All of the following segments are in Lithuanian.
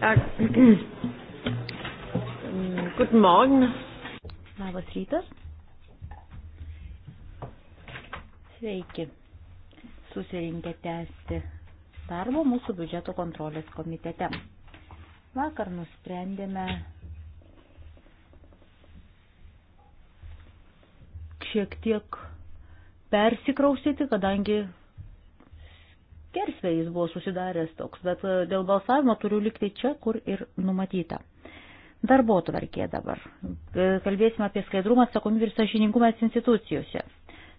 Ja. Guten Morgen. Labas rytas. Sveiki. Susirinkę tęsti darbo mūsų biudžeto kontrolės komitete. Vakar nusprendėme šiek tiek persikrausyti, kadangi laisvę jis buvo susidaręs toks, bet e, dėl balsavimo turiu likti čia, kur ir numatyta. Darbo tvarkė dabar. E, kalbėsime apie skaidrumą, atsakomybę ir sažiningumą institucijose.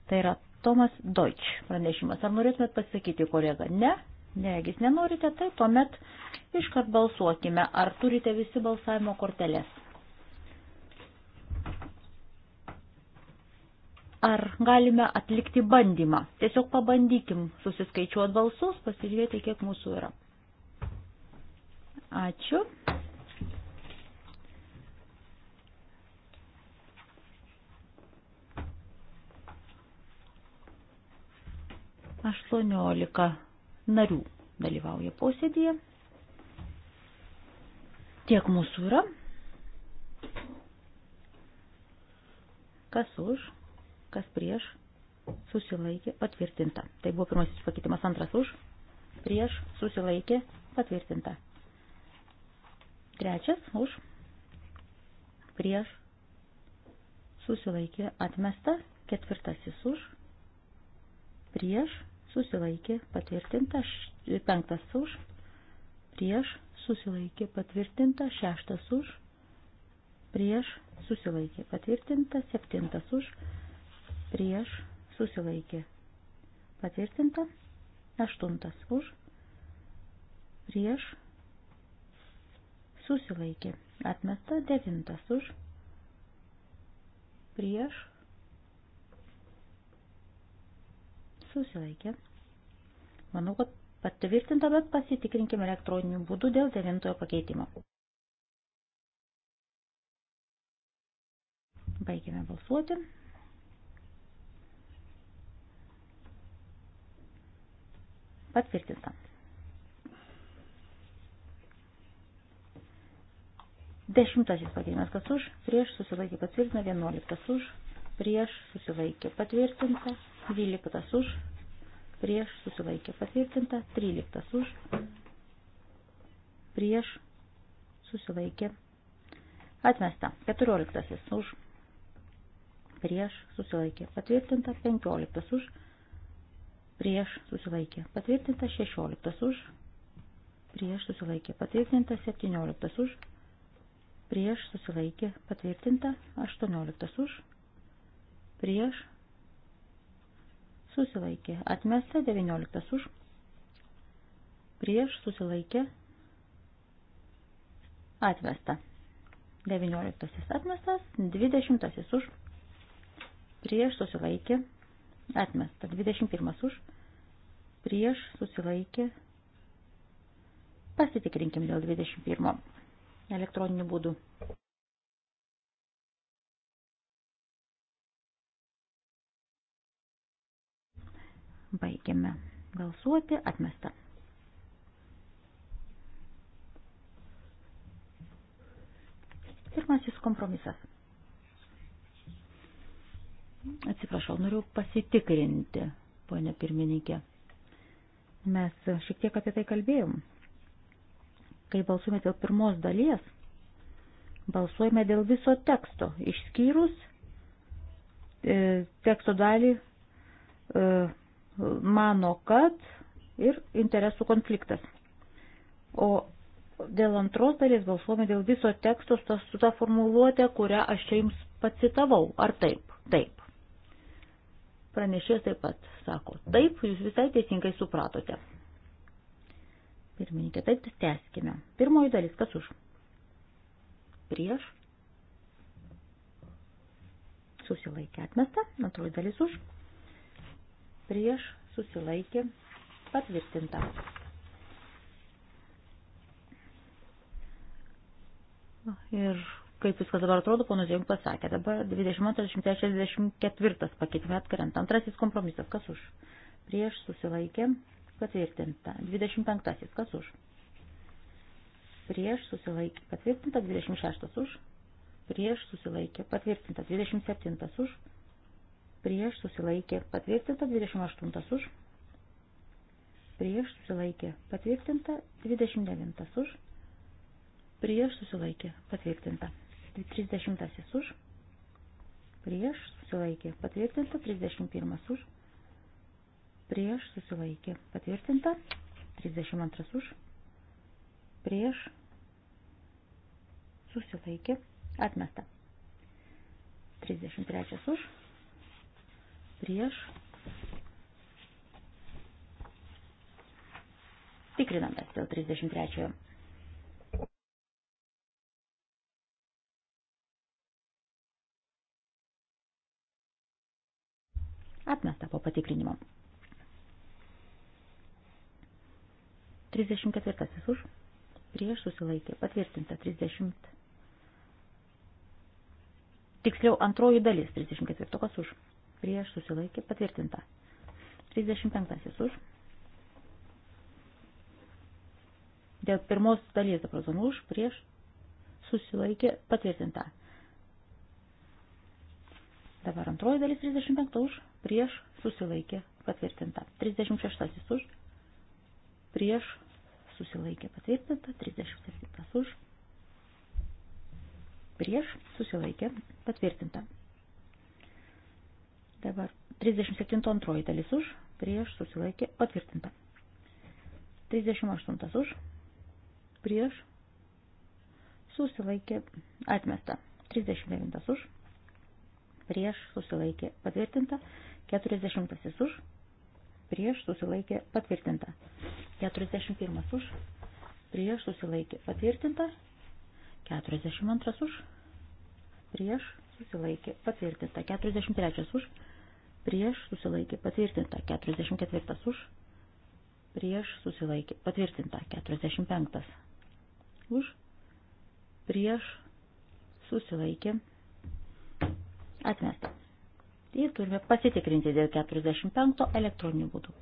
Tai yra Tomas Deutsch pranešimas. Ar norėtumėt pasakyti, kolega? Ne? Negis nenorite, tai tuomet iškart balsuokime. Ar turite visi balsavimo korteles? Ar galime atlikti bandymą? Tiesiog pabandykim susiskaičiuoti balsus, pasižiūrėti, kiek mūsų yra. Ačiū. Aštuoniolika narių dalyvauja posėdėje. Tiek mūsų yra. Kas už? kas prieš, susilaikė, patvirtinta. Tai buvo pirmasis pakeitimas, antras už, prieš, susilaikė, patvirtinta. Trečias už, prieš, susilaikė, atmesta, ketvirtasis už, prieš, susilaikė, patvirtinta, penktas už, prieš, susilaikė, patvirtinta, šeštas už, prieš, susilaikė, patvirtinta, septintas už, prieš, prieš susilaikė. Patvirtinta. Aštuntas už, prieš susilaikė. Atmesta. Devintas už, prieš susilaikė. Manau, kad patvirtinta, bet pasitikrinkime elektroniniu būdu dėl devintojo pakeitimo. Baigime balsuoti. Patvirtinta. Dešimtasis pakeitimas kas už, prieš susilaikė patvirtinta, vienuoliktas už, prieš susilaikė patvirtinta, dvyliktas už, prieš susilaikė patvirtinta, tryliktas už, prieš susilaikė atmesta, keturioliktasis už, prieš susilaikė patvirtinta, penkioliktas už, prieš susilaikė patvirtinta, prieš susilaikė patvirtinta 16 už, prieš susilaikė patvirtinta 17 už, prieš susilaikė patvirtinta 18 už, prieš susilaikė atmesta 19 už, prieš susilaikė atmesta 19 atmestas 20 už, prieš susilaikė atmesta 21 už, prieš susilaikė. Pasitikrinkim dėl 21 elektroninių būdų. Baigiame balsuoti atmestą. Pirmasis kompromisas. Atsiprašau, noriu pasitikrinti, ponė pirmininkė. Mes šiek tiek apie tai kalbėjom. Kai balsuojame dėl pirmos dalies, balsuojame dėl viso teksto, išskyrus e, teksto dalį e, mano kad ir interesų konfliktas. O dėl antros dalies balsuojame dėl viso teksto su ta, su ta formuluotė, kurią aš čia jums pacitavau. Ar taip? Taip. Pranešės taip pat sako, taip, jūs visai teisingai supratote. Pirmininkė, taip, tęskime. Pirmoji dalis, kas už? Prieš. Susilaikė atmesta, antroji dalis už. Prieš susilaikė patvirtinta. Ir kaip viskas dabar atrodo, ponas Jung pasakė. Dabar 22-24 pakeitimai atkrenta. Antrasis kompromisas, kas už? Prieš susilaikė, patvirtinta. 25, kas už? Prieš susilaikė, patvirtinta. 26 už. Prieš susilaikė, patvirtinta. 27 už. Prieš susilaikė, patvirtinta. 28 už. Prieš susilaikė, patvirtinta. 29 už. Prieš susilaikė, patvirtinta. 30 už, prieš susilaikė patvirtinta, 31 už, prieš susilaikė patvirtinta, 32 už, prieš susilaikė atmesta, 33 už, prieš tikrinamės dėl 33. -ojo. Atmesta po patikrinimo. 34 už. Prieš susilaikė. Patvirtinta 30. Tiksliau antroji dalis 34 kas už. Prieš susilaikė. Patvirtinta. 35 už. Dėl pirmos dalies, apratom, už, prieš, susilaikė, patvirtinta. Dabar antroji dalis 35 už, prieš susilaikė patvirtinta. 36 už, prieš susilaikė patvirtinta. 37 už, prieš susilaikė patvirtinta. Dabar 37 antroji dalis už, prieš susilaikė patvirtinta. 38 už, prieš susilaikė atmesta. 39 už, prieš susilaikė patvirtinta, 40 už, prieš susilaikė patvirtinta, 41 už, prieš susilaikė patvirtinta, 42 už, prieš susilaikė patvirtinta, 43 už, prieš susilaikė patvirtinta, 44 už, prieš susilaikė patvirtinta, 45 už, prieš susilaikė atmesta. Ir turime pasitikrinti dėl 45 elektroninių būdų.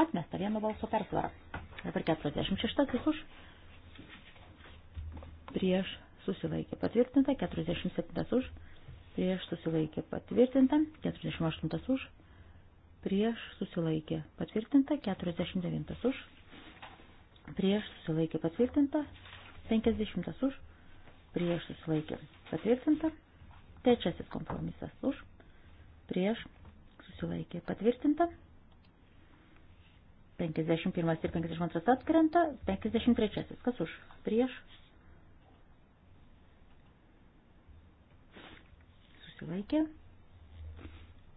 Atmesta vieno balso persvara. Dabar 46 už. Prieš susilaikė patvirtinta. 47 už. Prieš susilaikė patvirtinta. 48 už. Prieš susilaikė patvirtinta. 49 už prieš susilaikė patvirtinta, 50 už, prieš susilaikė patvirtinta, trečiasis kompromisas už, prieš susilaikė patvirtinta, 51 ir 52 atkrenta, 53 kas už, prieš susilaikė,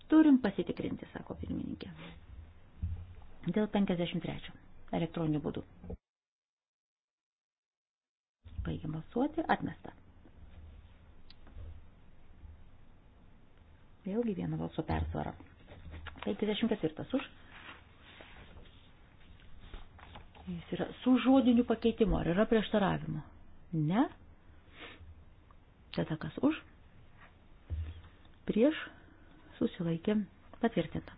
turim pasitikrinti, sako pirmininkė, dėl 53 elektroninių būdų. Baigiam balsuoti. Atmesta. Vėlgi vieno balso persvara. 54 už. Jis yra su žodiniu pakeitimu. Ar yra prieštaravimu? Ne. Tada kas už? Prieš susilaikė patvirtinta.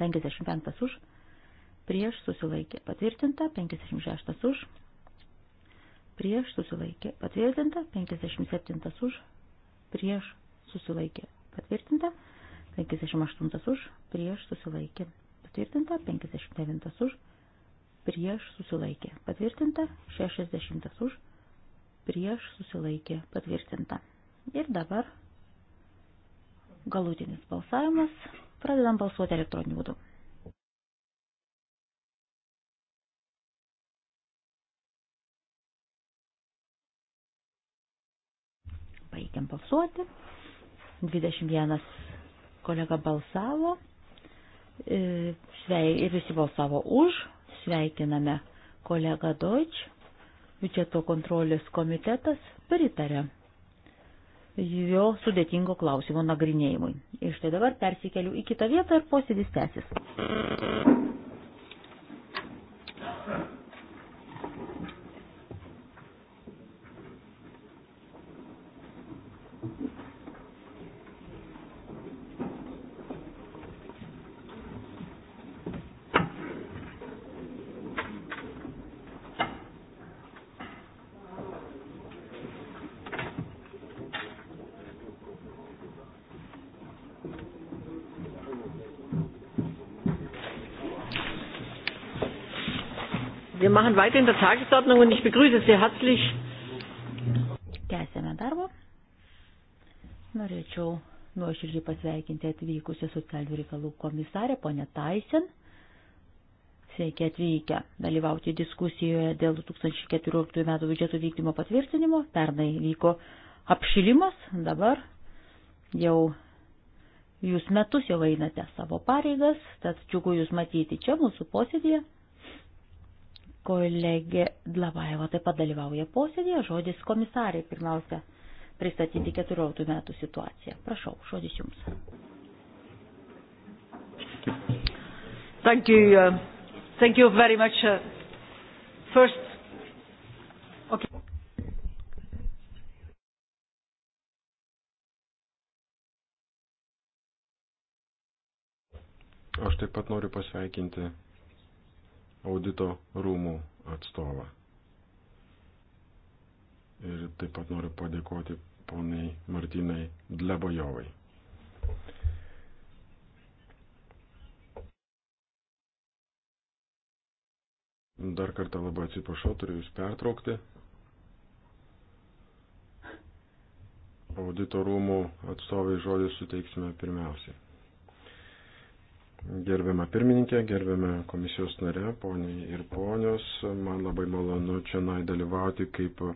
55 už. Prieš susilaikė patvirtinta. 56 už prieš susilaikė patvirtinta, 57 už, prieš susilaikė patvirtinta, 58 už, prieš susilaikė patvirtinta, 59 už, prieš susilaikė patvirtinta, 60 už, prieš susilaikė patvirtinta. Ir dabar galutinis balsavimas, pradedam balsuoti elektroniniu būdu. Baigiam balsuoti. 21 kolega balsavo e, ir visi balsavo už. Sveikiname kolegą Deutsch. Biudžeto kontrolės komitetas pritarė jo sudėtingo klausimo nagrinėjimui. Ir štai dabar persikeliu į kitą vietą ir posėdis tęsis. machen weiter in der Tagesordnung und ich begrüße Sie herzlich. Tęsėme darbą. Norėčiau nuoširdžiai pasveikinti atvykusią socialinių reikalų komisarę, ponę Taisen. Sveiki atvykę dalyvauti diskusijoje dėl 2014 metų biudžeto vykdymo patvirtinimo. Pernai vyko apšilimas, dabar jau jūs metus jau einate savo pareigas, tad džiugu jūs matyti čia mūsų posėdėje. Kolegė Dlabajeva taip pat dalyvauja posėdėje, žodis komisariai pirmiausia pristatyti 14 metų situaciją. Prašau, žodis jums. Thank you, uh, thank you very much. Uh, first, okay. Aš taip pat noriu pasveikinti audito rūmų atstovą. Ir taip pat noriu padėkoti poniai Martinai Dlebojovai. Dar kartą labai atsiprašau, turiu Jūs pertraukti. Auditorumų atstovai žodį suteiksime pirmiausiai. Gerbiama pirmininkė, gerbiama komisijos narė, poniai ir ponios, man labai malonu čia dalyvauti kaip e,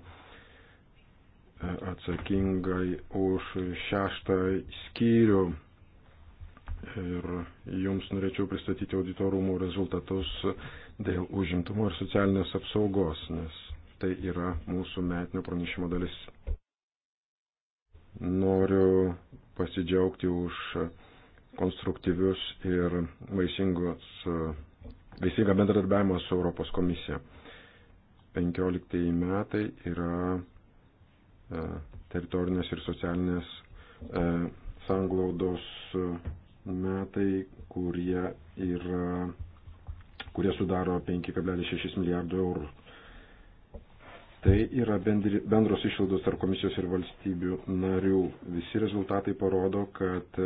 atsakingai už šeštą skyrių. Ir jums norėčiau pristatyti auditorumų rezultatus dėl užimtumo ir socialinės apsaugos, nes tai yra mūsų metinio pranešimo dalis. Noriu pasidžiaugti už konstruktyvius ir vaisingus, vaisingą bendradarbiavimą su Europos komisija. 15 metai yra e, teritorinės ir socialinės e, sanglaudos metai, kurie, yra, kurie sudaro 5,6 milijardų eurų. Tai yra bendri, bendros išlaidos tarp komisijos ir valstybių narių. Visi rezultatai parodo, kad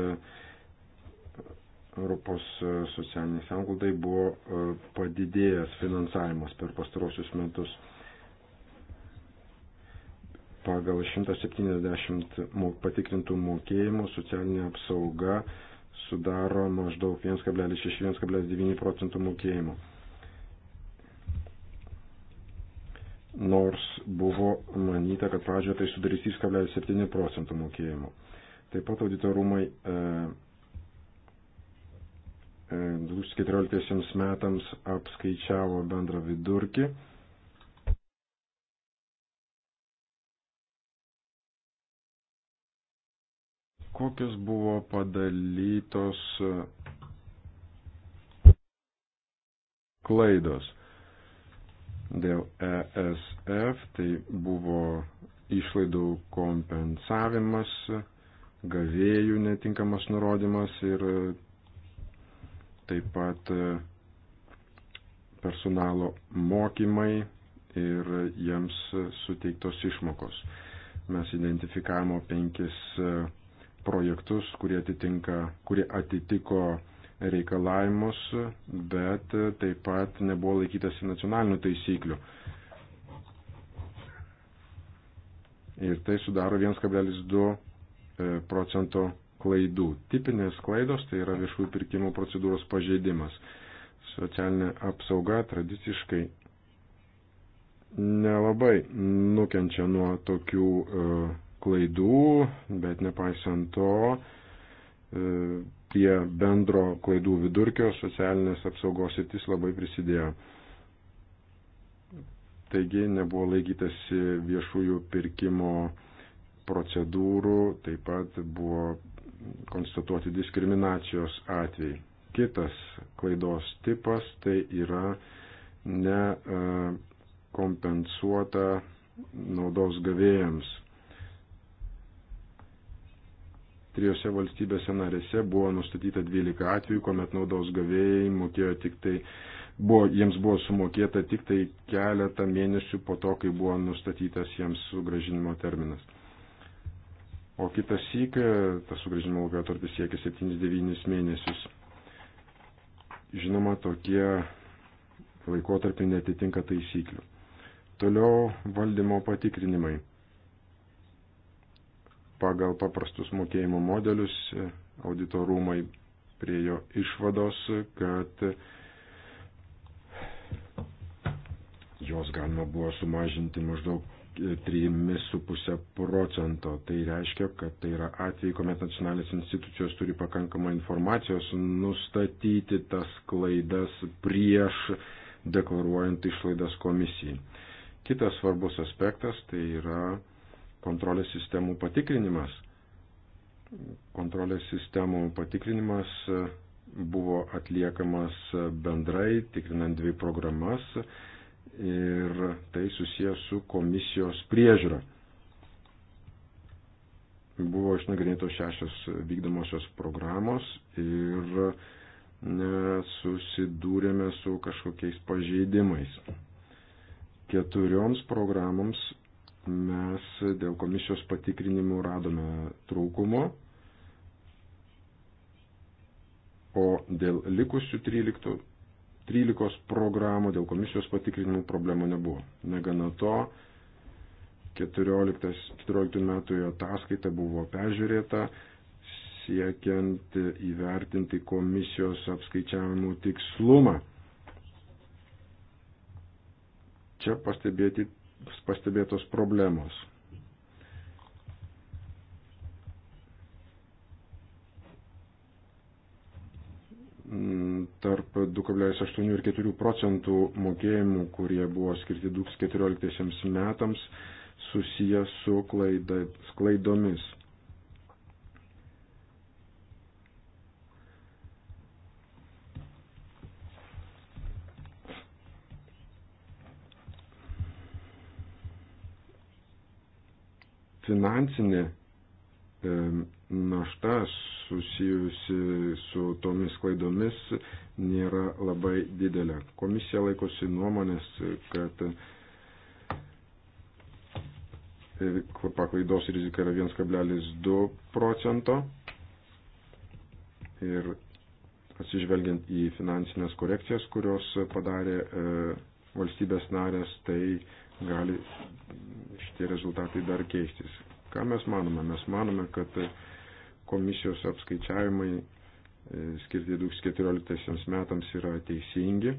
Europos e, socialiniai sanglaudai buvo e, padidėjęs finansavimas per pastarosius metus. Pagal 170 patikrintų mokėjimų socialinė apsauga sudaro maždaug 1,6-1,9 procentų mokėjimų. Nors buvo manyta, kad pradžioje tai sudarys 3,7 procentų mokėjimų. Taip pat auditorumai e, 2014 metams apskaičiavo bendrą vidurkį. Kokios buvo padalytos klaidos dėl ESF, tai buvo išlaidų kompensavimas, gavėjų netinkamas nurodymas ir taip pat e, personalo mokymai ir jiems suteiktos išmokos. Mes identifikavome penkis e, projektus, kurie, atitinka, kurie atitiko reikalavimus, bet e, taip pat nebuvo laikytasi nacionalinių taisyklių. Ir tai sudaro 1,2 procento klaidų. Tipinės klaidos tai yra viešųjų pirkimų procedūros pažeidimas. Socialinė apsauga tradiciškai nelabai nukenčia nuo tokių e, klaidų, bet nepaisant to, e, prie bendro klaidų vidurkio socialinės apsaugos sritis labai prisidėjo. Taigi nebuvo laikytasi viešųjų pirkimo procedūrų, taip pat buvo konstatuoti diskriminacijos atvejai. Kitas klaidos tipas tai yra nekompensuota e, naudos gavėjams. Trijose valstybėse narėse buvo nustatyta 12 atvejų, kuomet naudos gavėjai mokėjo tik tai, buvo, jiems buvo sumokėta tik tai keletą mėnesių po to, kai buvo nustatytas jiems sugražinimo terminas o kitas syk tas sugrįžimo laikotarpis siekia 7-9 mėnesius. Žinoma, tokie laikotarpiai netitinka taisyklių. Toliau valdymo patikrinimai. Pagal paprastus mokėjimo modelius auditorumai priejo išvados, kad jos galima buvo sumažinti maždaug 3,5 procento. Tai reiškia, kad tai yra atvejai, kuomet nacionalinės institucijos turi pakankamą informacijos nustatyti tas klaidas prieš deklaruojant išlaidas komisijai. Kitas svarbus aspektas tai yra kontrolės sistemų patikrinimas. Kontrolės sistemų patikrinimas buvo atliekamas bendrai, tikrinant dvi programas ir tai susijęs su komisijos priežiūra. Buvo išnagrinėtos šešios vykdomosios programos ir susidūrėme su kažkokiais pažeidimais. Keturioms programoms mes dėl komisijos patikrinimų radome trūkumo, o dėl likusių 13 13 programų dėl komisijos patikrinimų problemų nebuvo. Negana to, 14, 14 metų jo ataskaita buvo peržiūrėta, siekiant įvertinti komisijos apskaičiavimų tikslumą. Čia pastebėti, pastebėtos problemos. Mm, tarp 2,8 ir 4 procentų mokėjimų, kurie buvo skirti 2014 metams, susiję su klaida, klaidomis. Finansinė našta susijusi su tomis klaidomis nėra labai didelė. Komisija laikosi nuomonės, kad paklaidos rizika yra 1,2 procento ir atsižvelgiant į finansinės korekcijas, kurios padarė e, valstybės narės, tai gali šitie rezultatai dar keistis. Ką mes manome? Mes manome, kad komisijos apskaičiavimai e, skirti 2014 metams yra teisingi.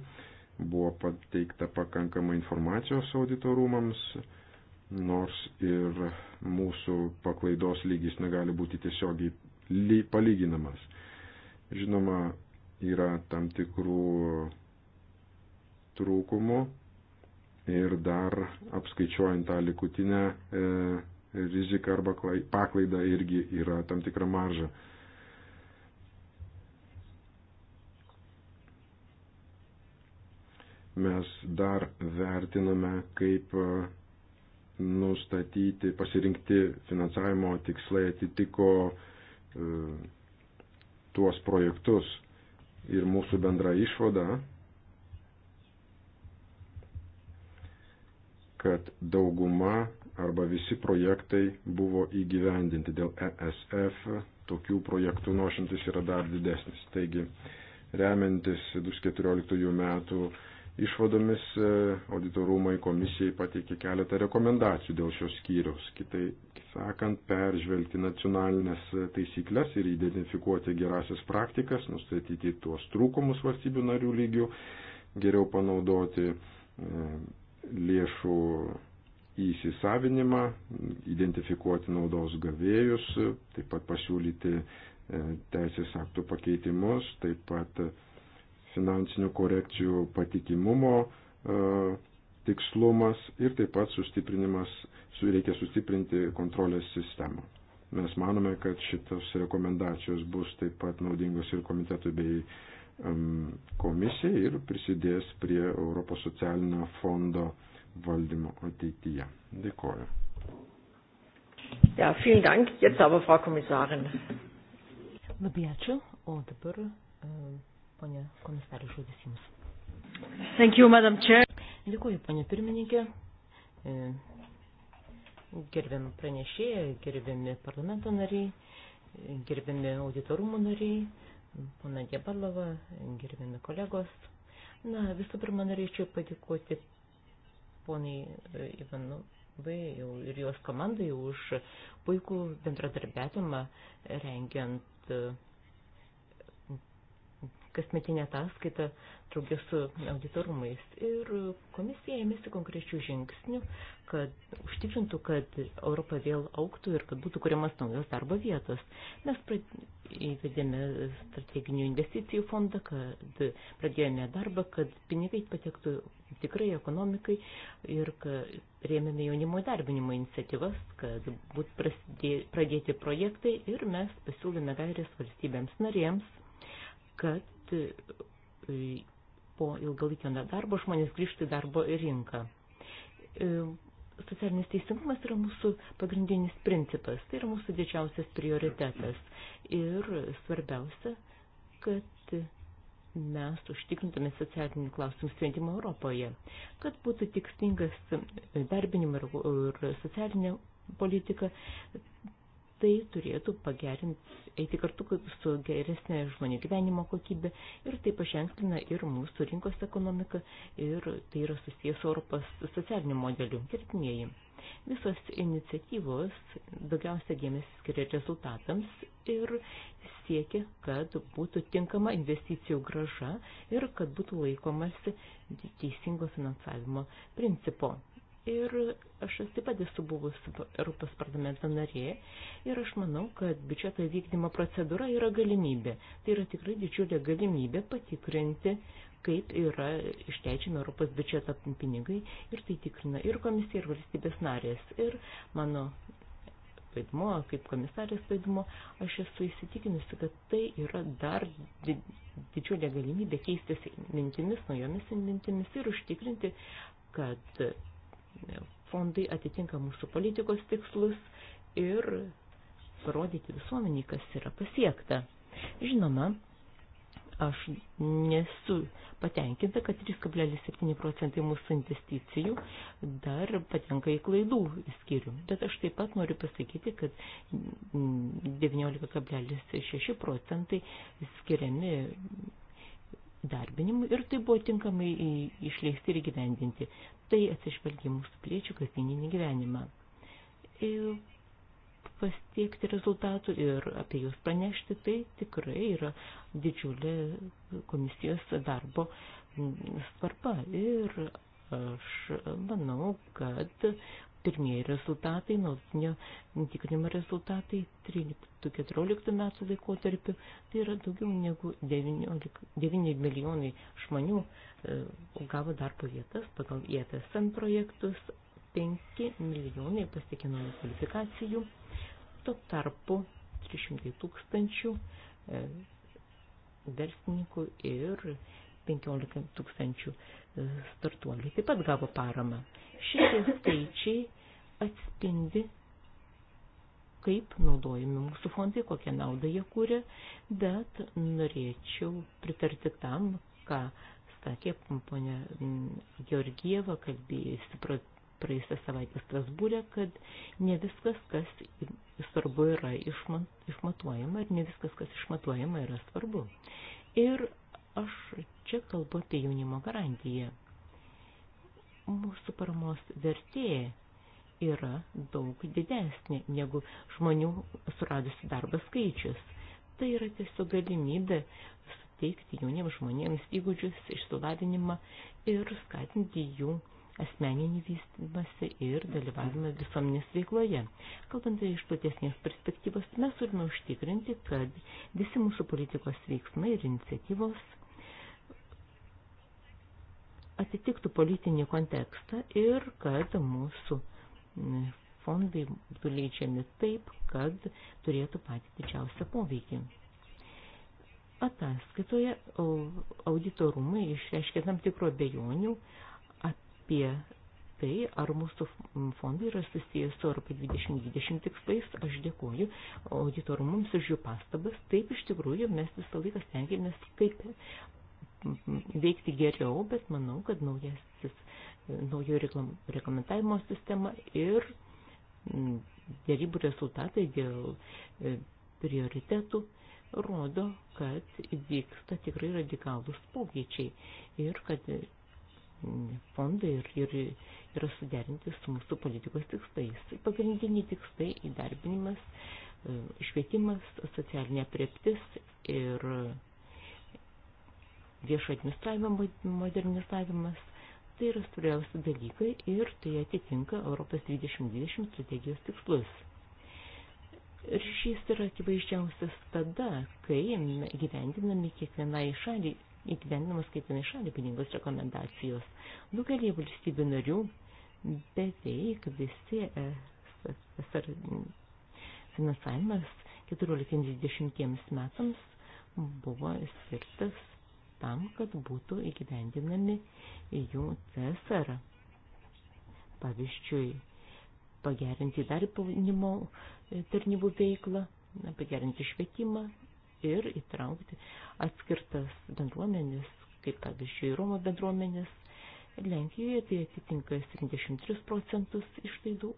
Buvo pateikta pakankama informacijos auditorumams, nors ir mūsų paklaidos lygis negali būti tiesiogiai palyginamas. Žinoma, yra tam tikrų trūkumų ir dar apskaičiuojant tą likutinę e, rizika arba paklaida irgi yra tam tikra marža. Mes dar vertiname, kaip e, nustatyti, pasirinkti finansavimo tikslai atitiko e, tuos projektus. Ir mūsų bendra išvada, kad dauguma arba visi projektai buvo įgyvendinti dėl ESF, tokių projektų nuošimtis yra dar didesnis. Taigi, remiantis 2014 metų išvadomis, e, auditorumai komisijai pateikė keletą rekomendacijų dėl šios skyriaus. Kitai sakant, peržvelgti nacionalinės taisyklės ir identifikuoti gerasias praktikas, nustatyti tuos trūkumus valstybių narių lygių, geriau panaudoti e, lėšų įsisavinimą, identifikuoti naudos gavėjus, taip pat pasiūlyti e, teisės aktų pakeitimus, taip pat finansinių korekcijų patikimumo e, tikslumas ir taip pat sustiprinimas, reikia sustiprinti kontrolės sistemą. Mes manome, kad šitos rekomendacijos bus taip pat naudingos ir komitetui bei um, komisijai ir prisidės prie Europos socialinio fondo uh, valdymo ateityje. Dėkoju. Ja, vielen Dank. Jetzt aber Frau Kommissarin. Labai ačiū. O dabar, e, ponė komisarė, žodis jums. Thank you, Madam Chair. Dėkuoju, ponė pirmininkė. E, Gerbiam pranešėją, gerbiami parlamento nariai, gerbiami auditorumų nariai, pana Diebalova, gerbiami kolegos. Na, visų pirma, norėčiau padėkoti ponai e, Ivanovai ir jos komandai už puikų bendradarbiavimą rengiant e, kasmetinę ataskaitą draugė su auditorumais. Ir komisija ėmėsi konkrečių žingsnių, kad užtikrintų, kad Europa vėl auktų ir kad būtų kuriamas naujos darbo vietos. Mes įvedėme strateginių investicijų fondą, kad pradėjome darbą, kad pinigai patektų tikrai ekonomikai ir kad rėmėme jaunimo darbinimo iniciatyvas, kad būtų prasidė, pradėti projektai ir mes pasiūlėme gairės valstybėms narėms, kad kad e, po ilgalaikio nedarbo žmonės grįžtų į darbo rinką. E, socialinis teisingumas yra mūsų pagrindinis principas, tai yra mūsų didžiausias prioritetas. Ir svarbiausia, kad mes užtikrintume socialinių klausimų sprendimą Europoje, kad būtų tikslingas darbinimo ir socialinė politika, tai turėtų pagerinti, eiti kartu su geresnė žmonių gyvenimo kokybė ir tai paženklina ir mūsų rinkos ekonomiką ir tai yra susijęs su Europos socialiniu modeliu. Gerbimieji, visos iniciatyvos daugiausia dėmesį skiria rezultatams ir siekia, kad būtų tinkama investicijų graža ir kad būtų laikomasi teisingo finansavimo principo ir aš taip pat esu buvusi Europos parlamento narė ir aš manau, kad biudžeto vykdymo procedūra yra galimybė. Tai yra tikrai didžiulė galimybė patikrinti, kaip yra išleidžiami Europos biudžeto pinigai ir tai tikrina ir komisija, ir valstybės narės. Ir mano vaidmuo, kaip komisarės vaidmuo, aš esu įsitikinusi, kad tai yra dar didžiulė galimybė keistis mintimis, naujomis mintimis ir užtikrinti, kad fondai atitinka mūsų politikos tikslus ir parodyti visuomenį, kas yra pasiekta. Žinoma, aš nesu patenkinta, kad 3,7 procentai mūsų investicijų dar patenka į klaidų skyrių. Bet aš taip pat noriu pasakyti, kad 19,6 procentai skiriami darbinimu ir tai buvo tinkamai išleisti ir gyvendinti. Tai atsižvelgia mūsų piliečių kasdieninį gyvenimą. Ir pasiekti rezultatų ir apie juos pranešti, tai tikrai yra didžiulė komisijos darbo svarba. Ir aš manau, kad pirmieji rezultatai, nuolatinio tikrinimo rezultatai 13-14 metų laikotarpiu, tai yra daugiau negu 19, 9 milijonai žmonių e, gavo darbo vietas pagal IFSM projektus, 5 milijonai pasiekė naujų kvalifikacijų, tuo tarpu 300 tūkstančių e, verslininkų ir e, 15 tūkstančių e, startuolių taip pat gavo paramą. Šitie skaičiai atspindi, kaip naudojami mūsų fondai, kokią naudą jie kūrė, bet norėčiau pritarti tam, ką sakė ponė Georgieva, kalbėjusi praėjusią savaitę Strasbūrė, kad ne viskas, kas svarbu yra išmatuojama ir ne viskas, kas išmatuojama yra svarbu. Ir Aš čia kalbu apie jaunimo garantiją. Mūsų paramos vertė yra daug didesnė negu žmonių suradusi darbą skaičius. Tai yra tiesiog galimybė suteikti jauniems žmonėms įgūdžius, išsilavinimą ir skatinti jų asmeninį vystymąsi ir dalyvavimą visuomenės veikloje. Kalbant iš platesnės perspektyvos, mes turime užtikrinti, kad visi mūsų politikos veiksmai ir iniciatyvos atitiktų politinį kontekstą ir kad mūsų fondai būtų leidžiami taip, kad turėtų patį didžiausią poveikį. Ataskaitoje auditorumai išreiškia tam tikro bejonių apie tai, ar mūsų fondai yra susijęs su Europa 2020 tikslais. Aš dėkuoju auditorumams už jų pastabas. Taip, iš tikrųjų, mes visą laiką stengiamės kaip veikti geriau, bet manau, kad naujasis, naujo reklam, reglamentavimo sistema ir dėrybų rezultatai dėl e, prioritetų rodo, kad vyksta tikrai radikalūs pokyčiai ir kad e, fondai ir, ir, yra suderinti su mūsų politikos tikslais. Pagrindiniai tikslai įdarbinimas, e, švietimas, socialinė prieptis ir viešo administravimo modernizavimas. Tai yra svarbiausi dalykai ir tai atitinka Europos 2020 strategijos tikslus. Ryšys yra akivaizdžiausias tada, kai gyvendinami kiekvienai šaliai, įgyvendinamas kiekvienai šaliai pinigos rekomendacijos. Daugelį valstybių narių beveik visi e, SR finansavimas 14-20 metams buvo skirtas tam, kad būtų įgyvendinami jų CSR. Pavyzdžiui, pagerinti darbinimo tarnybų veiklą, pagerinti švietimą ir įtraukti atskirtas bendruomenės, kaip pavyzdžiui, Romo bendruomenės. Lenkijoje tai atitinka 73 procentus išlaidų,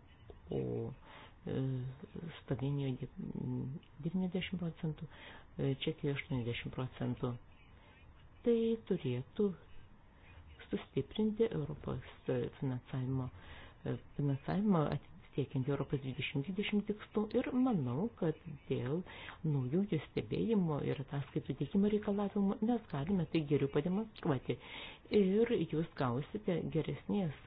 o e, Slovenijoje 90 procentų, Čekijoje 80 procentų tai turėtų sustiprinti Europos finansavimo, finansavimo siekiant Europos 2020 tikslų ir manau, kad dėl naujųjų stebėjimo ir ataskaitų teikimo reikalavimų mes galime tai geriau pademonstruoti ir jūs gausite geresnės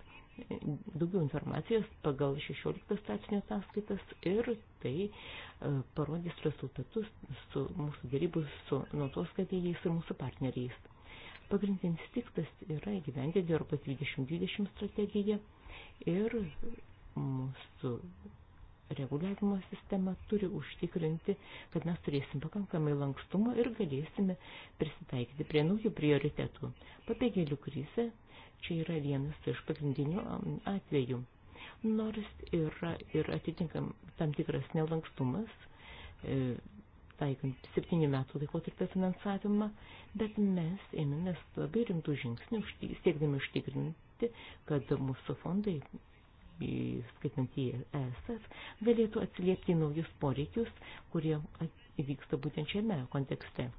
daugiau informacijos pagal 16 statinio ataskaitas ir tai e, parodys rezultatus su mūsų gerybų su nuotos gavėjais ir mūsų partneriais. Pagrindinis tikslas yra įgyvendinti Europos 2020 strategiją ir mūsų reguliavimo sistema turi užtikrinti, kad mes turėsim pakankamai lankstumo ir galėsime prisitaikyti prie naujų prioritetų. Pabėgėlių krizė Čia yra vienas iš pagrindinių atvejų. Nors yra ir atitinkam tam tikras nelankstumas, e, taikant septynių metų laikotarpio finansavimą, bet mes ėmėmės labai rimtų žingsnių, siekdami užtikrinti, kad mūsų fondai skaitant į ESF, galėtų atsiliepti į naujus poreikius, kurie vyksta būtent šiame kontekste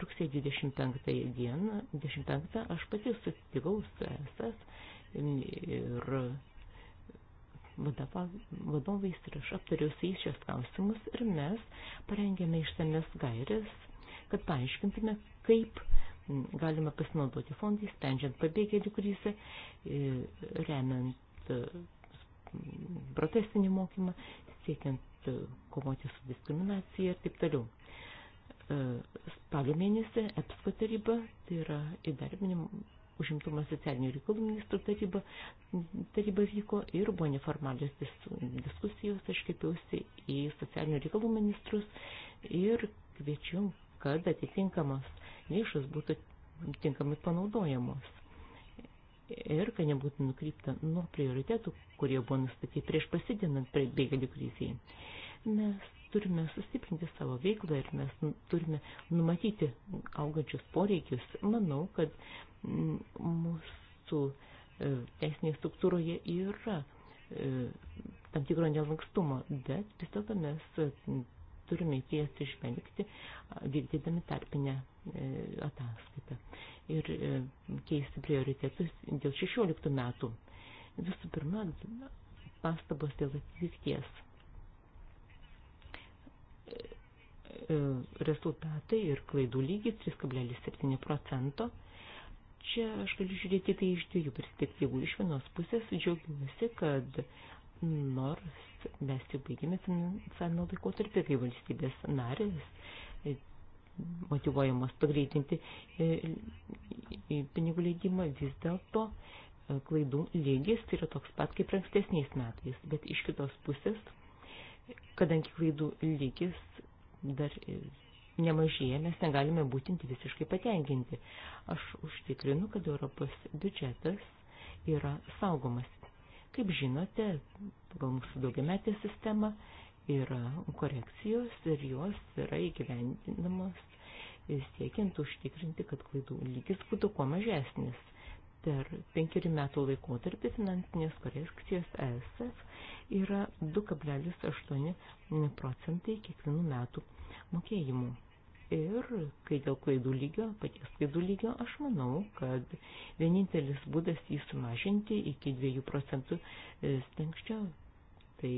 rugsėjo 25 dieną, 25 aš pati susitikau su SS ir vadovais ir aš aptariau su jais šios klausimus ir mes parengėme išsames gairės, kad paaiškintume, kaip galima pasinaudoti fondai, sprendžiant pabėgėlių krizę, e, remiant e, protestinį mokymą, siekiant e, kovoti su diskriminacija ir taip toliau. E, spalio mėnesį EPSCO taryba, tai yra įdarbinimo užimtumo socialinių reikalų ministrų taryba, taryba vyko ir buvo neformalios diskusijos, aš kreipiausi į socialinių reikalų ministrus ir kviečiu, kad atitinkamos lėšos būtų tinkamai panaudojamos. Ir kad nebūtų nukrypta nuo prioritetų, kurie buvo nustatyti prieš pasidinant prie bėgalių krizėje. Mes turime sustiprinti savo veiklą ir mes nu, turime numatyti augančius poreikius. Manau, kad mm, mūsų e, teisinėje struktūroje yra e, tam tikro nelankstumo, bet vis dėlto mes e, turime į tai atsižvelgti, vykdydami tarpinę ataskaitą ir keisti prioritetus dėl 16 metų. Visų pirma, pastabos dėl atvirties E, rezultatai ir klaidų lygis 3,7 procento. Čia aš galiu žiūrėti tai iš dviejų perspektyvų. Iš vienos pusės džiaugiuosi, kad nors mes jau baigėme finansavimo laikotarpį, kai valstybės narės e, motivuojamos pagreitinti e, pinigų leidimą, vis dėlto klaidų lygis tai yra toks pat kaip ankstesniais metais, bet iš kitos pusės, kadangi klaidų lygis dar nemažėja, mes negalime būtinti visiškai patenkinti. Aš užtikrinu, kad Europos biudžetas yra saugomas. Kaip žinote, pagal mūsų daugiametę sistemą yra korekcijos ir jos yra įgyvendinamos siekiant užtikrinti, kad klaidų lygis būtų kuo mažesnis. Per penkerių metų laikotarpį finansinės korekcijos ESF yra 2,8 procentai kiekvienų metų mokėjimų. Ir kai dėl klaidų lygio, paties klaidų lygio, aš manau, kad vienintelis būdas jį sumažinti iki 2 procentų e, stengščio, tai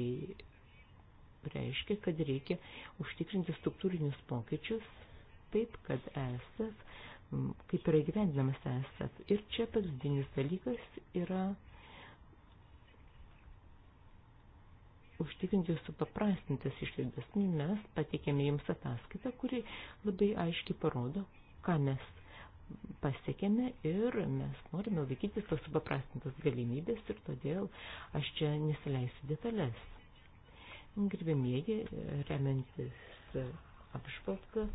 reiškia, kad reikia užtikrinti struktūrinius pokyčius taip, kad ESF, kaip yra gyvendinamas ESF. Ir čia pagrindinis dalykas yra užtikrinti supaprastintas išlaidas. Nu, mes patikėme jums ataskaitą, kuri labai aiškiai parodo, ką mes pasiekėme ir mes norime laikytis tos supaprastintos galimybės ir todėl aš čia nesileisiu detalės. Gerbėmieji, remiantis apžvalgą,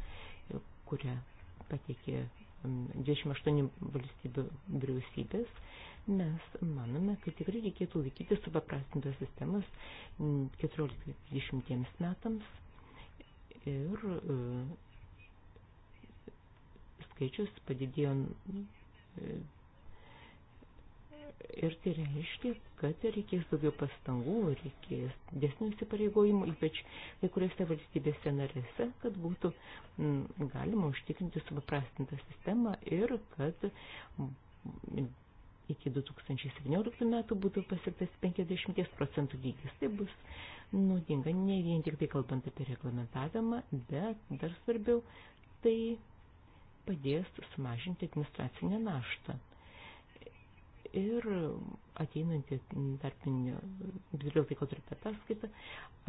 kurią pateikė 28 valstybių vyriausybės, Mes manome, kad tikrai reikėtų laikyti supaprastintos sistemas 14-20 metams ir e, skaičius padidėjo e, ir tai reiškia, kad reikės daugiau pastangų, reikės desnių įsipareigojimų, ypač kai kuriuose valstybėse narėse, kad būtų m, galima užtikrinti supaprastintą sistemą ir kad m, iki 2017 metų būtų pasiektas 50 procentų lygis. Tai bus naudinga ne vien tik tai kalbant apie reglamentavimą, bet dar svarbiau, tai padės sumažinti administracinę naštą. Ir ateinantį tarpinio dviejų laikotarpio ataskaitą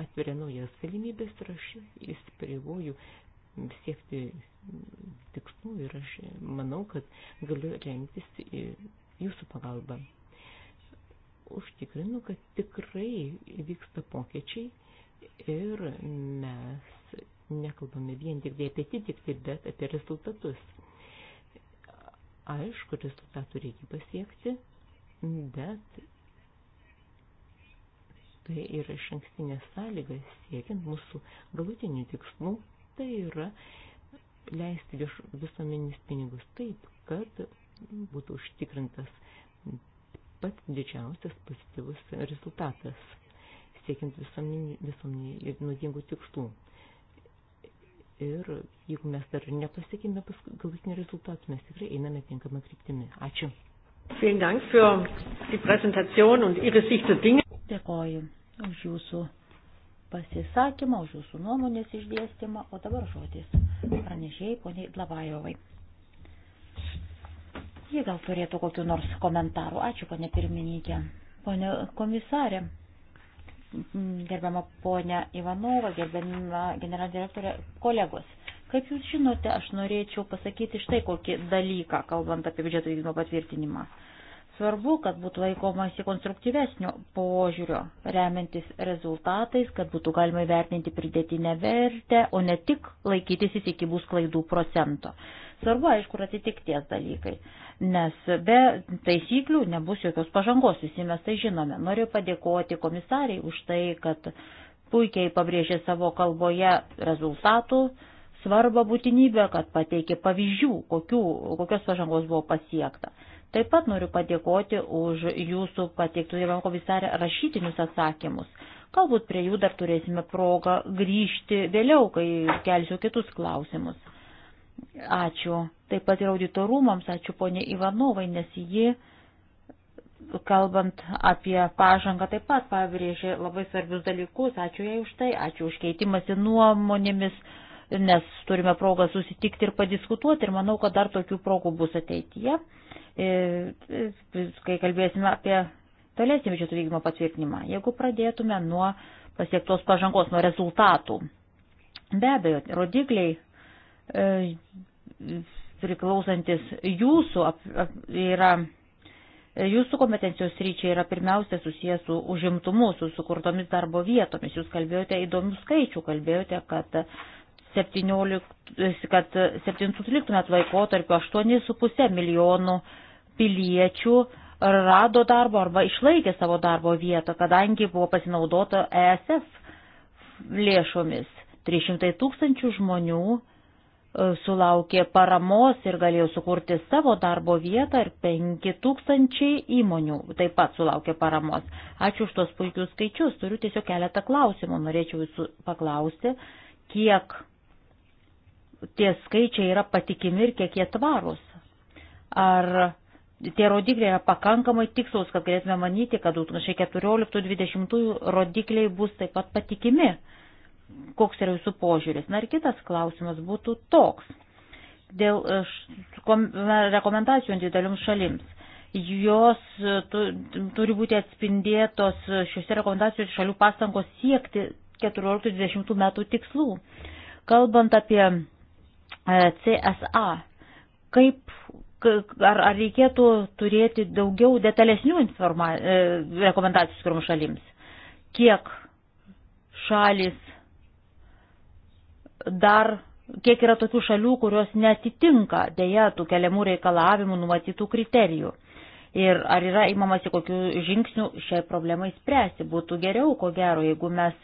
atveria naujas galimybės ir aš įsipareigoju siekti tikslų ir aš manau, kad galiu remtis jūsų pagalba. Užtikrinu, kad tikrai vyksta pokyčiai ir mes nekalbame vien tik tai apie atitiktį, bet apie rezultatus. Aišku, rezultatų reikia pasiekti, bet tai yra iš ankstinė sąlyga siekiant mūsų galutinių tikslų, tai yra leisti visuomenės pinigus taip, kad būtų užtikrintas pats didžiausias pozityvus rezultatas, siekiant visuomenį nuodingų tikslų. Ir jeigu mes dar nepasiekime galutinį rezultatą, mes tikrai einame tinkamą kryptimį. Ačiū. Dėkoju už jūsų pasisakymą, už jūsų nuomonės išdėstymą, o dabar žodis pranešėjai poniai Dlavajovai. Ji gal turėtų kokiu nors komentaru. Ačiū, ponė pirmininkė. Pone komisarė, gerbiama ponė Ivanova, gerbiama generalinė direktorė, kolegos. Kaip jūs žinote, aš norėčiau pasakyti štai kokį dalyką, kalbant apie biudžeto vykdymo patvirtinimą. Svarbu, kad būtų laikomasi konstruktyvesnio požiūrio, remiantis rezultatais, kad būtų galima įvertinti pridėtinę vertę, o ne tik laikytis įsikibus klaidų procento. Svarbu, aišku, atitikties dalykai nes be taisyklių nebus jokios pažangos, visi mes tai žinome. Noriu padėkoti komisariai už tai, kad puikiai pabrėžė savo kalboje rezultatų svarbą būtinybę, kad pateikė pavyzdžių, kokių, kokios pažangos buvo pasiekta. Taip pat noriu padėkoti už jūsų pateiktų ir komisarė rašytinius atsakymus. Galbūt prie jų dar turėsime progą grįžti vėliau, kai kelsiu kitus klausimus. Ačiū taip pat ir auditorumams, ačiū ponė Ivanovai, nes ji, kalbant apie pažangą, taip pat pabrėžė labai svarbius dalykus, ačiū jai už tai, ačiū už keitimąsi nuomonėmis, nes turime progą susitikti ir padiskutuoti ir manau, kad dar tokių progų bus ateityje, kai kalbėsime apie tolesnį biudžeto vykdymo patvirtinimą, jeigu pradėtume nuo pasiektos pažangos, nuo rezultatų. Be abejo, rodikliai e, priklausantis jūsų ap, ap, yra. Jūsų kompetencijos ryčiai yra pirmiausia susijęs su užimtumu, su sukurtomis darbo vietomis. Jūs kalbėjote įdomių skaičių, kalbėjote, kad 17, kad 17 metų laikotarpio 8,5 milijonų piliečių rado darbo arba išlaikė savo darbo vietą, kadangi buvo pasinaudota ESF lėšomis. 300 tūkstančių žmonių E, sulaukė paramos ir galėjo sukurti savo darbo vietą ir 5000 įmonių taip pat sulaukė paramos. Ačiū už tos puikius skaičius. Turiu tiesiog keletą klausimų. Norėčiau jūsų paklausti, kiek tie skaičiai yra patikimi ir kiek jie tvarus. Ar tie rodikliai yra pakankamai tikslus, kad galėtume manyti, kad 2014-2020 rodikliai bus taip pat patikimi? Uh, koks yra jūsų požiūris. Na ir kitas klausimas būtų toks. Dėl e, rekomendacijų individualiams šalims. Jos e, turi būti atspindėtos šiuose rekomendacijose šalių pastangos siekti 14-20 metų tikslų. Kalbant apie e, CSA, kaip, ar, ar reikėtų turėti daugiau detalesnių informa, rekomendacijų skirumų šalims? Kiek šalis dar kiek yra tokių šalių, kurios netitinka dėja tų keliamų reikalavimų numatytų kriterijų. Ir ar yra įmamasi kokių žingsnių šiai problemai spręsti? Būtų geriau, ko gero, jeigu mes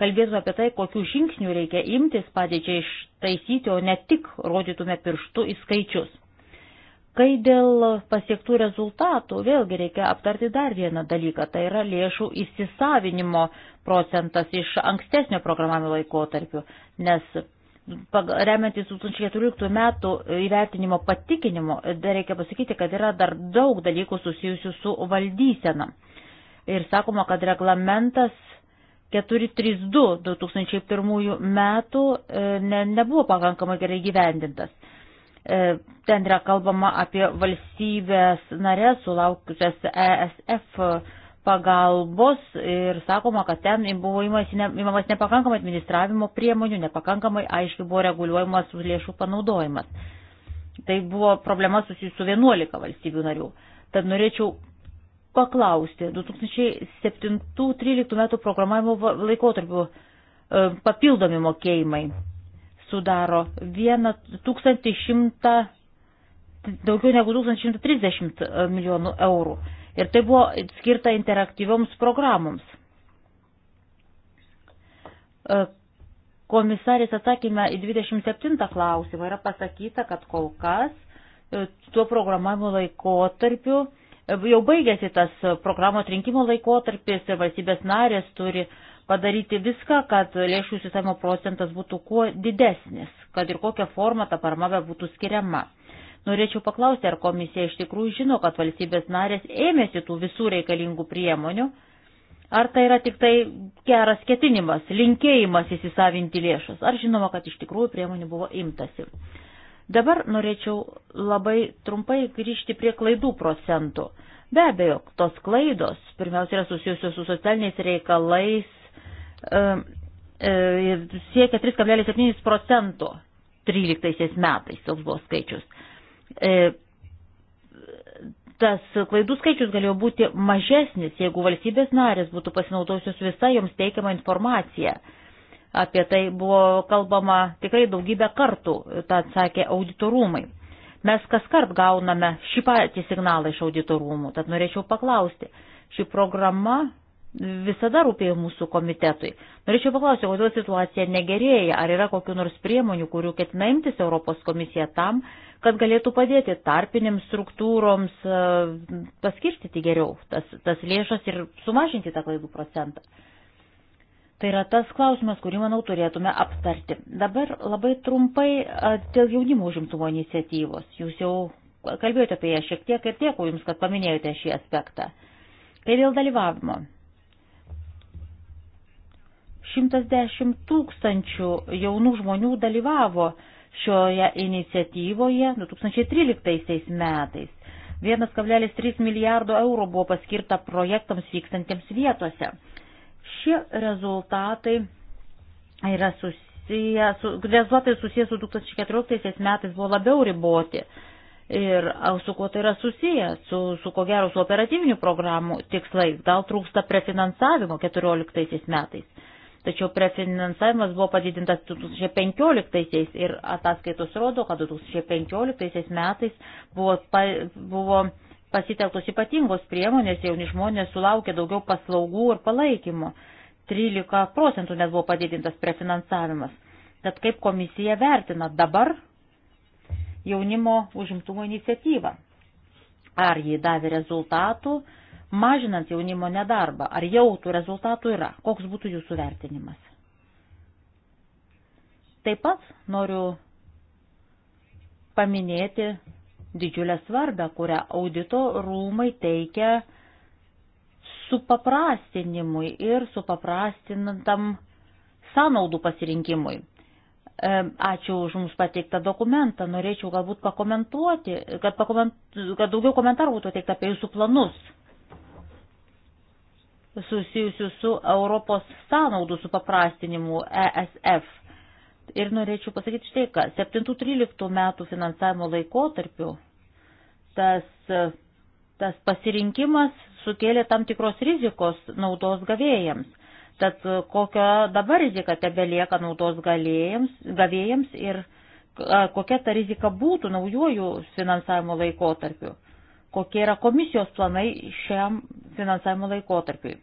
kalbėtume apie tai, kokių žingsnių reikia imtis padėčiai ištaisyti, o ne tik rodytume pirštu į skaičius. Kai dėl pasiektų rezultatų, vėlgi reikia aptarti dar vieną dalyką, tai yra lėšų įsisavinimo procentas iš ankstesnio programavimo laikotarpių nes remiantis 2014 metų įvertinimo patikinimo, reikia pasakyti, kad yra dar daug dalykų susijusių su valdysena. Ir sakoma, kad reglamentas 432 2001 metų e, ne, nebuvo pakankamai gerai gyvendintas. E, ten yra kalbama apie valstybės narės sulaukusias ESF pagalbos ir sakoma, kad ten buvo įmamas nepakankamai administravimo priemonių, nepakankamai aiškiai buvo reguliuojamas lėšų panaudojimas. Tai buvo problema susijusi su 11 valstybių narių. Tad norėčiau paklausti, 2007-2013 metų programavimo laikotarpiu e, papildomi mokėjimai sudaro 1100, daugiau negu 1130 e, milijonų eurų. Ir tai buvo skirta interaktyvioms programoms. E, komisarės atsakymė į 27 klausimą yra pasakyta, kad kol kas e, tuo programavimo laikotarpiu e, jau baigėsi tas programo atrinkimo laikotarpis ir valstybės narės turi padaryti viską, kad lėšų įsisavimo procentas būtų kuo didesnis, kad ir kokią formą ta parama būtų skiriama. Norėčiau paklausti, ar komisija iš tikrųjų žino, kad valstybės narės ėmėsi tų visų reikalingų priemonių, ar tai yra tik tai geras ketinimas, linkėjimas įsisavinti lėšas, ar žinoma, kad iš tikrųjų priemonių buvo imtasi. Dabar norėčiau labai trumpai grįžti prie klaidų procentų. Be abejo, tos klaidos pirmiausia yra susijusios su socialiniais reikalais ir e, e, siekia 3,7 procentų 13 metais, toks buvo skaičius. E, tas klaidų skaičius galėjo būti mažesnis, jeigu valstybės narės būtų pasinaudojusios visą joms teikiamą informaciją. Apie tai buvo kalbama tikrai daugybę kartų, tą atsakė auditorumai. Mes kas kart gauname šį patį signalą iš auditorumų, tad norėčiau paklausti, ši programa visada rūpėjo mūsų komitetui. Norėčiau paklausti, kodėl situacija negerėja, ar yra kokiu nors priemonių, kurių ketina imtis Europos komisija tam, kad galėtų padėti tarpinėms struktūroms e, paskirstyti geriau tas, tas lėšas ir sumažinti tą klaidų procentą. Tai yra tas klausimas, kurį, manau, turėtume aptarti. Dabar labai trumpai e, dėl jaunimo užimtumo iniciatyvos. Jūs jau kalbėjote apie ją šiek tiek ir dėkui Jums, kad paminėjote šį aspektą. Tai dėl dalyvavimo. 110 tūkstančių jaunų žmonių dalyvavo šioje iniciatyvoje 2013 metais. 1,3 milijardo eurų buvo paskirta projektams vykstantiems vietose. Šie rezultatai yra susiję, su, rezultatai susiję su 2014 metais buvo labiau riboti. Ir su kuo tai yra susiję, su, su ko gero su operatyvinių programų tikslais, gal trūksta prefinansavimo 2014 metais tačiau prefinansavimas buvo padidintas 2015 ir ataskaitos rodo, kad 2015 metais buvo, buvo pasitelktos ypatingos priemonės, jauni žmonės sulaukė daugiau paslaugų ir palaikymo. 13 procentų net buvo padidintas prefinansavimas. Tad kaip komisija vertina dabar jaunimo užimtumo iniciatyvą? Ar jį davė rezultatų? mažinant jaunimo nedarbą. Ar jau tų rezultatų yra? Koks būtų jūsų vertinimas? Taip pat noriu paminėti didžiulę svarbę, kurią audito rūmai teikia supaprastinimui ir supaprastinantam sąnaudų pasirinkimui. E, ačiū už mums pateiktą dokumentą. Norėčiau galbūt pakomentuoti, kad, pakoment, kad daugiau komentarų būtų teikta apie jūsų planus susijusių su Europos sąnaudų supaprastinimu ESF. Ir norėčiau pasakyti štai ką, 7-13 metų finansavimo laikotarpiu tas, tas pasirinkimas sukėlė tam tikros rizikos naudos gavėjams. Tad kokią dabar riziką tebelieka naudos galėjams, gavėjams ir kokia ta rizika būtų naujojų finansavimo laikotarpiu kokie yra komisijos planai šiam finansavimo laikotarpiui.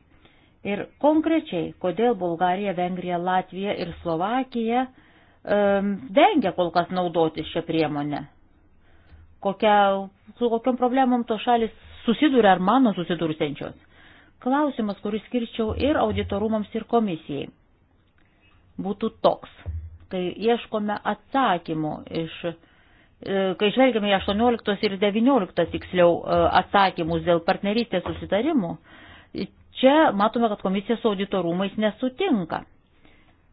Ir konkrečiai, kodėl Bulgarija, Vengrija, Latvija ir Slovakija um, dengia kol kas naudotis šią priemonę. Kokia, su kokiam problemom to šalis susiduria ar mano susidūrusiančios. Klausimas, kurį skirčiau ir auditorumams, ir komisijai, būtų toks, kai ieškome atsakymų iš E, kai žvelgiame į 18 ir 19 tiksliau e, atsakymus dėl partnerystės susitarimų, čia matome, kad komisija su auditorumais nesutinka.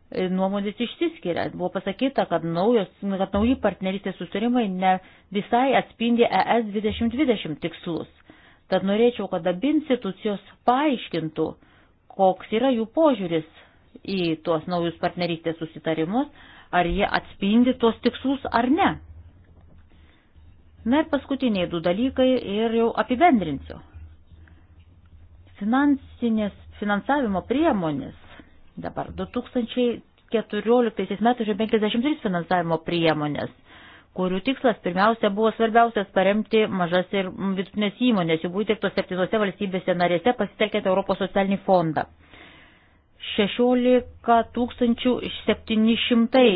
E, nuomonės išsiskiria. Buvo pasakyta, kad, naujos, kad nauji partnerystės susitarimai ne visai atspindi ES 2020 tikslus. Tad norėčiau, kad abi institucijos paaiškintų, koks yra jų požiūris į tuos naujus partnerystės susitarimus, ar jie atspindi tuos tikslus ar ne. Na ir paskutiniai du dalykai ir jau apibendrinsiu. Finansinės, finansavimo priemonės dabar 2014 metais 53 finansavimo priemonės kurių tikslas pirmiausia buvo svarbiausias paremti mažas ir vidutinės įmonės, jų būti tos septynose valstybėse narėse pasitelkėte Europos socialinį fondą. 16 700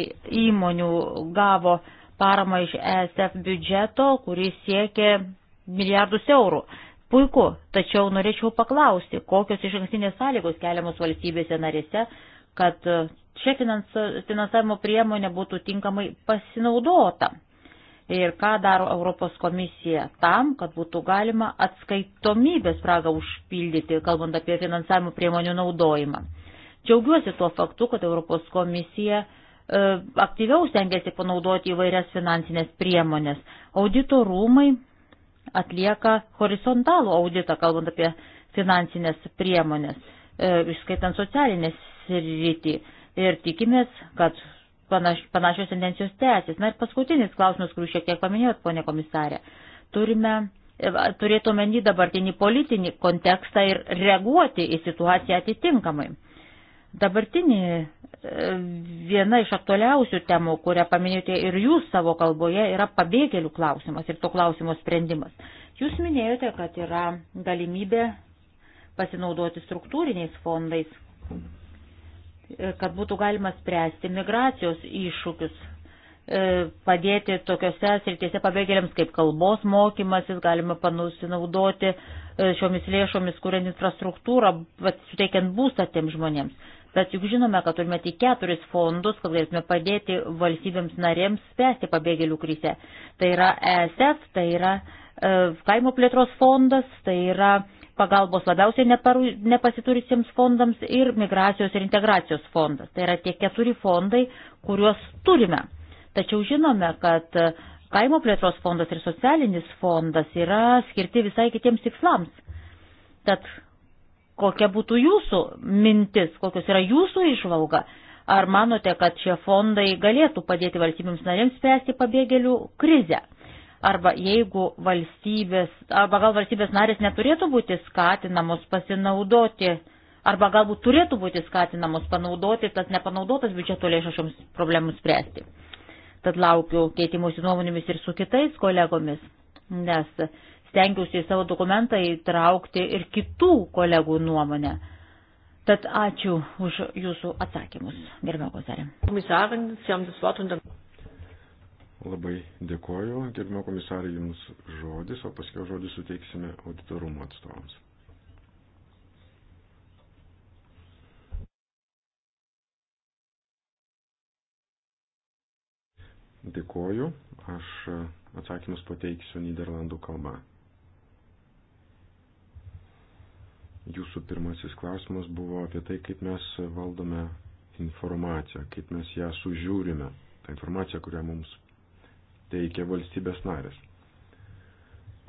įmonių gavo paramą iš ESF biudžeto, kuris siekia milijardus eurų. Puiku, tačiau norėčiau paklausti, kokios iš ankstinės sąlygos keliamos valstybėse narėse, kad čia finansavimo priemonė būtų tinkamai pasinaudota. Ir ką daro Europos komisija tam, kad būtų galima atskaitomybės spragą užpildyti, kalbant apie finansavimo priemonių naudojimą. Džiaugiuosi tuo faktu, kad Europos komisija uh, E, aktyviau stengiasi panaudoti įvairias finansinės priemonės. Audito rūmai atlieka horizontalų auditą, kalbant apie finansinės priemonės, e, išskaitant socialinės rytį. Ir tikimės, kad panašios tendencijos tęsis. Na ir paskutinis klausimas, kurį šiek tiek paminėjot, ponė komisarė. Turime e, turėtų omeny dabartinį politinį kontekstą ir reaguoti į situaciją atitinkamai. Dabartinė e, viena iš aktualiausių temų, kurią paminėjote ir jūs savo kalboje, yra pabėgėlių klausimas ir to klausimo sprendimas. Jūs minėjote, kad yra galimybė pasinaudoti struktūriniais fondais, e, kad būtų galima spręsti migracijos iššūkius, e, padėti tokiuose srityse pabėgėliams kaip kalbos mokymasis, galima panusinaudoti šiomis lėšomis, kuriant infrastruktūrą, suteikiant būstą tiem žmonėms. Bet juk žinome, kad turime tik keturis fondus, kad galėtume padėti valstybėms narėms spręsti pabėgėlių krizę. Tai yra ESF, tai yra e, kaimo plėtros fondas, tai yra pagalbos labiausiai neparu, nepasiturisiems fondams ir migracijos ir integracijos fondas. Tai yra tie keturi fondai, kuriuos turime. Tačiau žinome, kad e, kaimo plėtros fondas ir socialinis fondas yra skirti visai kitiems tikslams. Tad kokia būtų jūsų mintis, kokios yra jūsų išvalga. Ar manote, kad šie fondai galėtų padėti valstybėms narėms spręsti pabėgėlių krizę? Arba jeigu valstybės, arba gal valstybės narės neturėtų būti skatinamos pasinaudoti, arba galbūt turėtų būti skatinamos panaudoti tas nepanaudotas biudžeto lėšas šioms problemų spręsti. Tad laukiu keitimusi nuomonėmis ir su kitais kolegomis, nes stengiausi į savo dokumentą įtraukti ir kitų kolegų nuomonę. Tad ačiū už jūsų atsakymus, gerbė komisarė. Labai dėkoju, gerbė komisarė, jums žodis, o paskui žodį suteiksime auditorumo atstovams. Dėkoju, aš atsakymus pateiksiu Niderlandų kalba. Jūsų pirmasis klausimas buvo apie tai, kaip mes valdome informaciją, kaip mes ją sužiūrime, tą informaciją, kurią mums teikia valstybės narės.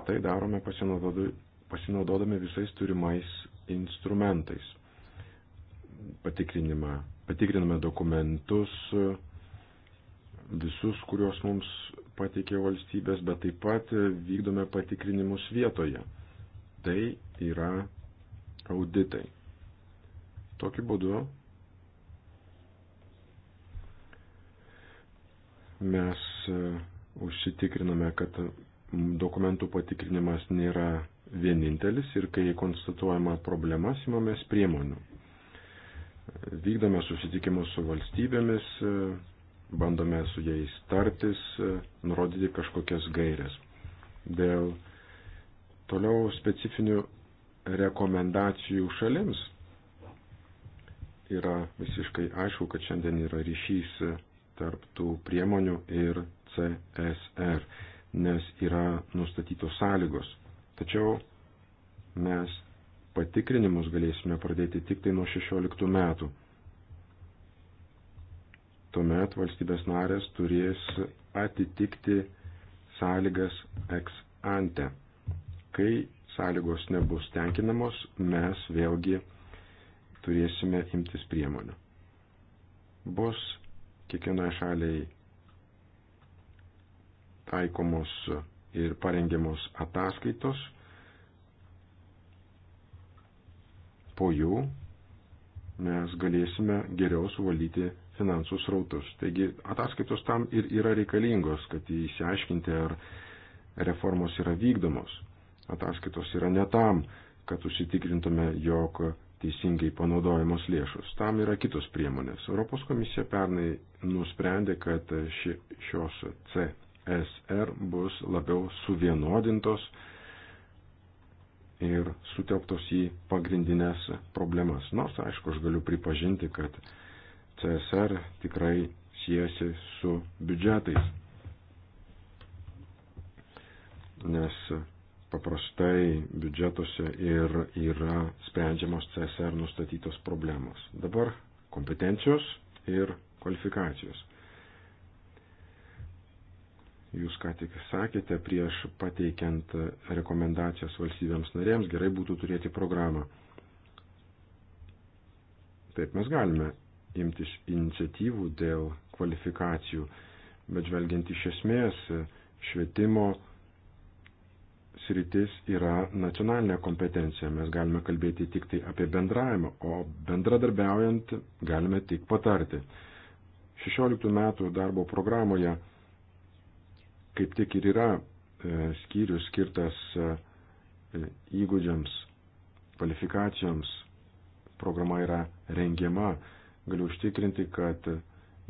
Tai darome pasinaudodami visais turimais instrumentais. Patikriname dokumentus, visus, kuriuos mums pateikė valstybės, bet taip pat vykdome patikrinimus vietoje. Tai yra auditai. Tokiu būdu mes e, užsitikriname, kad dokumentų patikrinimas nėra vienintelis ir kai konstatuojama problema, imamės priemonių. Vykdome susitikimus su valstybėmis, e, bandome su jais tartis, e, nurodyti kažkokias gairias. Dėl toliau specifinių rekomendacijų šalims. Yra visiškai aišku, kad šiandien yra ryšys tarp tų priemonių ir CSR, nes yra nustatytos sąlygos. Tačiau mes patikrinimus galėsime pradėti tik tai nuo 16 metų. Tuomet valstybės narės turės atitikti sąlygas ex ante. Kai sąlygos nebus tenkinamos, mes vėlgi turėsime imtis priemonių. Bus kiekvienai šaliai taikomos ir parengiamos ataskaitos, po jų mes galėsime geriau suvaldyti finansų srautus. Taigi ataskaitos tam ir yra reikalingos, kad įsiaiškinti, ar reformos yra vykdomos ataskaitos yra ne tam, kad užsitikrintume, jog teisingai panaudojamos lėšos. Tam yra kitos priemonės. Europos komisija pernai nusprendė, kad ši, šios CSR bus labiau suvienodintos ir sutelktos į pagrindinės problemas. Nors, aišku, aš galiu pripažinti, kad CSR tikrai siejasi su biudžetais. Nes paprastai biudžetuose ir yra sprendžiamos CSR nustatytos problemos. Dabar kompetencijos ir kvalifikacijos. Jūs ką tik sakėte, prieš pateikiant rekomendacijas valstybėms narėms gerai būtų turėti programą. Taip mes galime imtis iniciatyvų dėl kvalifikacijų, bet žvelgiant iš esmės švietimo sritis yra nacionalinė kompetencija. Mes galime kalbėti tik tai apie bendravimą, o bendradarbiaujant galime tik patarti. 16 metų darbo programoje kaip tik ir yra e, skyrius skirtas e, įgūdžiams, kvalifikacijoms. Programa yra rengiama. Galiu užtikrinti, kad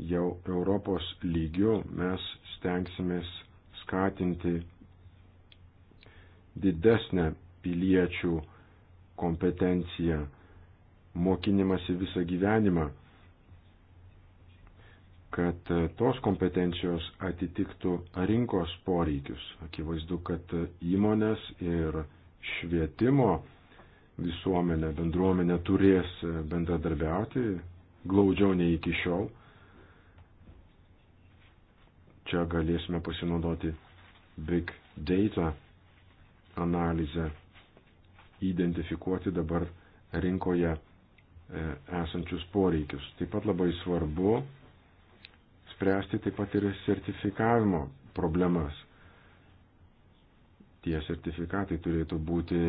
jau Europos lygiu mes stengsimės skatinti didesnę piliečių kompetenciją, mokinimąsi visą gyvenimą, kad e, tos kompetencijos atitiktų rinkos poreikius. Akivaizdu, kad e, įmonės ir švietimo visuomenė, bendruomenė turės e, bendradarbiauti glaudžiau nei iki šiol. Čia galėsime pasinaudoti big data analizę, identifikuoti dabar rinkoje e, esančius poreikius. Taip pat labai svarbu spręsti taip pat ir sertifikavimo problemas. Tie sertifikatai turėtų būti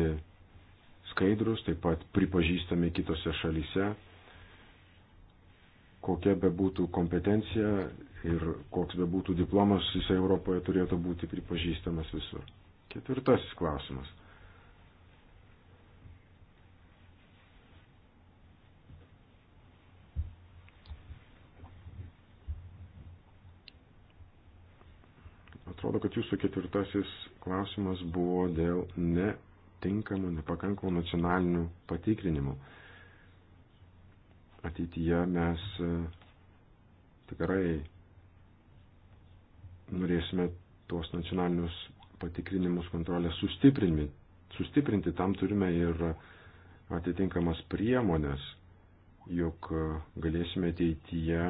skaidrus, taip pat pripažįstami kitose šalyse, kokia bebūtų kompetencija ir koks bebūtų diplomas, jis Europoje turėtų būti pripažįstamas visur. Ketvirtasis klausimas. Atrodo, kad jūsų ketvirtasis klausimas buvo dėl netinkamų, nepakankamų nacionalinių patikrinimų. Ateityje mes e, tikrai norėsime tuos nacionalinius patikrinimus kontrolę sustiprinti. Sustiprinti tam turime ir atitinkamas priemonės, jog e, galėsime ateityje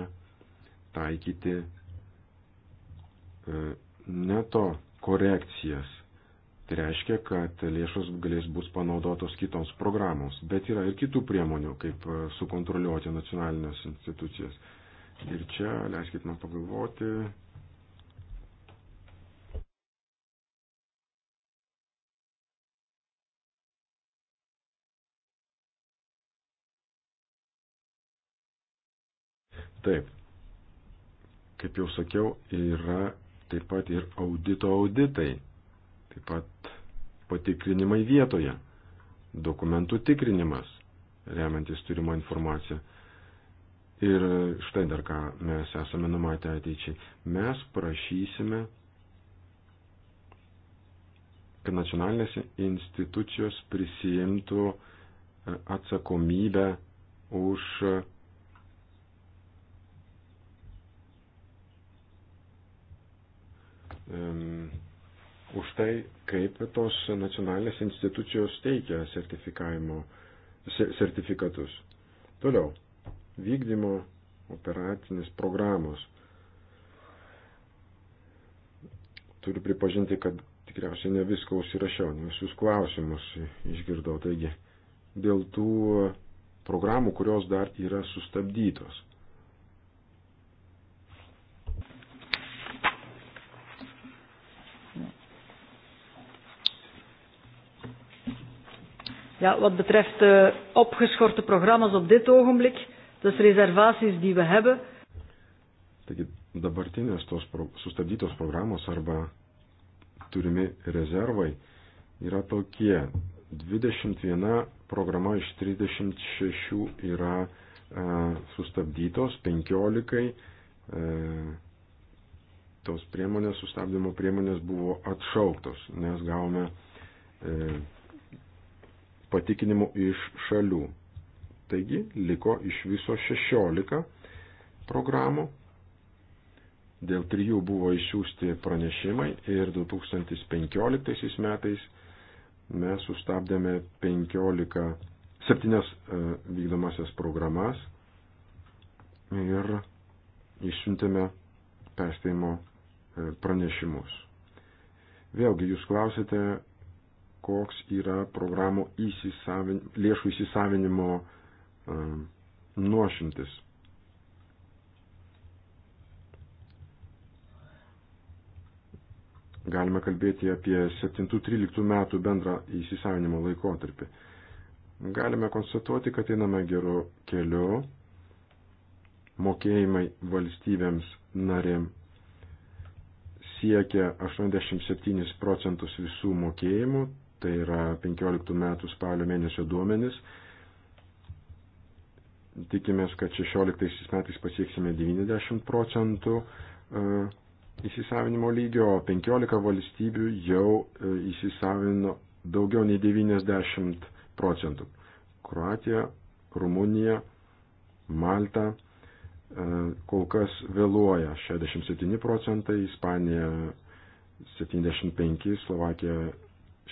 taikyti e, neto korekcijas. Tai reiškia, kad lėšos galės bus panaudotos kitoms programoms, bet yra ir kitų priemonių, kaip e, sukontroliuoti nacionalinės institucijas. Ir čia, leiskit man pagalvoti, Taip, kaip jau sakiau, yra taip pat ir audito auditai, taip pat patikrinimai vietoje, dokumentų tikrinimas, remiantis turimo informaciją. Ir štai dar ką mes esame numatę ateičiai. Mes prašysime, kad nacionalinės institucijos prisijimtų e, atsakomybę už um, už tai, kaip tos nacionalinės institucijos teikia sertifikavimo sertifikatus. Toliau, vykdymo operacinės programos. Turiu pripažinti, kad tikriausiai ne viską užsirašiau, ne visus klausimus išgirdau. Taigi, dėl tų programų, kurios dar yra sustabdytos. Ja, wat betreft uh, opgeschorte programma's op dit ogenblik, dus reservaties die we hebben. Taigi dabartinės tos pro, sustabdytos programos arba turimi rezervai yra tokie. 21 programa iš 36 yra e, sustabdytos, 15 e, tos priemonės, sustabdymo priemonės buvo atšauktos, nes gavome e, patikinimų iš šalių. Taigi liko iš viso 16 programų. Dėl trijų buvo išsiųsti pranešimai ir 2015 metais mes sustabdėme 15, 7 e, vykdomasias programas ir išsiuntėme perspėjimo e, pranešimus. Vėlgi jūs klausite, koks yra programų įsisavin, lėšų įsisavinimo um, nuošimtis. Galime kalbėti apie 7-13 metų bendrą įsisavinimo laikotarpį. Galime konstatuoti, kad einame geru keliu, mokėjimai valstybėms narėm siekia 87 procentus visų mokėjimų, tai yra 15 metų spalio mėnesio duomenis. Tikimės, kad 16 metais pasieksime 90 procentų e, įsisavinimo lygio, o 15 valstybių jau e, įsisavino daugiau nei 90 procentų. Kroatija, Rumunija, Malta e, kol kas vėluoja 67 procentai, Ispanija 75, Slovakija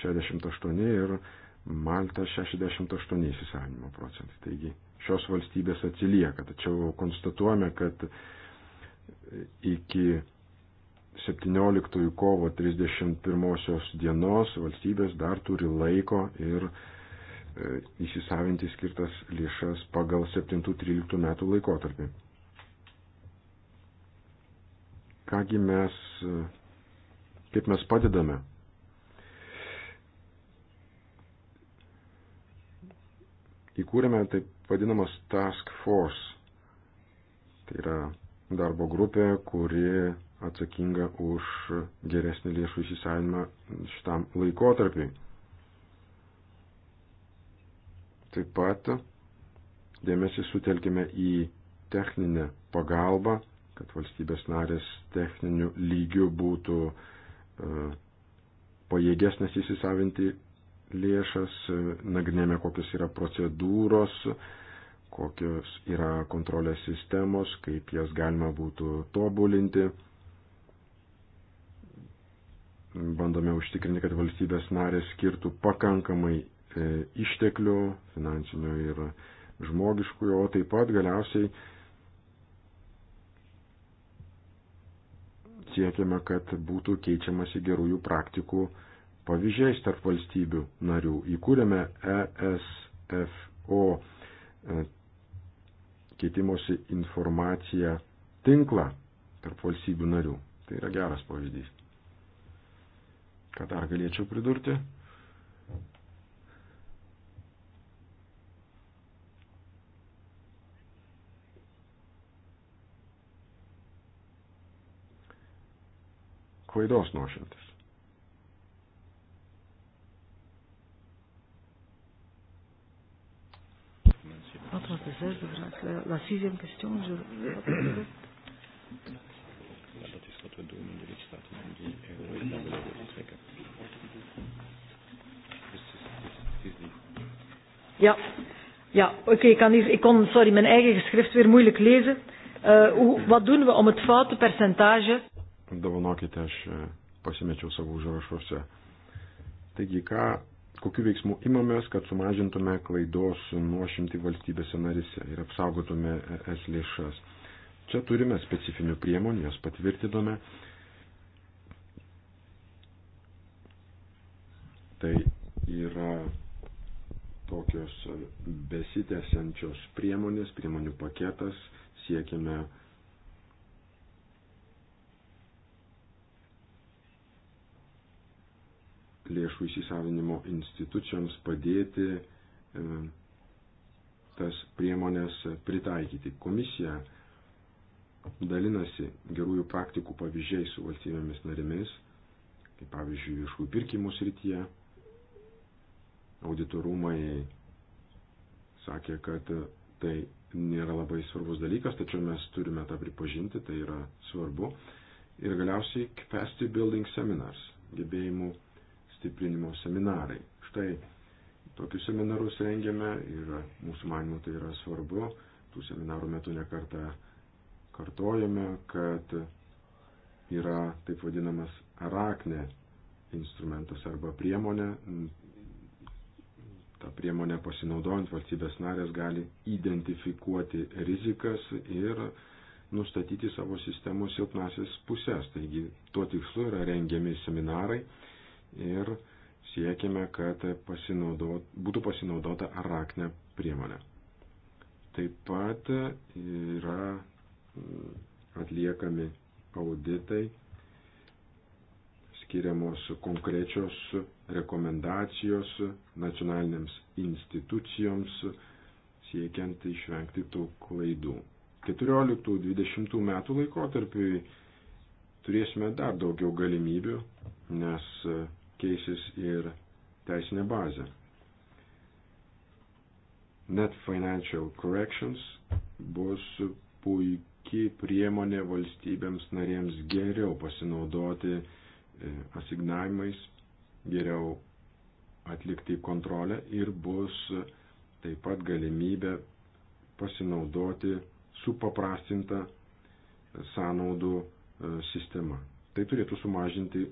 68 ir Malta 68 įsisavinimo procentai. Taigi šios valstybės atsilieka, tačiau konstatuojame, kad iki 17 kovo 31 dienos valstybės dar turi laiko ir e, įsisavinti skirtas lėšas pagal 7-13 metų laikotarpį. Kągi mes, e, kaip mes padedame įkūrėme taip vadinamas task force. Tai yra darbo grupė, kuri atsakinga už geresnį lėšų įsisavinimą šitam laikotarpiui. Taip pat dėmesį sutelkime į techninę pagalbą, kad valstybės narės techniniu lygiu būtų e, pajėgesnės įsisavinti lėšas, e, nagrinėjame, kokios yra procedūros, kokios yra kontrolės sistemos, kaip jas galima būtų tobulinti. Bandome užtikrinti, kad valstybės narės skirtų pakankamai e, išteklių, finansinio ir žmogiškųjų, o taip pat galiausiai siekiame, kad būtų keičiamasi gerųjų praktikų pavyzdžiais tarp valstybių narių. Įkūrėme ESFO e, keitimosi informaciją tinklą tarp valstybių narių. Tai yra geras pavyzdys. Ką dar galėčiau pridurti? Klaidos nuošimtis. Wat was de zesde vraag? La, la sixième question, je... Ja, dat is wat we doen in de lidstaten die euro naar beneden trekken. Dus het is die. Ja, ja oké, okay, ik, kan hier, ik kon sorry, mijn eigen geschrift weer moeilijk lezen. Uh, hoe, wat doen we om het foutenpercentage... Dovanokite, aš pasimečiau savo užrašuose. Taigi, ką kokiu veiksmu imamės, kad sumažintume klaidos nuošimti valstybėse narise ir apsaugotume ES lėšas. Čia turime specifinių priemonių, jas patvirtinome. Tai yra tokios besitęsiančios priemonės, priemonių paketas, siekime lėšų įsisavinimo institucijoms padėti e, tas priemonės pritaikyti. Komisija dalinasi gerųjų praktikų pavyzdžiais su valstybėmis narėmis, kaip pavyzdžiui, viešųjų pirkimų srityje. Auditorumai sakė, kad tai nėra labai svarbus dalykas, tačiau mes turime tą pripažinti, tai yra svarbu. Ir galiausiai capacity building seminars, gebėjimų stiprinimo seminarai. Štai tokius seminarus rengiame ir mūsų manimo tai yra svarbu. Tų seminarų metu nekartą kartojame, kad yra taip vadinamas arakne instrumentas arba priemonė. Ta priemonė pasinaudojant valstybės narės gali identifikuoti rizikas ir nustatyti savo sistemos silpnasias pusės. Taigi tuo tikslu yra rengiami seminarai ir siekime, kad pasinaudot, būtų pasinaudota arakne priemonė. Taip pat yra mm, atliekami auditai, skiriamos konkrečios rekomendacijos nacionalinėms institucijoms, siekiant išvengti tų klaidų. 14-20 metų laikotarpiui turėsime dar daugiau galimybių, nes keisis ir teisinė bazė. Net Financial Corrections bus puikiai priemonė valstybėms narėms geriau pasinaudoti e, asignavimais, geriau atlikti kontrolę ir bus taip pat galimybė pasinaudoti supaprastinta sąnaudų e, sistema. Tai turėtų sumažinti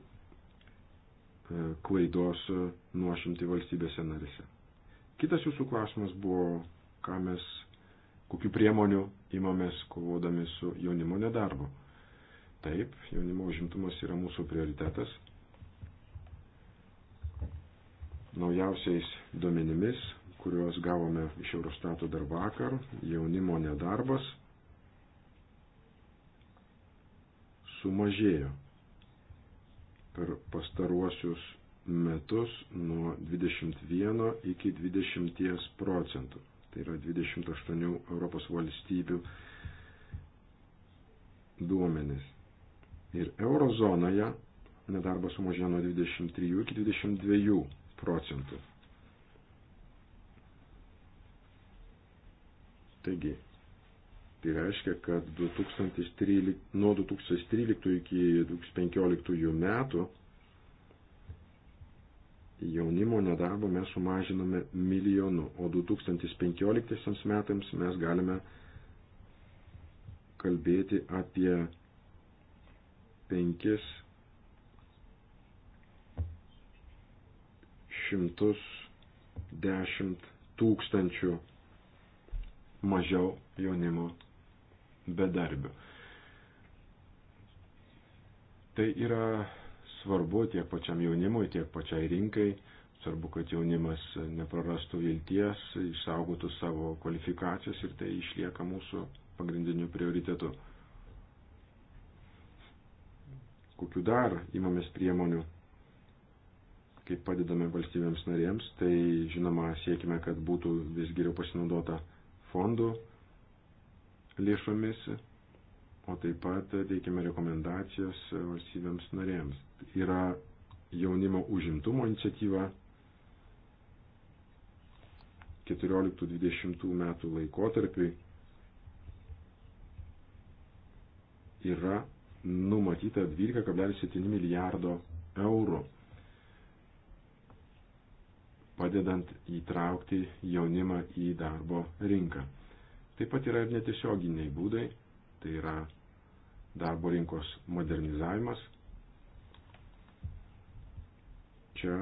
E, klaidos e, nuošimti valstybėse narise. Kitas jūsų klausimas buvo, ką mes, kokiu priemoniu imamės kovodami su jaunimo nedarbu. Taip, jaunimo užimtumas yra mūsų prioritetas. Naujausiais duomenimis, kuriuos gavome iš Eurostato dar vakar, jaunimo nedarbas sumažėjo per pastaruosius metus nuo 21 iki 20 procentų. Tai yra 28 Europos valstybių duomenis. Ir eurozonoje nedarbas sumažėjo nuo 23 iki 22 procentų. Taigi, Tai reiškia, kad 2013, nuo 2013 iki 2015 metų jaunimo nedarbo mes sumažiname milijonu, o 2015 metams mes galime kalbėti apie 510 tūkstančių mažiau jaunimo bedarbių. Tai yra svarbu tiek pačiam jaunimui, tiek pačiai rinkai. Svarbu, kad jaunimas neprarastų vilties, išsaugotų savo kvalifikacijas ir tai išlieka mūsų pagrindiniu prioritetu. Kokiu dar imamės priemonių, kaip padedame valstybėms narėms, tai žinoma siekime, kad būtų vis geriau pasinaudota fondų lėšomis, o taip pat teikiame rekomendacijas valstybėms narėms. Yra jaunimo užimtumo iniciatyva 14-20 metų laikotarpiui yra numatyta 12,7 milijardo eurų, padedant įtraukti jaunimą į darbo rinką. Taip pat yra ir netiesioginiai būdai, tai yra darbo rinkos modernizavimas. Čia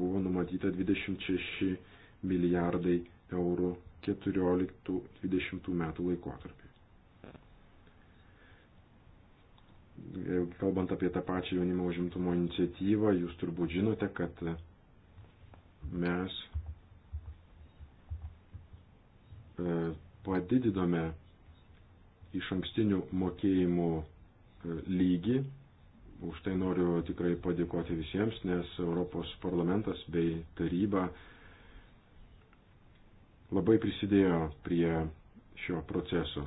buvo numatyta 26 milijardai eurų 14-20 metų laikotarpį. Kalbant apie tą pačią jaunimo užimtumo iniciatyvą, jūs turbūt žinote, kad mes e, padidinome iš ankstinių mokėjimų e, lygį. Už tai noriu tikrai padėkoti visiems, nes Europos parlamentas bei taryba labai prisidėjo prie šio proceso.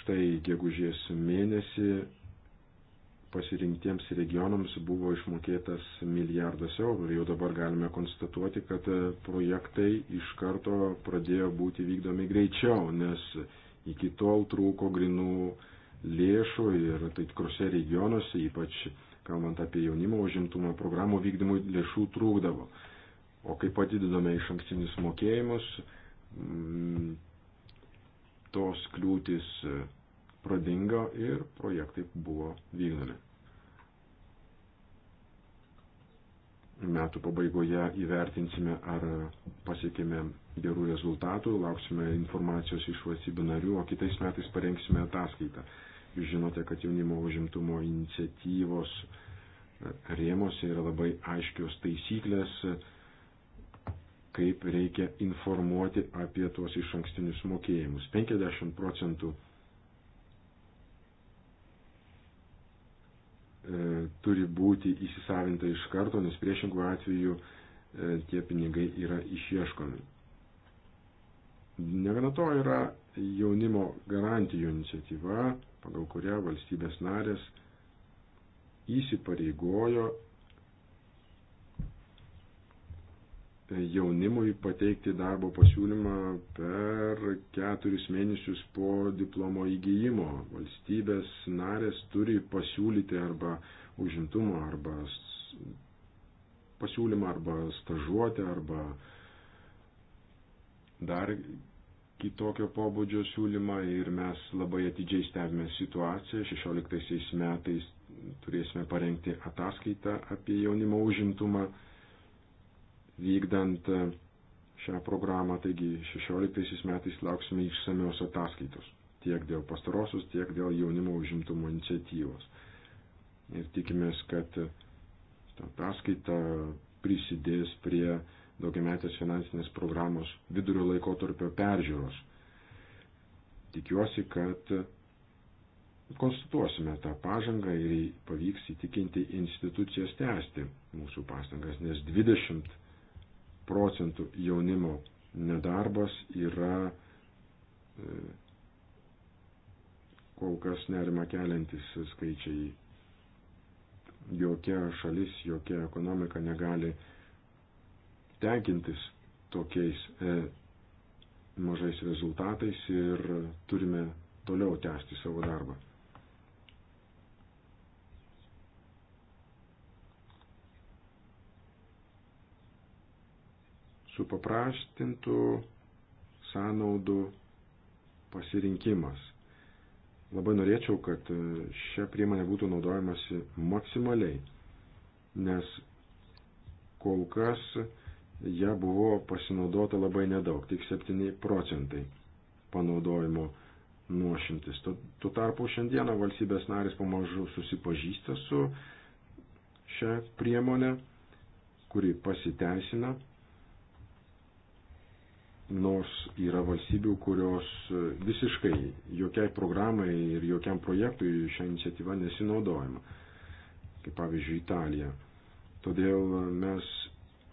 Štai gegužės mėnesį pasirinktiems regionams buvo išmokėtas milijardas eurų ir jau dabar galime konstatuoti, kad e, projektai iš karto pradėjo būti vykdomi greičiau, nes iki tol trūko grinų lėšų ir tai tikrose regionuose, ypač kalbant apie jaunimo užimtumo programų vykdymų lėšų trūkdavo. O kai padidinome iš ankstinius mokėjimus, mm, tos kliūtis e, pradingo ir projektai buvo vykdomi. metų pabaigoje įvertinsime, ar pasiekėme gerų rezultatų, lauksime informacijos iš valstybių narių, o kitais metais parengsime ataskaitą. Jūs žinote, kad jaunimo užimtumo iniciatyvos e, rėmose yra labai aiškios taisyklės, kaip reikia informuoti apie tuos iš ankstinius mokėjimus. 50 procentų E, turi būti įsisavinta iš karto, nes priešingų atveju e, tie pinigai yra išieškomi. Negana to yra jaunimo garantijų iniciatyva, pagal kurią valstybės narės įsipareigojo jaunimui pateikti darbo pasiūlymą per keturis mėnesius po diplomo įgyjimo. Valstybės narės turi pasiūlyti arba užimtumo, arba pasiūlymą, arba stažuotę, arba dar kitokio pobūdžio siūlymą ir mes labai atidžiai stebime situaciją. 16 metais turėsime parengti ataskaitą apie jaunimo užimtumą vykdant e, šią programą, taigi 16 metais lauksime išsamios ataskaitos tiek dėl pastarosios, tiek dėl jaunimo užimtumo iniciatyvos. Ir tikimės, kad ta ataskaita prisidės prie daugiametės finansinės programos vidurio laikotarpio peržiūros. Tikiuosi, kad konstatuosime tą pažangą ir pavyks įtikinti institucijas tęsti mūsų pastangas, nes 20 procentų jaunimo nedarbas yra e, kol kas nerima keliantis skaičiai. Jokia šalis, jokia ekonomika negali tenkintis tokiais e, mažais rezultatais ir turime toliau tęsti savo darbą. supaprastintų sąnaudų pasirinkimas. Labai norėčiau, kad šią priemonę būtų naudojamasi maksimaliai, nes kol kas ją buvo pasinaudota labai nedaug, tik 7 procentai panaudojimo nuošimtis. Tuo tarpu šiandieną valstybės narės pamažu susipažįsta su šią priemonę, kuri pasiteisina nors yra valstybių, kurios e, visiškai jokiai programai ir jokiam projektui šią iniciatyvą nesinaudojama, kaip pavyzdžiui Italija. Todėl mes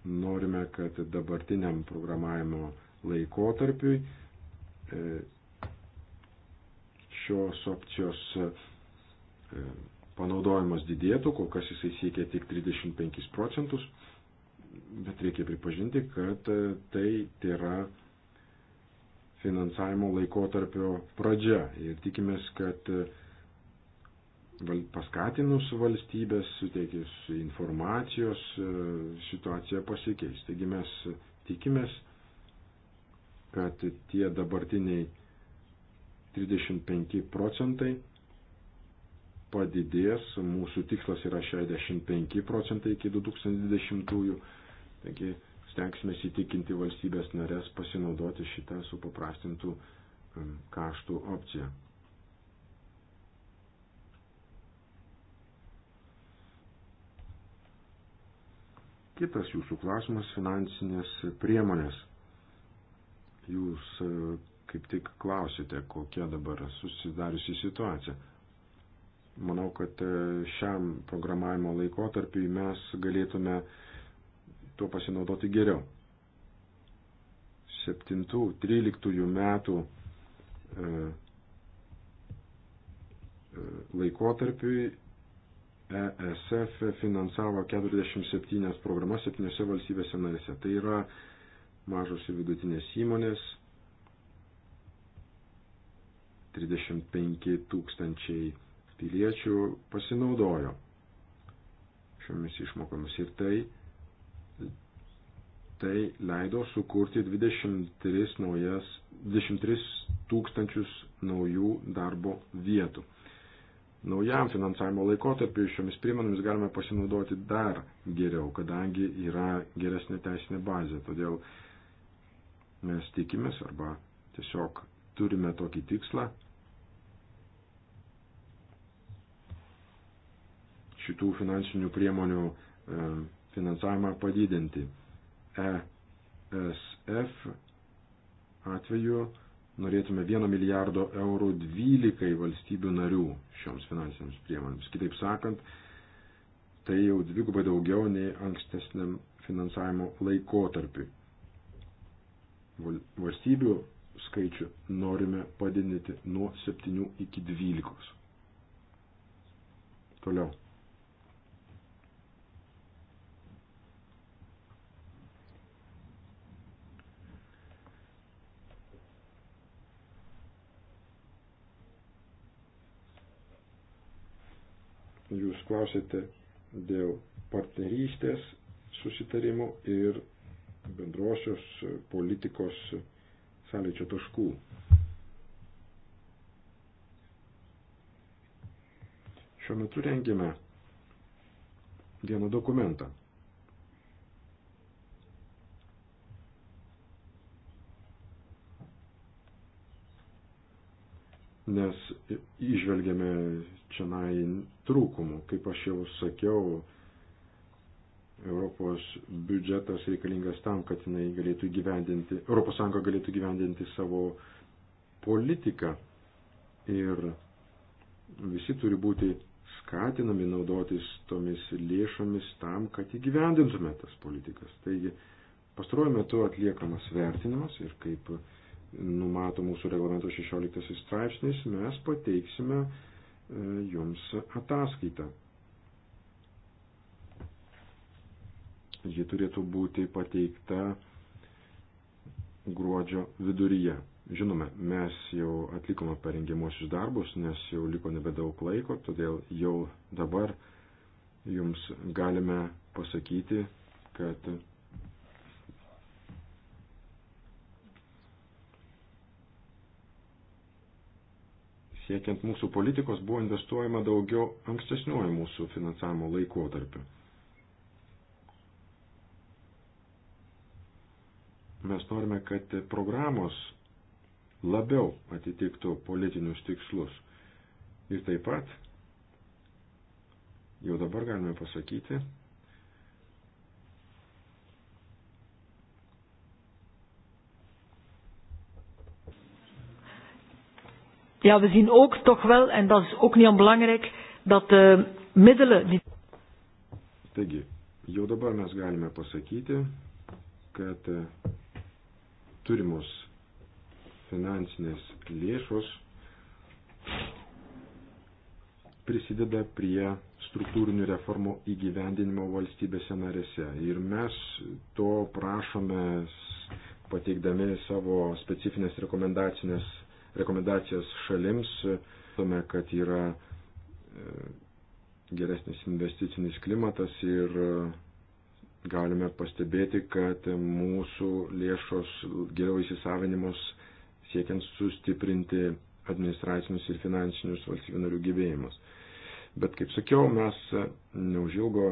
norime, kad dabartiniam programavimo laikotarpiui e, šios opcijos e, panaudojimas didėtų, kol kas jisai siekia tik 35 procentus, bet reikia pripažinti, kad tai yra finansavimo laikotarpio pradžia ir tikimės, kad e, paskatinus valstybės, suteikius informacijos, e, situacija pasikeis. Taigi mes tikimės, kad tie dabartiniai 35 procentai padidės, mūsų tikslas yra 65 procentai iki 2020. -ųjų. Taigi stengsime įtikinti valstybės narės pasinaudoti šitą supaprastintų um, kaštų opciją. Kitas jūsų klausimas - finansinės priemonės. Jūs uh, kaip tik klausite, kokia dabar susidariusi situacija. Manau, kad uh, šiam programavimo laikotarpiu mes galėtume uh, tuo pasinaudoti geriau. 7-13 metų e, e, laikotarpiui ESF finansavo 47 programas 7 valstybėse narėse. Tai yra mažos ir vidutinės įmonės, 35 tūkstančiai piliečių pasinaudojo šiomis išmokomis ir tai tai leido sukurti 23, naujas, 23 tūkstančius naujų darbo vietų. Naujam finansavimo laikotarpiu šiomis priemonėmis galime pasinaudoti dar geriau, kadangi yra geresnė teisinė bazė. Todėl mes tikimės arba tiesiog turime tokį tikslą šitų finansinių priemonių e, finansavimą padidinti. ESF atveju norėtume 1 milijardo eurų 12 valstybių narių šioms finansinėms priemonėms. Kitaip sakant, tai jau dvigubai daugiau nei ankstesniam finansavimo laikotarpiu. Valstybių skaičių norime padidinti nuo 7 iki 12. Toliau. Jūs klausėte dėl partnerystės susitarimų ir bendrosios politikos sąlyčio taškų. Šiuo metu rengiame vieną dokumentą nes išvelgiame čianai trūkumų. Kaip aš jau sakiau, Europos biudžetas reikalingas tam, kad jinai galėtų gyvendinti, ES galėtų gyvendinti savo politiką ir visi turi būti skatinami naudotis tomis lėšomis tam, kad įgyvendintume tas politikas. Taigi, pastaruoju metu atliekamas vertinimas ir kaip numato mūsų reglamento 16 straipsnis, mes pateiksime e, jums ataskaitą. Ji turėtų būti pateikta gruodžio viduryje. Žinome, mes jau atlikome parengimuosius darbus, nes jau liko nebedaug laiko, todėl jau dabar jums galime pasakyti, kad siekiant mūsų politikos buvo investuojama daugiau ankstesniuoju mūsų finansavimo laikotarpiu. Mes norime, kad programos labiau atitiktų politinius tikslus. Ir taip pat jau dabar galime pasakyti, ja, we zien ook toch wel, en dat is ook niet onbelangrijk, dat de middelen. Niet... Taigi, jau dabar mes galime pasakyti, kad e, turimos finansinės lėšos prisideda prie struktūrinių reformų įgyvendinimo valstybėse narėse. Ir mes to prašome pateikdami savo specifines rekomendacinės rekomendacijas šalims. Tome, kad yra e, geresnis investicinis klimatas ir e, galime pastebėti, kad mūsų lėšos geriau įsisavinimos siekiant sustiprinti administracinius ir finansinius valstybių narių gyvėjimus. Bet, kaip sakiau, mes neužilgo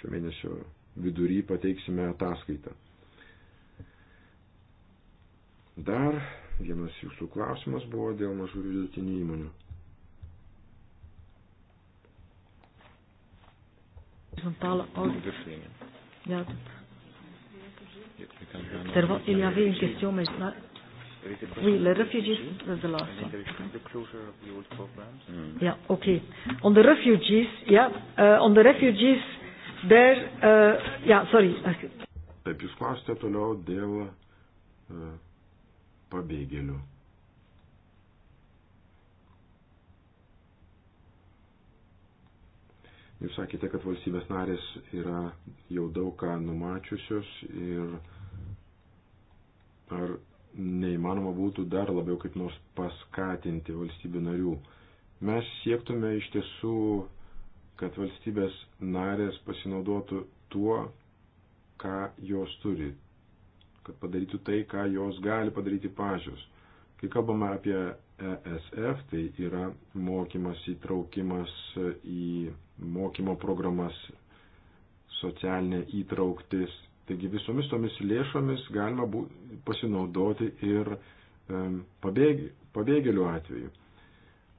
šio mėnesio vidury pateiksime ataskaitą. Dar Vienas jūsų klausimas buvo dėl mažų ir vidutinių įmonių. horizontale oh. audit. Ja, dat. Er, il y avait une question, mais je... Oui, les refugees, that's the last one. The closure of the old programs. Mm. Yeah, okay. On the refugees, yeah, uh, on the refugees, there, uh, yeah, sorry. Taip, jūs klausėte toliau dėl uh, pabėgėlių. Jūs sakėte, kad valstybės narės yra jau daug ką numačiusios ir ar neįmanoma būtų dar labiau kaip nors paskatinti valstybių narių. Mes siektume iš tiesų, kad valstybės narės pasinaudotų tuo, ką jos turi, kad padarytų tai, ką jos gali padaryti pačios. Kai kalbame apie ESF, tai yra mokymas įtraukimas į mokymo programas, socialinė įtrauktis. Taigi visomis tomis lėšomis galima pasinaudoti ir pabėgėlių atveju.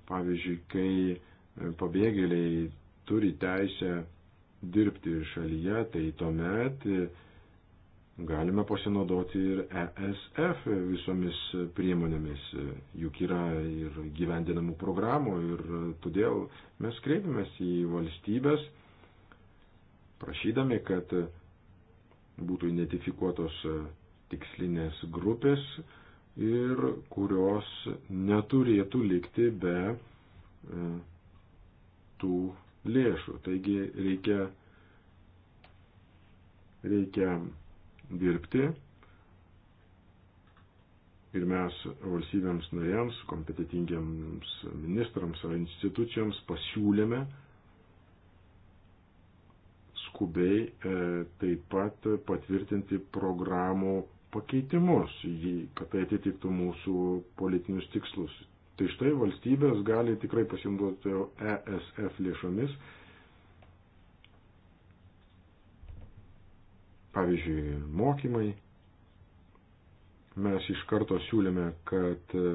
Pavyzdžiui, kai pabėgėliai turi teisę dirbti šalyje, tai tuomet galime pasinaudoti ir ESF visomis priemonėmis, juk yra ir gyvendinamų programų ir todėl mes kreipiamės į valstybės, prašydami, kad būtų identifikuotos tikslinės grupės ir kurios neturėtų likti be e, tų lėšų. Taigi reikia, reikia dirbti ir mes valstybėms narėms, kompetitingiams ministrams ar institucijoms pasiūlėme skubiai e, taip pat patvirtinti programų pakeitimus, kad tai atitiktų mūsų politinius tikslus. Tai štai valstybės gali tikrai pasimduoti ESF lėšomis pavyzdžiui, mokymai. Mes iš karto siūlėme, kad e,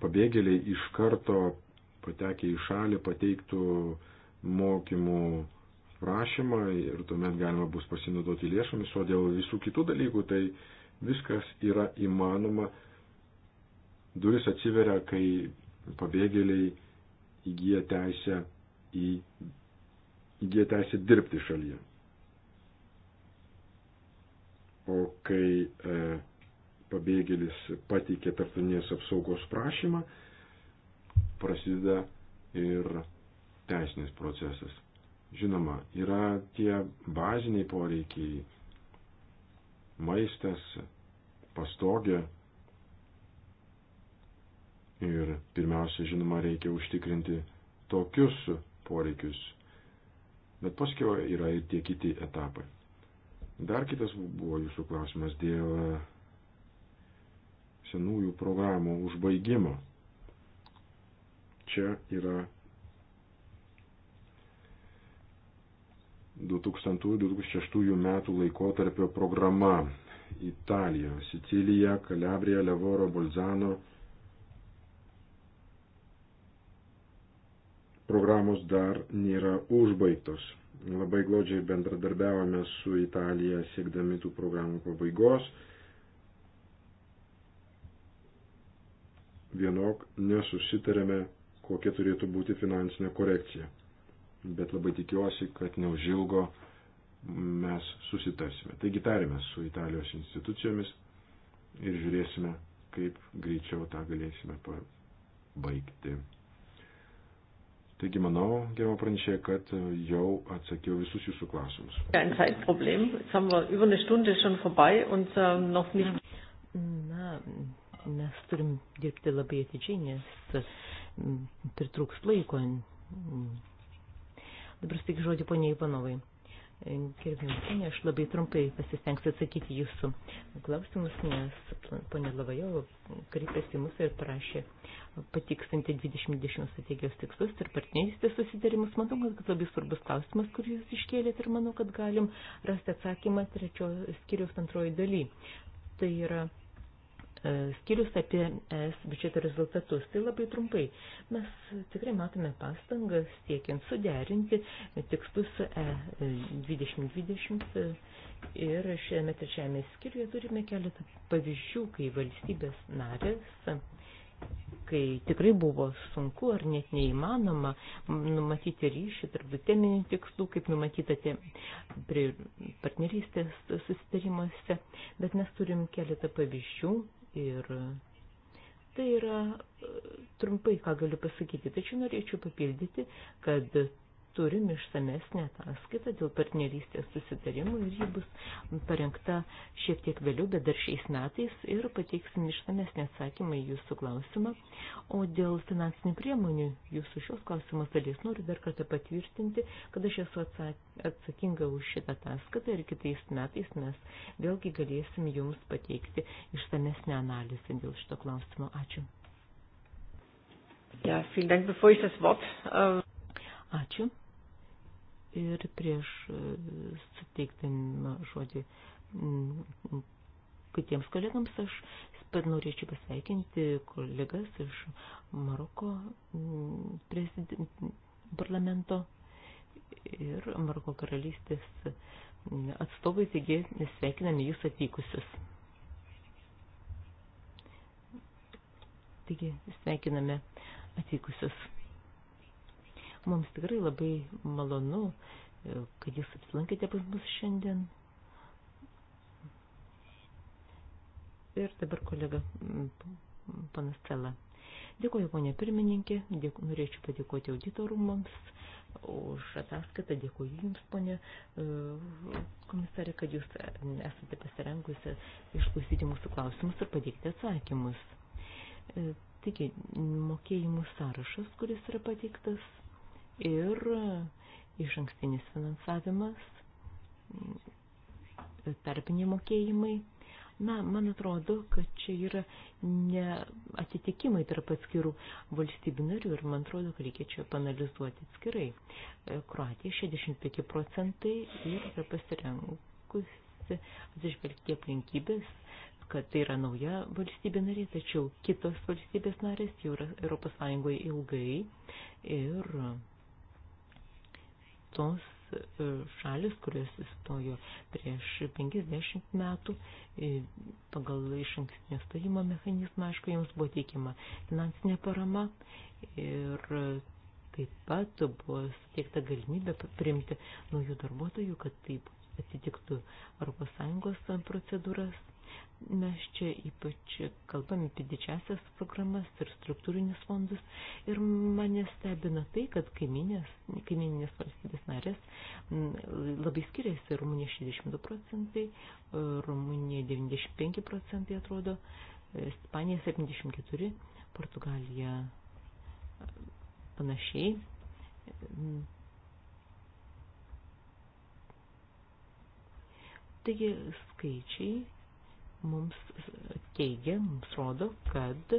pabėgėliai iš karto patekę į šalį pateiktų mokymų prašymą ir tuomet galima bus pasinaudoti lėšomis, o dėl visų kitų dalykų tai viskas yra įmanoma. Duris atsiveria, kai pabėgėliai įgyja teisę, į, įgyja teisę dirbti šalyje o kai e, pabėgėlis pateikė tarptautinės apsaugos prašymą, prasideda ir teisinis procesas. Žinoma, yra tie baziniai poreikiai - maistas, pastogė. Ir pirmiausia, žinoma, reikia užtikrinti tokius poreikius. Bet paskui yra ir tie kiti etapai. Dar kitas buvo jūsų klausimas dėl e, senųjų programų užbaigimo. Čia yra 2000-2006 metų laikotarpio programa Italija, Sicilija, Kalabrija, Levoro, Bolzano programos dar nėra užbaigtos labai glaudžiai bendradarbiavome su Italija siekdami tų programų pabaigos. Vienok nesusitarėme, kokia turėtų būti finansinė korekcija. Bet labai tikiuosi, kad neužilgo mes susitarsime. Taigi tarėme su Italijos institucijomis ir žiūrėsime, kaip greičiau tą galėsime pabaigti. Taigi manau, gerimo pranešė, kad jau atsakiau visus jūsų klausimus. Äh, Na, mes turim dirbti labai atidžiai, nes pritrūks laiko. Dabar tik žodį ponia Ivanovai. Gerbėjimtinė, aš labai trumpai pasistengsiu atsakyti jūsų klausimus, nes ponė Lavajo kreipėsi mus ir prašė patiksinti 2020 strategijos tikslus ir partnerystės susidarimus. Manau, kad labai svarbus klausimas, kurį jūs iškėlėt ir manau, kad galim rasti atsakymą trečio skiriaus antroji daly. Tai yra E, skirius apie ES biudžeto rezultatus. Tai labai trumpai. Mes tikrai matome pastangas siekiant suderinti tikslus su E2020 ir šiame trečiame skiriuje turime keletą pavyzdžių, kai valstybės narės kai tikrai buvo sunku ar net neįmanoma numatyti ryšį tarp teminių tikslų, kaip numatyta partnerystės susitarimuose, bet mes turim keletą pavyzdžių, Ir tai yra e, trumpai, ką galiu pasakyti, tačiau norėčiau papildyti, kad turim išsamesnę ataskaitą dėl partnerystės susitarimų ir ji bus parengta šiek tiek vėliau, bet dar šiais metais ir pateiksim išsamesnį atsakymą į jūsų klausimą. O dėl finansinių priemonių jūsų šios klausimas dalies noriu dar kartą patvirtinti, kad aš esu atsakinga už šitą ataskaitą ir kitais metais mes vėlgi galėsim jums pateikti išsamesnę analizę dėl šito klausimo. Ačiū. Ja, vielen Dank, bevor ich das Wort. Äh Ačiū ir prieš e, suteikdama žodį kitiems kolegams aš pat norėčiau pasveikinti kolegas iš Maroko parlamento ir Maroko karalystės atstovai, taigi sveikiname jūs atvykusius. Taigi sveikiname atvykusius. Mums tikrai labai malonu, e, kad jūs apsilankėte pas mus šiandien. Ir dabar kolega panas Cela. Dėkuoju, ponė pirmininkė, dėku, norėčiau padėkoti auditorumams už ataskaitą, dėkuoju Jums, ponė e, komisarė, kad Jūs esate pasirengusi išklausyti mūsų klausimus ir pateikti atsakymus. E, taigi, mokėjimų sąrašas, kuris yra pateiktas, ir e, iš ankstinis finansavimas, e, tarpiniai mokėjimai. Na, man atrodo, kad čia yra neatitikimai tarp atskirų valstybių narių ir man atrodo, kad reikia čia panalizuoti atskirai. E, Kroatija 65 procentai ir yra pasirengusi atsižvelgti aplinkybės, kad tai yra nauja valstybė narė, tačiau kitos valstybės narės jau yra Europos Sąjungoje ilgai ir tos e, šalis, kurios įstojo prieš 50 metų, e, pagal iš ankstinio stojimo mechanizmą, aišku, jums buvo teikima finansinė parama ir taip pat buvo suteikta galimybė priimti naujų darbuotojų, kad taip atitiktų ES procedūras Mes čia ypač kalbame apie didžiasias programas ir struktūrinius fondus ir mane stebina tai, kad kaiminės, kaiminės valstybės narės labai skiriasi. Rumunija 62 procentai, Rumunija 95 procentai atrodo, Ispanija 74, Portugalija e, panašiai. Taigi skaičiai mums teigia, mums rodo, kad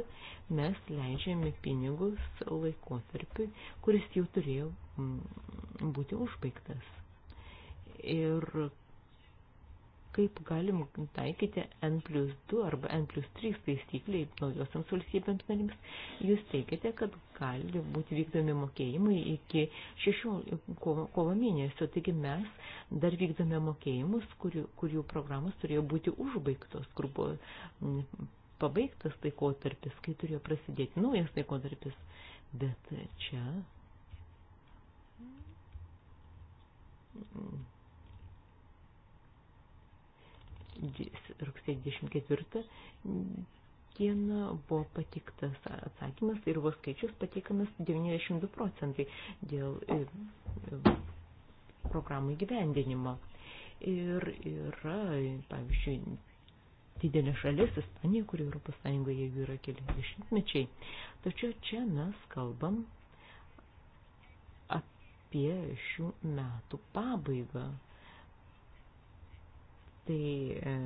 mes leidžiame pinigus laikotarpiui, kuris jau turėjo mm, būti užbaigtas. Ir kaip galim taikyti N plus 2 arba N plus 3 taisyklį naujosiams valstybėms narims, jūs teigiate, kad gali būti vykdomi mokėjimai iki 16 kovo, kovo mėnesio. Taigi mes dar vykdome mokėjimus, kurių, kurių programos turėjo būti užbaigtos, kur buvo pabaigtas taikotarpis, kai turėjo prasidėti naujas taikotarpis. Bet čia rugsėjo 24 dieną buvo patiktas atsakymas ir vos skaičius patikamas 92 procentai dėl e, e, programų įgyvendinimo. Ir yra, pavyzdžiui, didelė šalis, Ispanija, kuri Europos Sąjungoje jau yra keli dešimtmečiai. Tačiau čia mes kalbam apie šių metų pabaigą. Tai e,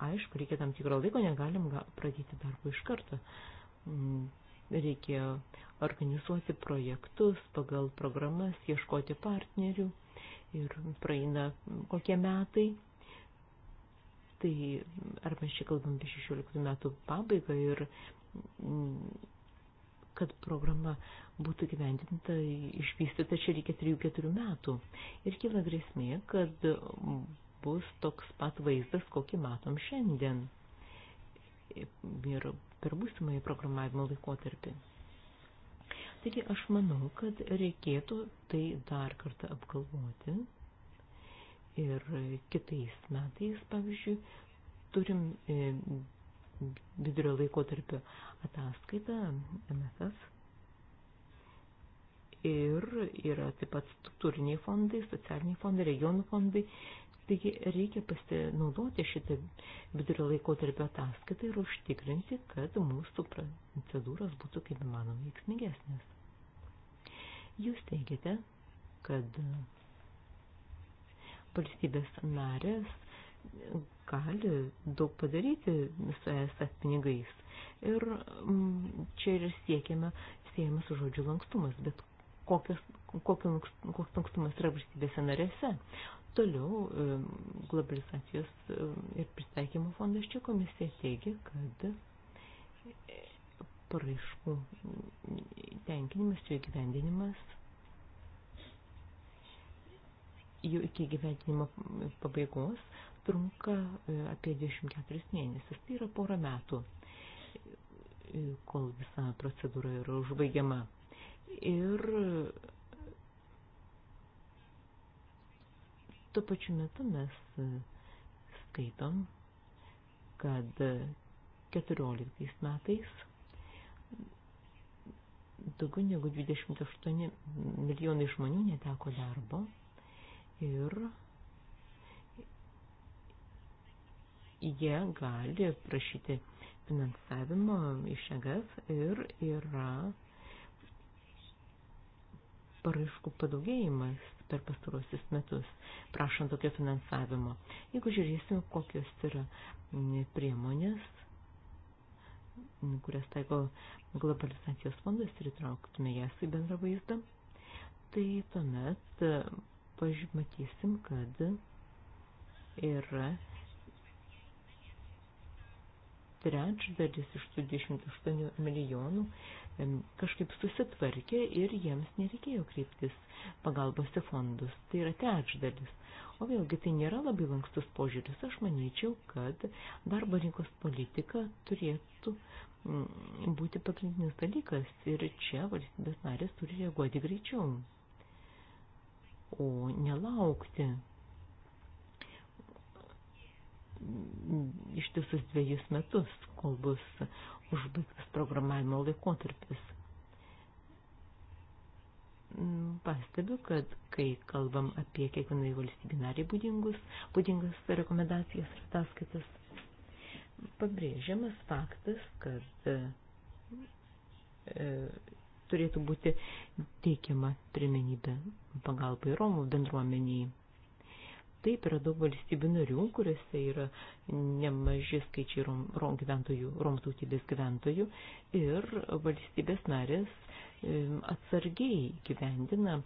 aišku, reikia tam tikro laiko, negalim pradėti darbo iš karto. Mm, reikia organizuoti projektus pagal programas, ieškoti partnerių ir praeina kokie metai. Tai ar mes čia kalbam apie 16 metų pabaigą ir mm, kad programa būtų gyvendinta, išvystyta, čia reikia 3-4 metų. Ir kyla grėsmė, kad bus toks pat vaizdas, kokį matom šiandien ir per būsimąjį programavimo laikotarpį. Taigi aš manau, kad reikėtų tai dar kartą apgalvoti ir kitais metais, pavyzdžiui, turim e, vidurio laikotarpio ataskaitą MFF ir yra taip pat struktūriniai fondai, socialiniai fondai, regionų fondai Taigi reikia pasinaudoti šitą vidurio laikotarpio ataskaitą ir užtikrinti, kad mūsų procedūros būtų kaip įmanoma veiksmingesnės. Jūs teigiate, kad valstybės narės gali daug padaryti su ES pinigais. Ir mm, čia ir siekiame, siejame su žodžiu lankstumas, bet kokios, kokio, koks lankstumas yra valstybėse narėse. Toliau e, globalizacijos e, ir pristaikymo fondas čia komisija teigia, kad e, paraiškų tenkinimas, jų įgyvendinimas jų iki gyventinimo pabaigos trunka apie 24 mėnesius, tai yra pora metų, kol visa procedūra yra užbaigiama. Ir tuo pačiu metu mes e, skaitom, kad 14 e, metais daugiau negu 28 milijonai žmonių neteko darbo ir jie gali prašyti finansavimo iš EGF ir yra paraiškų padaugėjimas per pastarosius metus, prašant tokio finansavimo. Jeigu žiūrėsim, kokios yra priemonės, kurias taiko globalizacijos fondas ir įtrauktume jas į bendrą vaizdą, tai tuomet e, pažymatysim, kad yra trečdalis iš tų 28 milijonų kažkaip susitvarkė ir jiems nereikėjo kreiptis pagalbos į fondus. Tai yra trečdalis. O vėlgi tai nėra labai lankstus požiūris. Aš manyčiau, kad darbo rinkos politika turėtų būti pagrindinis dalykas ir čia valstybės narės turi reaguoti greičiau, o nelaukti ištisus dviejus metus, kol bus užbaigtas programavimo laikotarpis. Pastebiu, kad kai kalbam apie kiekvienai valstybė nariai būdingus, būdingas rekomendacijas ir ataskaitas, pabrėžiamas faktas, kad e, turėtų būti teikiama pirmenybė pagalbai Romų bendruomeniai Taip yra daug valstybių narių, kuriuose yra nemaži skaičiai rom, rom gyventojų, rom tautybės gyventojų ir valstybės narės atsargiai gyvendina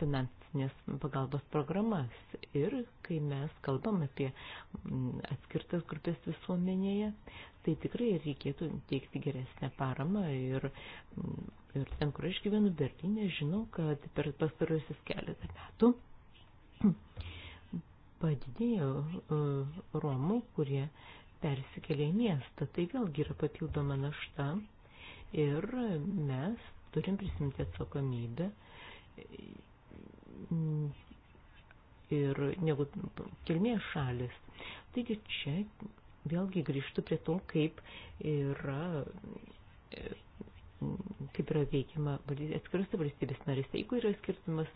finansinės pagalbos programas. Ir kai mes kalbam apie atskirtas grupės visuomenėje, tai tikrai reikėtų teikti geresnę paramą. Ir, ir ten, kur aš gyvenu, Berlyne, žinau, kad per pastarosius keletą metų padidėjo e, Romų, kurie persikėlė į miestą. Tai vėlgi yra papildoma našta ir mes turim prisimti atsakomybę ir negu kilmės šalis. Taigi čia vėlgi grįžtu prie to, kaip yra kaip yra veikiama atskirose valstybės narėse, jeigu yra skirtumas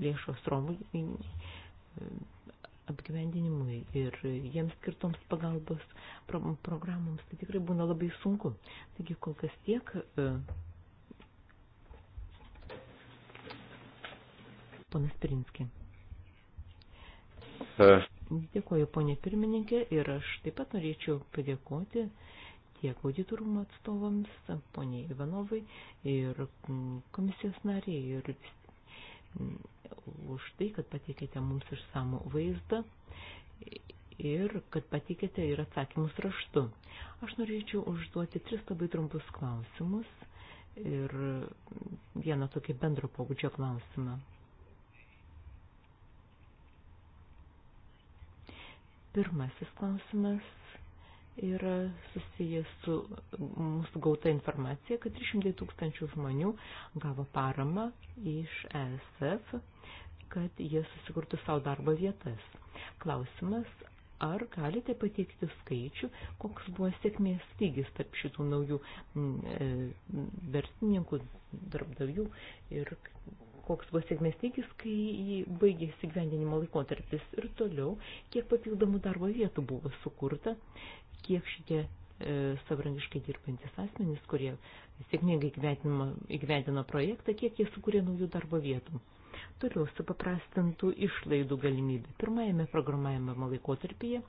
lėšos Romų apgyvendinimui ir jiems skirtoms pagalbos pro programoms, tai tikrai būna labai sunku. Taigi kol kas tiek. Ponas Pirinski. Dėkuoju, ponė pirmininkė, ir aš taip pat norėčiau padėkoti uh, tiek auditorumo atstovams, poniai Ivanovai ir mm, komisijos nariai ir už tai, kad pateikėte mums išsamų vaizdą ir kad pateikėte ir atsakymus raštu. Aš norėčiau užduoti tris labai trumpus klausimus ir vieną tokį bendro pobūdžio klausimą. Pirmasis klausimas yra susijęs su mūsų gauta informacija, kad 300 tūkstančių žmonių gavo paramą iš ESF, kad jie susikurtų savo darbo vietas. Klausimas, ar galite pateikti skaičių, koks buvo sėkmės lygis tarp šitų naujų e, vertininkų, darbdavių ir koks buvo sėkmės lygis, kai baigėsi gyvendinimo laikotarpis ir toliau, kiek papildomų darbo vietų buvo sukurta kiek šitie e, savarankiškai dirbantis asmenys, kurie sėkmingai įgyvendino projektą, kiek jie sukūrė naujų darbo vietų. Toliau supaprastintų išlaidų galimybė. Pirmajame programavimo laikotarpyje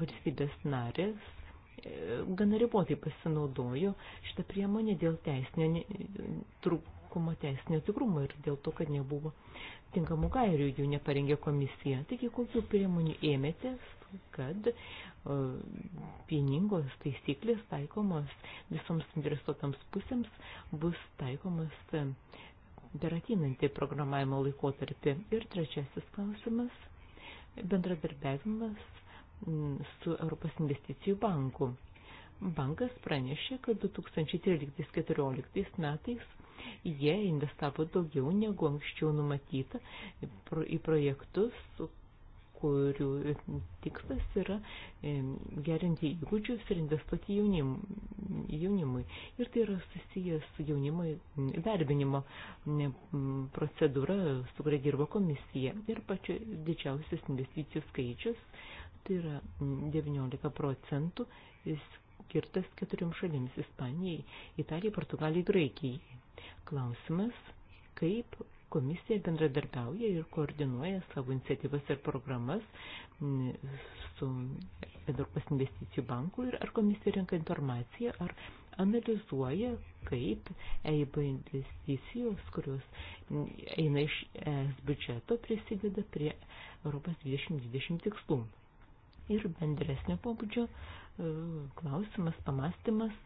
valstybės narės e, gana ribotai pasinaudojo šitą priemonę dėl teisinio trūkumo teisinio tikrumo ir dėl to, kad nebuvo tinkamų gairių, jų neparengė komisija. Taigi, kokių priemonių ėmėtės, kad vieningos taisyklės taikomos visoms interesuotams pusėms bus taikomas per ateinantį programavimo laikotarpį. Ir trečiasis klausimas – bendradarbiavimas su Europos investicijų banku. Bankas pranešė, kad 2013-2014 metais jie investavo daugiau negu anksčiau numatyta į projektus, kurių tikslas yra e, gerinti įgūdžius ir investuoti jaunim, jaunimui. Ir tai yra susijęs su jaunimo darbinimo procedūra, su kuria dirba komisija. Ir pačiu didžiausias investicijų skaičius, tai yra 19 procentų, skirtas keturiom šalims – Ispanijai, Italijai, Portugalijai, Graikijai. Klausimas, kaip Komisija bendradarbiauja ir koordinuoja savo iniciatyvas ir programas su Europos investicijų banku ir ar komisija renka informaciją, ar analizuoja, kaip EIB investicijos, kurios eina iš ES biudžeto, prisideda prie Europos 2020 tikslų. Ir bendresnio pobūdžio e, klausimas, pamastymas,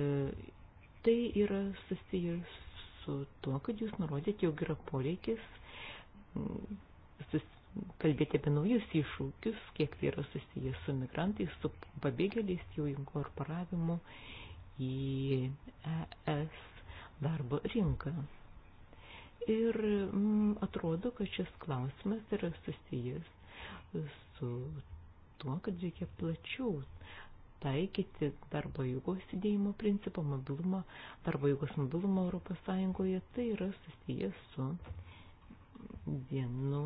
e, tai yra susijęs su tuo, kad jūs nurodėte, jog yra poreikis mm, kalbėti apie naujus iššūkius, kiek tai yra susijęs su migrantais, su pabėgėliais, jų inkorporavimu į ES darbo rinką. Ir mm, atrodo, kad šis klausimas yra susijęs su tuo, kad reikia plačiau taikyti darbo jėgos įdėjimo principą, mobilumą, darbo jėgos mobilumą Europos Sąjungoje, tai yra susijęs su vienu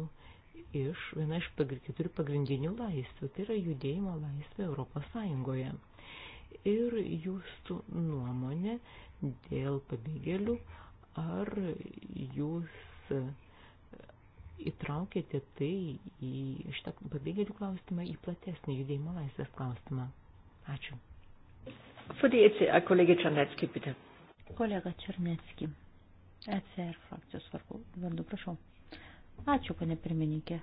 iš, viena iš pagr keturių pagrindinių laisvių, tai yra judėjimo laisvė Europos Sąjungoje. Ir jūsų nuomonė dėl pabėgėlių, ar jūs įtraukėte tai į šitą pabėgėlių klausimą, į platesnį judėjimo laisvės klausimą. Ačiū. ECR, kolegė Černetski, bitė. Kolega Černetski, ECR frakcijos vardu, prašau. Ačiū, pane pirmininkė.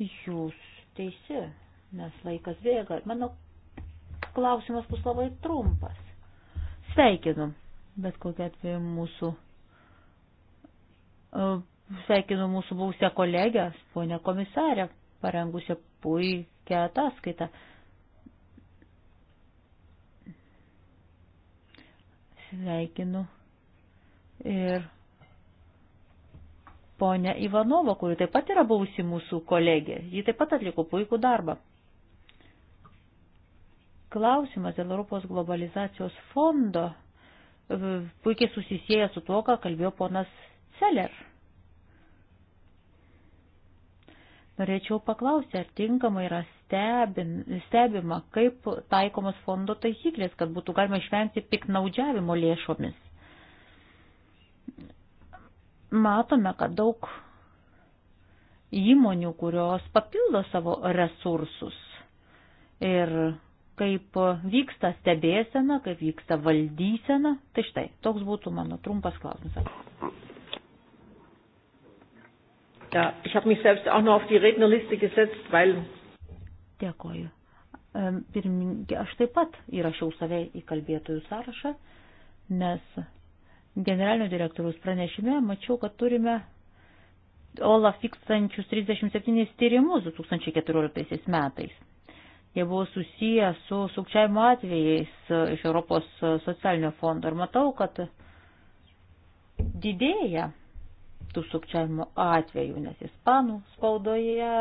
Jūs teisi, nes laikas bėga. Mano klausimas bus labai trumpas. Sveikinu, bet kokia atveju mūsų. E, sveikinu mūsų buvusią kolegę, ponę komisarę, parengusią puikią ataskaitą. sveikinu ir ponę Ivanovą, kuri taip pat yra buvusi mūsų kolegė. Ji taip pat atliko puikų darbą. Klausimas dėl Europos globalizacijos fondo e, puikiai susisėja su tuo, ką kalbėjo ponas Celer. Norėčiau paklausti, ar tinkamai yra stebin, stebima, kaip taikomos fondo taisyklės, kad būtų galima išvengti piknaudžiavimo lėšomis. Matome, kad daug įmonių, kurios papildo savo resursus ir kaip vyksta stebėsena, kaip vyksta valdysena. Tai štai, toks būtų mano trumpas klausimas. Ja, ich habe mich selbst auch noch auf die Rednerliste gesetzt, weil. Dėkoju. Pirmininkė, aš taip pat įrašiau save į kalbėtojų sąrašą, nes generalinio direktoriaus pranešime mačiau, kad turime OLA fiksančius 37 tyrimus 2014 metais. Jie buvo susiję su sukčiavimo atvejais e, iš Europos socialinio fondo ir matau, kad didėja tų sukčiavimo atvejų, nes ispanų spaudoje,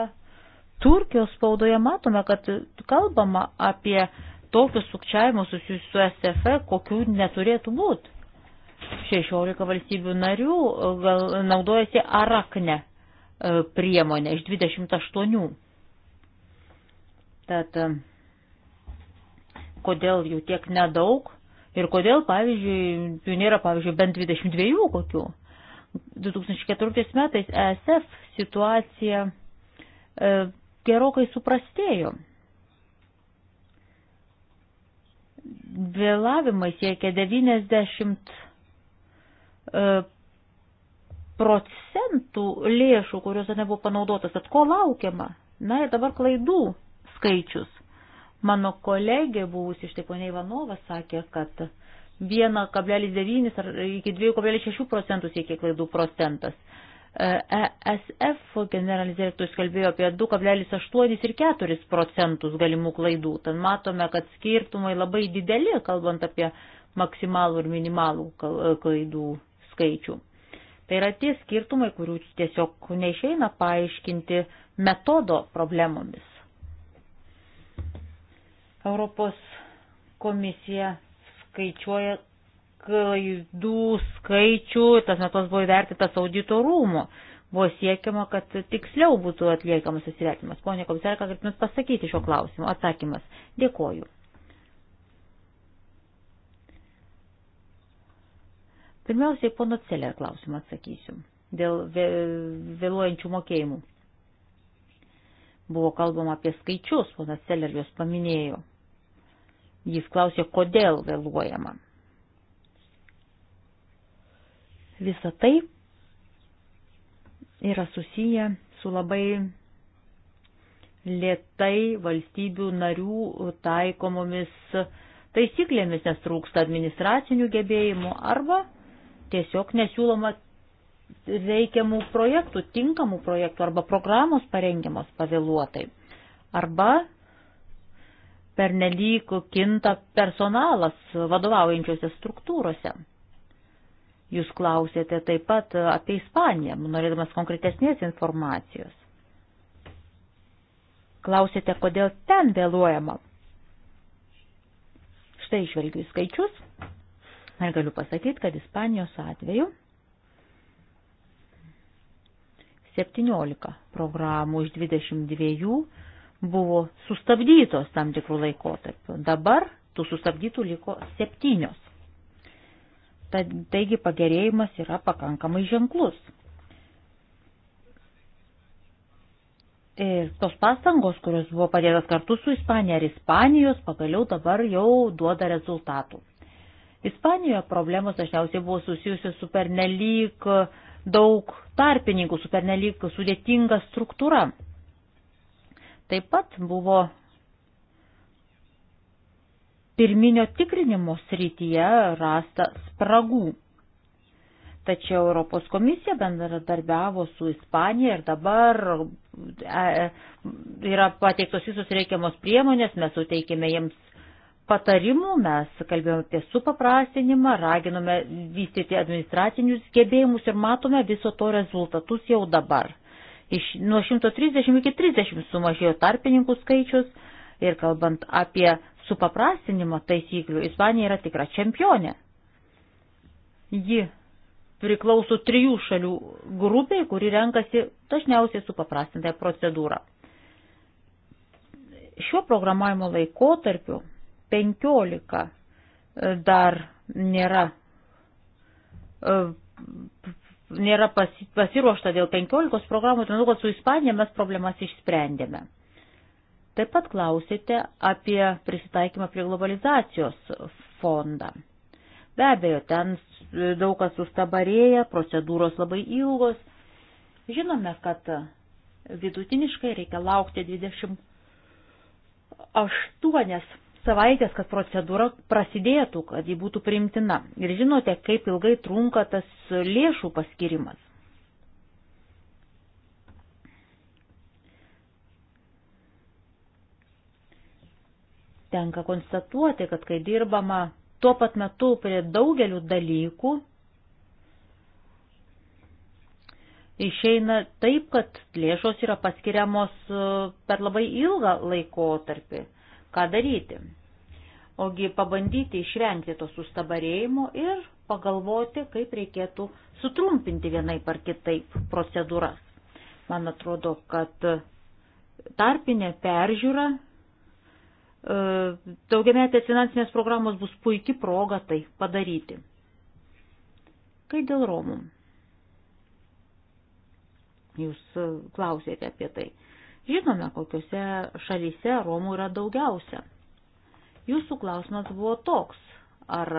Turkijos spaudoje matome, kad kalbama apie tokius sukčiavimus susijusius su SFE, kokių neturėtų būti. 16 valstybių narių e, gal, naudojasi arakne e, priemonę iš 28. Tad e, kodėl jų tiek nedaug ir kodėl, pavyzdžiui, jų nėra, pavyzdžiui, bent 22 kokių. 2014 metais ESF situacija e, gerokai suprastėjo. Vėlavimai siekia 90 e, procentų lėšų, kurios nebuvo panaudotas. Tad ko laukiama? Na ir dabar klaidų skaičius. Mano kolegė buvusi iš taip ponia Ivanova sakė, kad 1,9 ar iki 2,6 procentų siekia klaidų procentas. ESF e generalinis direktorius kalbėjo apie 2,8 ir 4 procentus galimų klaidų. Tad matome, kad skirtumai labai dideli, kalbant apie maksimalų ir minimalų e, klaidų skaičių. Tai yra tie skirtumai, kurių tiesiog neišeina paaiškinti metodo problemomis. Europos komisija skaičiuoja klaidų skaičių, tas metos buvo įvertintas audito rūmų. Buvo siekiama, kad tiksliau būtų atliekamas įsivertinimas. Pone komisarė, ką galėtumėt pasakyti šio klausimo? Atsakymas. Dėkoju. Pirmiausiai, pono Celer klausimą atsakysiu. Dėl vėluojančių mokėjimų. Buvo kalbama apie skaičius, ponas Celer juos paminėjo. Jis klausė, kodėl vėluojama. Visa tai yra susiję su labai lietai valstybių narių taikomomis taisyklėmis, nes trūksta administracinių gebėjimų arba tiesiog nesiūloma reikiamų projektų, tinkamų projektų arba programos parengiamos pavėluotai. Arba pernelyg kinta personalas vadovaujančiose struktūrose. Jūs klausėte taip pat apie Ispaniją, norėdamas konkretesnės informacijos. Klausėte, kodėl ten vėluojama. Štai išvelgiu skaičius ir galiu pasakyti, kad Ispanijos atveju 17 programų iš 22 buvo sustabdytos tam tikrų laikotarpių. Dabar tų sustabdytų liko septynios. Tad, taigi pagerėjimas yra pakankamai ženklus. Ir tos pastangos, kurios buvo padėtas kartu su Ispanija ir Ispanijos, pagaliau dabar jau duoda rezultatų. Ispanijoje problemos dažniausiai buvo susijusios su pernelyg daug tarpininkų, su pernelyg sudėtinga struktūra taip pat buvo pirminio tikrinimo srityje rasta spragų. Tačiau Europos komisija bendradarbiavo su Ispanija ir dabar e, yra pateiktos visos reikiamos priemonės, mes suteikėme jiems patarimų, mes kalbėjome apie supaprastinimą, raginome vystyti administracinius gebėjimus ir matome viso to rezultatus jau dabar. Iš, nuo 130 iki 30 sumažėjo tarpininkų skaičius ir kalbant apie supaprastinimo taisyklių, Ispanija yra tikra čempionė. Ji priklauso trijų šalių grupiai, kuri renkasi dažniausiai supaprastintąją procedūrą. Šiuo programavimo laikotarpiu 15 dar nėra e, nėra pasi, pasiruošta dėl 15 programų, tai manau, kad su Ispanija mes problemas išsprendėme. Taip pat klausėte apie prisitaikymą prie globalizacijos fondą. Be abejo, ten daug kas sustabarėja, procedūros labai ilgos. Žinome, kad vidutiniškai reikia laukti 28 savaitės, kad procedūra prasidėtų, kad ji būtų priimtina. Ir žinote, kaip ilgai trunka tas lėšų paskirimas. Tenka konstatuoti, kad kai dirbama tuo pat metu prie daugelių dalykų, išeina taip, kad lėšos yra paskiriamos e, per labai ilgą laikotarpį. Ką daryti? ogi pabandyti išvengti to sustabarėjimo ir pagalvoti, kaip reikėtų sutrumpinti vienai par kitaip procedūras. Man atrodo, kad tarpinė peržiūra e, daugiametės finansinės programos bus puikia proga tai padaryti. Kai dėl Romų? Jūs e, klausėte apie tai. Žinome, kokiuose šalyse Romų yra daugiausia. Jūsų klausimas buvo toks, ar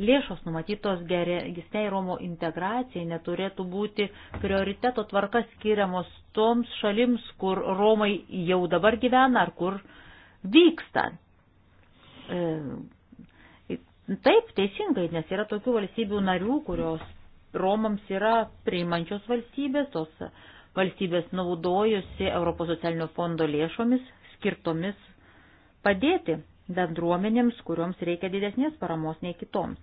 lėšos numatytos geresniai Romo integracijai neturėtų būti prioriteto tvarka skiriamos toms šalims, kur Romai jau dabar gyvena ar kur vyksta. E, taip, teisingai, nes yra tokių valstybių narių, kurios Romams yra priimančios valstybės, tos valstybės naudojusi Europos socialinio fondo lėšomis skirtomis padėti bendruomenėms, kurioms reikia didesnės paramos nei kitoms.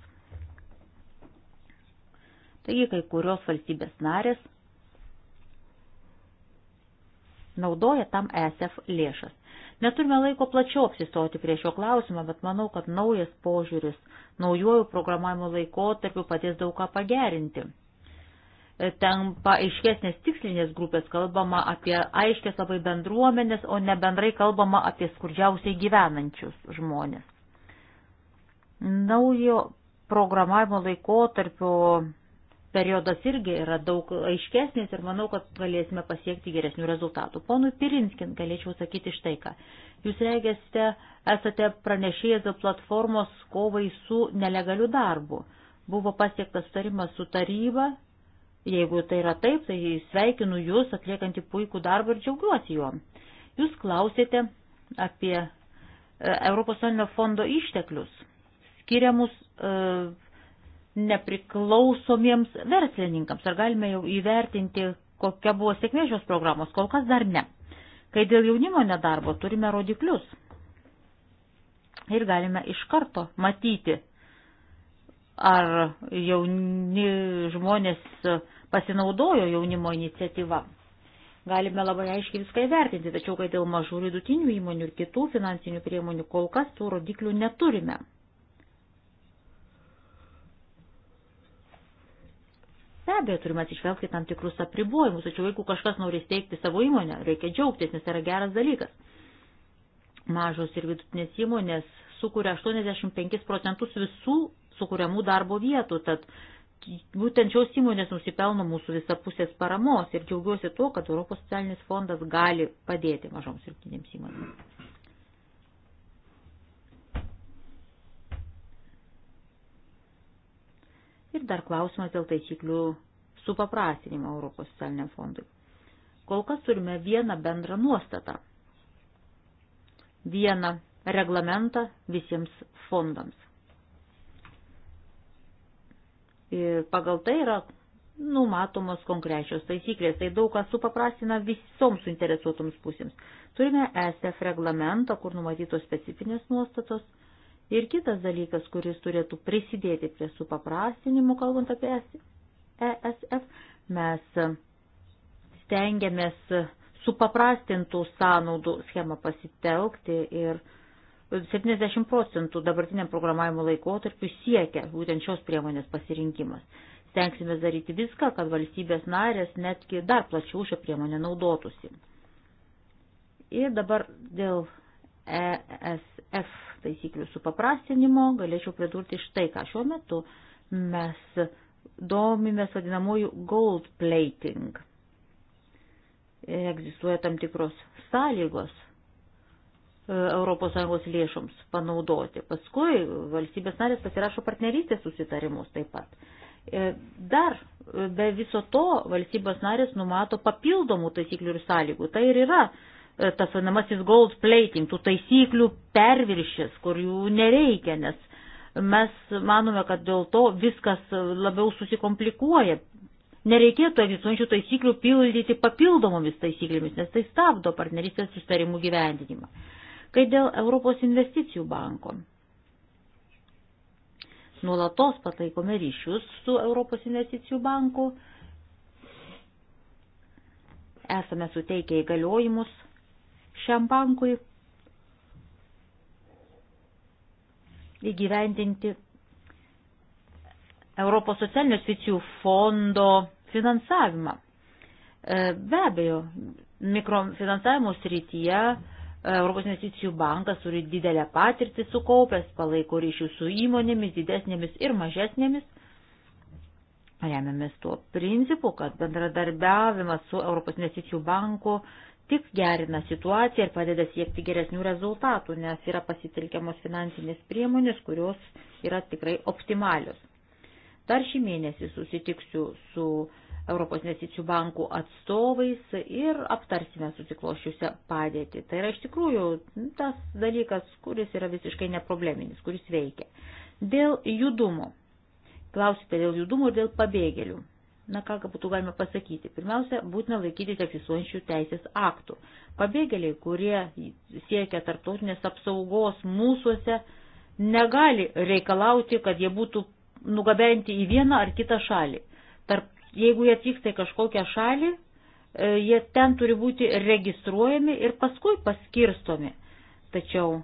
Taigi kai kurios valstybės narės naudoja tam ESF lėšas. Neturime laiko plačiau apsistoti prie šio klausimo, bet manau, kad naujas požiūris naujojų programavimo laikotarpių padės daug ką pagerinti tampa aiškesnės tikslinės grupės, kalbama apie aiškės labai bendruomenės, o ne bendrai kalbama apie skurdžiausiai gyvenančius žmonės. Naujo programavimo laikotarpio periodas irgi yra daug aiškesnis ir manau, kad galėsime pasiekti geresnių rezultatų. Ponui Pirinskin galėčiau sakyti štai ką. Jūs reikėsite, esate pranešėjęs dėl platformos kovai su nelegaliu darbu. Buvo pasiektas sutarimas su taryba Jeigu tai yra taip, tai sveikinu Jūs atliekantį puikų darbą ir džiaugiuosi juo. Jūs klausėte apie e, Europos Sąjungo fondo išteklius, skiriamus e, nepriklausomiems verslininkams. Ar galime jau įvertinti, kokia buvo sėkmė šios programos? Kol kas dar ne. Kai dėl jaunimo nedarbo turime rodiklius ir galime iš karto matyti, ar jauni žmonės pasinaudojo jaunimo iniciatyva. Galime labai aiškiai viską įvertinti, tačiau kai dėl mažų vidutinių įmonių ir kitų finansinių priemonių kol kas tų rodiklių neturime. Be abejo, turime atsižvelgti tam tikrus apribojimus, tačiau jeigu kažkas nori steigti savo įmonę, reikia džiaugtis, nes tai yra geras dalykas. Mažos ir vidutinės įmonės sukuria 85 procentus visų sukūriamų darbo vietų, tad būtent šios įmonės nusipelno mūsų visapusės paramos ir džiaugiuosi tuo, kad Europos socialinis fondas gali padėti mažoms ir didinėms įmonėms. Ir dar klausimas dėl taisyklių supaprastinimo Europos socialiniam fondui. Kol kas turime vieną bendrą nuostatą, vieną reglamentą visiems fondams. Ir e, pagal tai yra numatomos konkrečios taisyklės, tai daug kas supaprastina visoms suinteresuotoms pusėms. Turime ESF reglamentą, kur numatytos specifinės nuostatos. Ir kitas dalykas, kuris turėtų prisidėti prie supaprastinimo, kalbant apie ESF, mes stengiamės supaprastintų sąnaudų schemą pasitelkti ir uh, 70 procentų dabartiniam programavimo laikotarpiu siekia būtent šios priemonės pasirinkimas. Stengsime daryti viską, kad valstybės narės netgi dar plačiau šią priemonę naudotųsi. Ir dabar dėl ESF taisyklių supaprastinimo galėčiau pridurti štai ką. Šiuo metu mes domimės vadinamųjų gold plating. Egzistuoja tam tikros sąlygos ES lėšoms panaudoti. Paskui valstybės narės pasirašo partnerystės susitarimus taip pat. E, dar e, be viso to valstybės narės numato papildomų taisyklių ir sąlygų. Tai ir yra e, tas vadinamasis gold plating, tų taisyklių perviršis, kur jų nereikia, nes mes manome, kad dėl to viskas labiau susikomplikuoja. Nereikėtų egzistuojančių taisyklių pildyti papildomomis taisyklėmis, nes tai stabdo partnerystės sustarimų gyvendinimą. Kai dėl Europos investicijų banko. Nuolatos pataikome ryšius su Europos investicijų banku. Esame suteikę įgaliojimus šiam bankui įgyvendinti Europos socialinių svicijų fondo finansavimą. E, be abejo, mikrofinansavimo srityje E, Europos investicijų bankas turi didelę patirtį sukaupęs, palaiko ryšių su įmonėmis, didesnėmis ir mažesnėmis. Remiamės tuo principu, kad bendradarbiavimas su Europos investicijų banku tik gerina situaciją ir padeda siekti geresnių rezultatų, nes yra pasitelkiamos finansinės priemonės, kurios yra tikrai optimalios. Dar šį mėnesį susitiksiu su uh, Europos investicijų bankų atstovais ir aptarsime susiklošiusią padėtį. Tai yra iš tikrųjų tas dalykas, kuris yra visiškai neprobleminis, kuris veikia. Dėl judumo. Klausite dėl judumo ir dėl pabėgėlių. Na ką būtų galima pasakyti? Pirmiausia, būtina laikytis egzistuojančių teisės aktų. Pabėgėliai, kurie siekia tarptautinės apsaugos mūsųse, negali reikalauti, kad jie būtų nugabenti į vieną ar kitą šalį Jeigu jie atvyksta į kažkokią šalį, e, jie ten turi būti registruojami ir paskui paskirstomi. Tačiau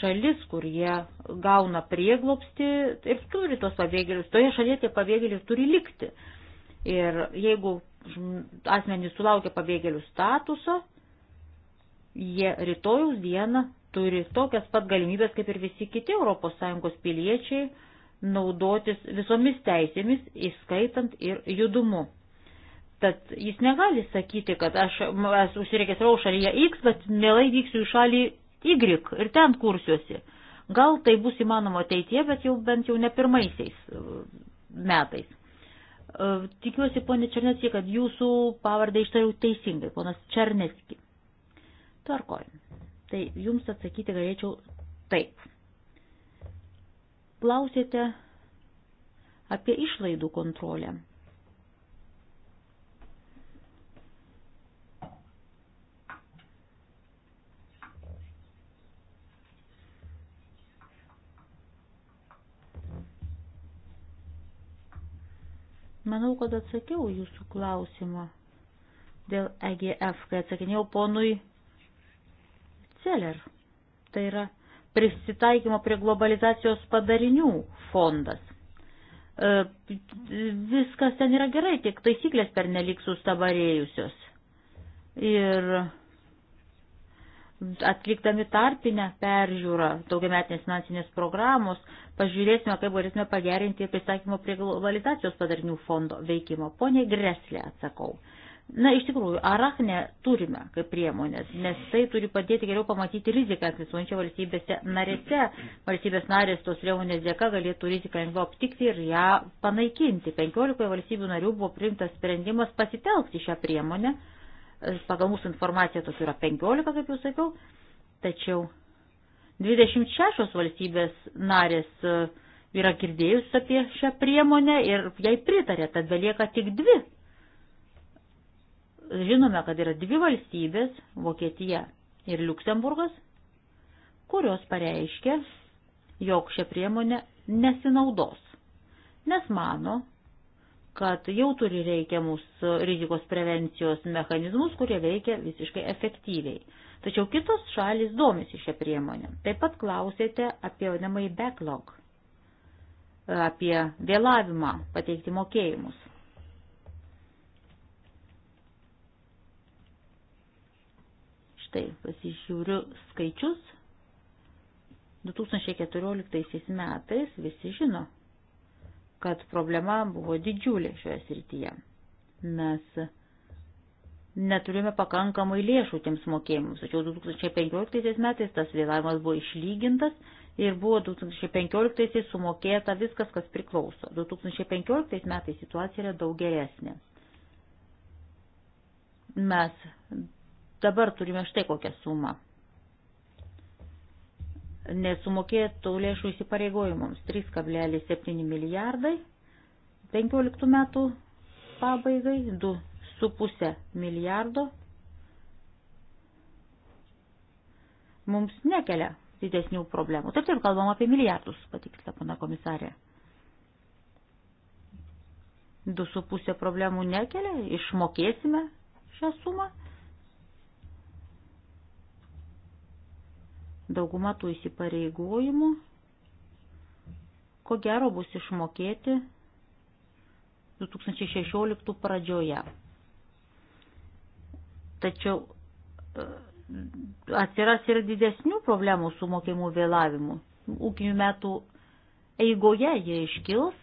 šalis, kur jie gauna prieglopsti ir turi tos pabėgėlius, toje šalyje tie pabėgėliai turi likti. Ir jeigu asmenys sulaukia pabėgėlių statuso, jie rytojaus dieną turi tokias pat galimybės kaip ir visi kiti ES piliečiai naudotis visomis teisėmis, įskaitant ir judumu. Tad jis negali sakyti, kad aš esu užsiregistrau šalyje X, bet mielai vyksiu į šalį Y ir ten kursiuosi. Gal tai bus įmanoma ateitie, bet jau bent jau ne pirmaisiais e, metais. E, tikiuosi, ponė Černetski, kad jūsų pavardę ištariau teisingai, ponas Černetski. Tvarkojim. Tai jums atsakyti galėčiau taip. Klausėte apie išlaidų kontrolę. Manau, kad atsakiau jūsų klausimą dėl EGF, kai atsakinėjau ponui Celer. Tai yra prisitaikymo prie globalizacijos padarinių fondas. E, viskas ten yra gerai, tik taisyklės per nelik sustabarėjusios. Ir atlikdami tarpinę peržiūrą daugiametinės finansinės programos, pažiūrėsime, kaip galėsime pagerinti pristatymo prie globalizacijos padarinių fondo veikimo. Pone Greslė atsakau. Na, iš tikrųjų, arachnę turime kaip priemonės, nes tai turi padėti geriau pamatyti riziką egzistuojančią valstybėse narėse. Valstybės narės tos priemonės dėka galėtų riziką lengviau aptikti ir ją panaikinti. 15 valstybių narių buvo priimtas sprendimas pasitelkti šią priemonę. Pagal mūsų informaciją tos yra 15, kaip jau sakiau, tačiau 26 valstybės narės e, yra girdėjus apie šią priemonę ir jai pritarė, tad belieka tik dvi žinome, kad yra dvi valstybės - Vokietija ir Luksemburgas, kurios pareiškia, jog šią priemonę nesinaudos, nes mano, kad jau turi reikiamus rizikos prevencijos mechanizmus, kurie veikia visiškai efektyviai. Tačiau kitos šalis domisi šią priemonę. Taip pat klausėte apie vadinamąjį backlog, apie vėlavimą pateikti mokėjimus. štai pasižiūriu skaičius. 2014 metais visi žino, kad problema buvo didžiulė šioje srityje. Mes neturime pakankamai lėšų tiems mokėjimams, tačiau 2015 metais tas vėlavimas buvo išlygintas ir buvo 2015 sumokėta viskas, kas priklauso. 2015 metais situacija yra daug geresnė. Mes dabar turime štai kokią sumą. Nesumokėtų lėšų įsipareigojimams 3,7 milijardai 15 metų pabaigai 2,5 milijardo mums nekelia didesnių problemų. Taip, taip, kalbam apie milijardus, patikslina pana komisarė. 2,5 problemų nekelia, išmokėsime šią sumą Dauguma tų įsipareigojimų, ko gero, bus išmokėti 2016 pradžioje. Tačiau e, atsiras ir didesnių problemų su mokėjimų vėlavimu. Ūkinių metų eigoje jie iškils.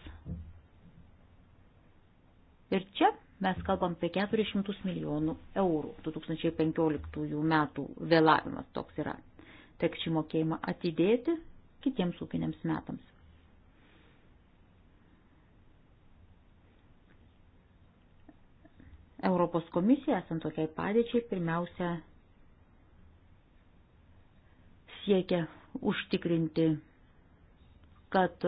Ir čia mes kalbam apie 400 milijonų eurų. 2015 metų vėlavimas toks yra teks šį mokėjimą atidėti kitiems ūkiniams metams. Europos komisija, esant tokiai padėčiai, pirmiausia siekia užtikrinti, kad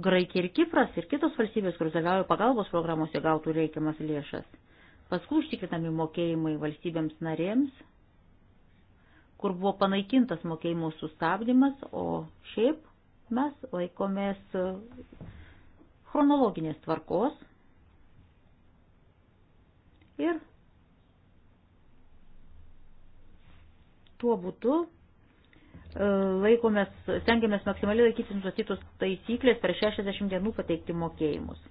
Graikija ir Kipras ir kitos valstybės, kurios dalyvauja pagalbos programuose, gautų reikiamas lėšas. Paskui užtikrinami mokėjimai valstybėms narėms kur buvo panaikintas mokėjimo sustabdymas, o šiaip mes laikomės e, chronologinės tvarkos ir tuo būdu e, laikomės, stengiamės maksimaliai laikyti nustatytus taisyklės per 60 dienų pateikti mokėjimus.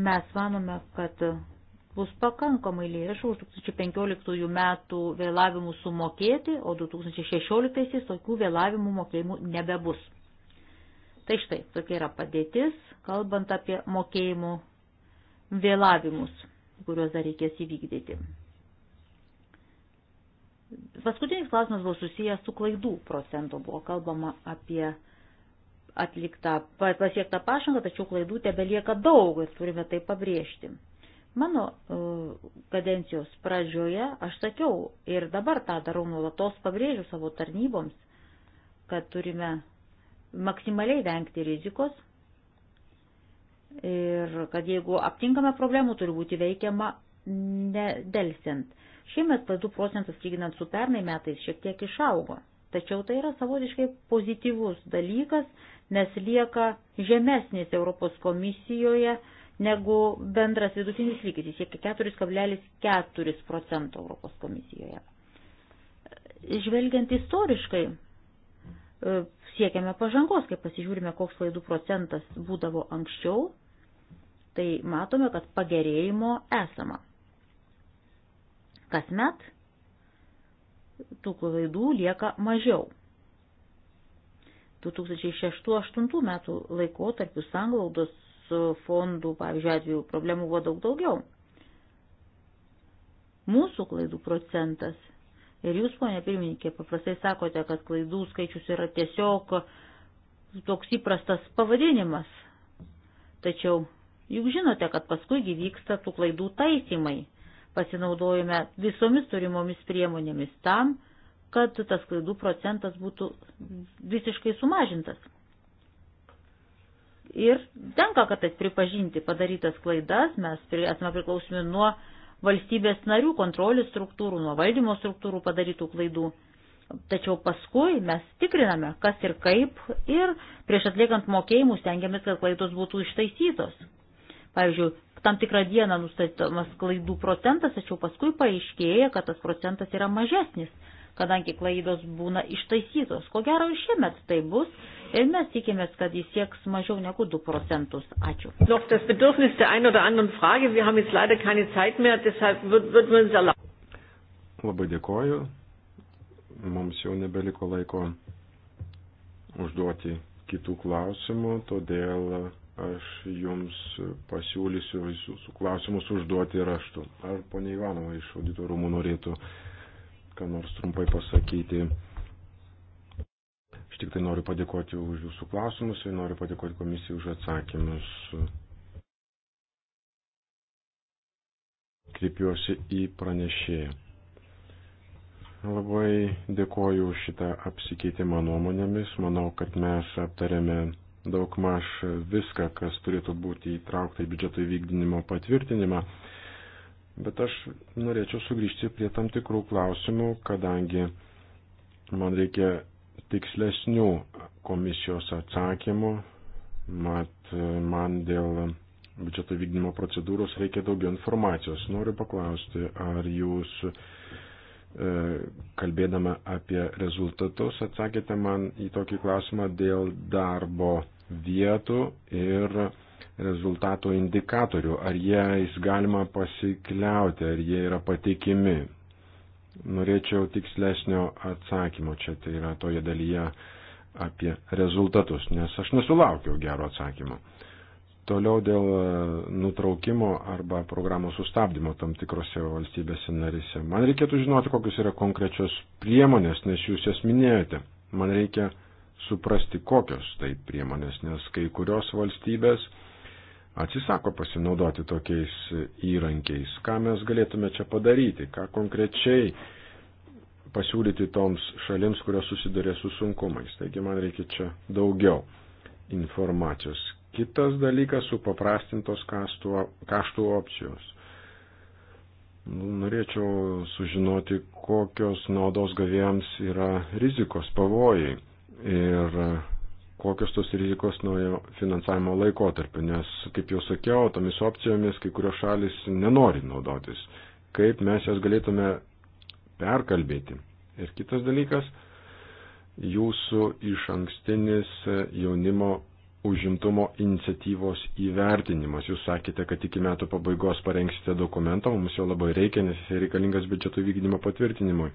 Mes manome, kad bus pakankamai lėšų 2015 metų vėlavimų sumokėti, o 2016 tokių vėlavimų mokėjimų nebebus. Tai štai, tokia yra padėtis, kalbant apie mokėjimų vėlavimus, kuriuos dar reikės įvykdyti. Paskutinis klausimas buvo susijęs su klaidų procentu, buvo kalbama apie atliktą pasiektą pažangą, tačiau klaidų tebelieka daug ir turime tai pabrėžti. Mano e, kadencijos pradžioje aš sakiau ir dabar tą darau nuolatos, pabrėžiu savo tarnyboms, kad turime maksimaliai vengti rizikos ir kad jeigu aptinkame problemų, turi būti veikiama nedelsiant. Šiemet tas 2 procentas lyginant su pernai metais šiek tiek išaugo, tačiau tai yra savotiškai pozityvus dalykas, nes lieka žemesnis Europos komisijoje negu bendras vidutinis lygis, jis siekia 4,4 procento Europos komisijoje. Žvelgiant istoriškai, e, siekiame pažangos, kai pasižiūrime, koks klaidų procentas būdavo anksčiau, tai matome, kad pagerėjimo esama. Kasmet tų klaidų lieka mažiau. 2006-2008 metų laikotarpių sanglaudos fondų, pavyzdžiui, atveju problemų buvo daug daugiau. Mūsų klaidų procentas. Ir jūs, ponė pirmininkė, paprastai sakote, kad klaidų skaičius yra tiesiog toks įprastas pavadinimas. Tačiau juk žinote, kad paskui įvyksta tų klaidų taisymai. Pasinaudojame visomis turimomis priemonėmis tam, kad tas klaidų procentas būtų visiškai sumažintas. Ir tenka kartais pripažinti padarytas klaidas, mes esame priklausomi nuo valstybės narių kontrolės struktūrų, nuo valdymo struktūrų padarytų klaidų. Tačiau paskui mes tikriname, kas ir kaip, ir prieš atliekant mokėjimus tengiamės, kad klaidos būtų ištaisytos. Pavyzdžiui, tam tikrą dieną nustatytamas klaidų procentas, tačiau paskui paaiškėja, kad tas procentas yra mažesnis kadangi klaidos būna ištaisytos. Ko gero ir šiemet tai bus ir mes tikimės, kad jis sieks mažiau negu 2 procentus. Ačiū. Labai dėkoju. Mums jau nebeliko laiko užduoti kitų klausimų, todėl aš jums pasiūlysiu visus klausimus užduoti raštu. Ar ponia Ivanova iš auditorumų norėtų ką nors trumpai pasakyti. Aš tik tai noriu padėkoti už jūsų klausimus ir noriu padėkoti komisijai už atsakymus. Kreipiuosi į pranešėją. Labai dėkoju už šitą apsikeitimą nuomonėmis. Manau, kad mes aptarėme daug maž viską, kas turėtų būti įtraukta į biudžeto įvykdinimo patvirtinimą bet aš norėčiau sugrįžti prie tam tikrų klausimų, kadangi man reikia tikslesnių komisijos atsakymų, mat man dėl biudžeto vykdymo procedūros reikia daugiau informacijos. Noriu paklausti, ar jūs e, kalbėdama apie rezultatus atsakėte man į tokį klausimą dėl darbo vietų ir rezultato indikatorių, ar jais galima pasikliauti, ar jie yra patikimi. Norėčiau tikslesnio atsakymo čia, tai yra toje dalyje apie rezultatus, nes aš nesulaukiau gero atsakymo. Toliau dėl e, nutraukimo arba programos sustabdymo tam tikrose valstybėse narise. Man reikėtų žinoti, kokius yra konkrečios priemonės, nes jūs jas minėjote. Man reikia suprasti, kokios tai priemonės, nes kai kurios valstybės atsisako pasinaudoti tokiais įrankiais. Ką mes galėtume čia padaryti, ką konkrečiai pasiūlyti toms šalims, kurios susidarė su sunkumais. Taigi man reikia čia daugiau informacijos. Kitas dalykas - supaprastintos kaštų, kaštų opcijos. Nu, norėčiau sužinoti, kokios naudos gavėjams yra rizikos pavojai ir kokios tos rizikos naujo finansavimo laikotarpiu, nes, kaip jau sakiau, tomis opcijomis kai kurios šalis nenori naudotis. Kaip mes jas galėtume perkalbėti. Ir kitas dalykas, jūsų iš ankstinis jaunimo užimtumo iniciatyvos įvertinimas. Jūs sakėte, kad iki metų pabaigos parengsite dokumentą, mums jo labai reikia, nes jis reikalingas biudžeto vykdymo patvirtinimui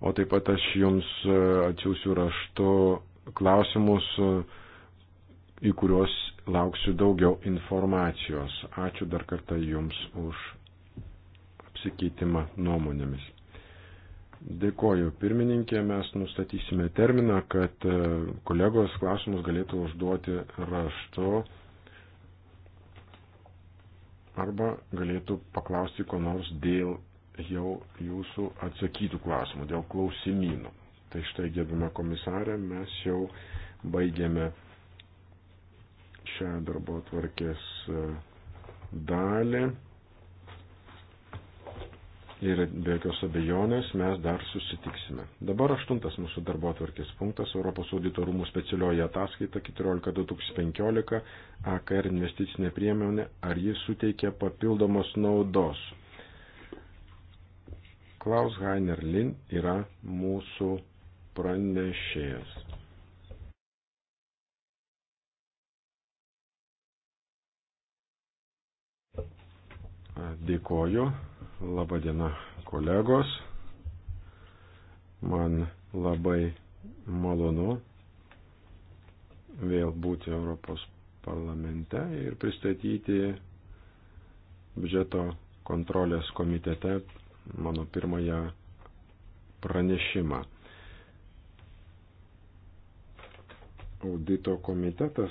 o taip pat aš jums e, atsiųsiu raštu klausimus, e, į kuriuos lauksiu daugiau informacijos. Ačiū dar kartą jums už apsikeitimą nuomonėmis. Dėkoju pirmininkė, mes nustatysime terminą, kad e, kolegos klausimus galėtų užduoti raštu arba galėtų paklausti ko nors dėl jau jūsų atsakytų klausimų dėl klausimynų. Tai štai, gerbima komisarė, mes jau baigėme šią darbo tvarkės e, dalį. Ir be jokios abejonės mes dar susitiksime. Dabar aštuntas mūsų darbo atvarkės punktas - Europos audito rūmų specialioji ataskaita 14.2015 AKR investicinė priemonė, ar ji suteikia papildomos naudos Klaus Heiner Lin yra mūsų pranešėjas. Dėkoju. Labadiena, kolegos. Man labai malonu vėl būti Europos parlamente ir pristatyti biudžeto kontrolės komitete mano pirmąją pranešimą. Audito komitetas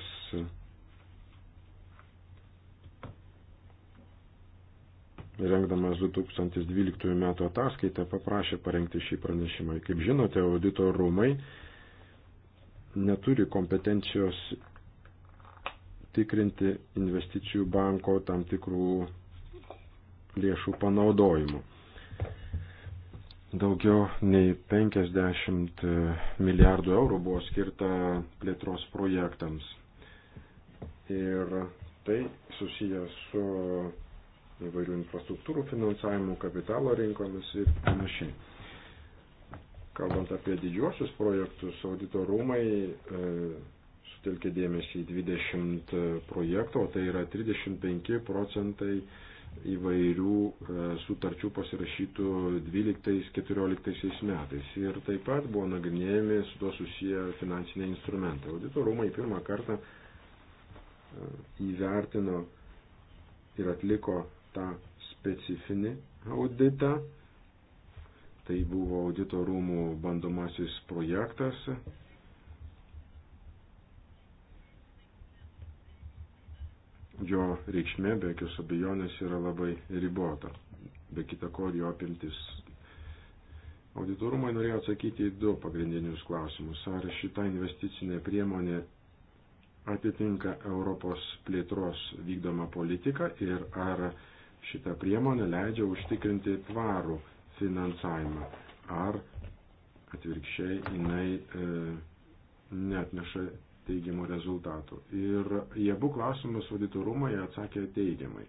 rengdamas 2012 m. ataskaitą paprašė parengti šį pranešimą. Kaip žinote, audito rūmai neturi kompetencijos tikrinti investicijų banko tam tikrų lėšų panaudojimų. Daugiau nei 50 e, milijardų eurų buvo skirta plėtros projektams. Ir tai susijęs su įvairių infrastruktūrų finansavimu, kapitalo rinkomis ir panašiai. Kalbant apie didžiuosius projektus, audito rūmai e, sutelkė dėmesį į 20 e, projektų, o tai yra 35 procentai e, įvairių e, sutarčių pasirašytų 12-14 metais. Ir taip pat buvo nagrinėjami su tuo susiję finansiniai instrumentai. Audito rūmai pirmą kartą e, įvertino ir atliko tą specifinį auditą. Tai buvo audito rūmų bandomasis projektas, jo reikšmė be jokios abejonės yra labai ribota. Be kita ko, jo apimtis. Auditorumai norėjo atsakyti į du pagrindinius klausimus. Ar šita investicinė priemonė atitinka Europos plėtros vykdomą politiką ir ar šita priemonė leidžia užtikrinti tvarų finansavimą, ar atvirkščiai jinai e, net neša teigiamų rezultatų. Ir į abu klausimus auditorumai atsakė teigiamai.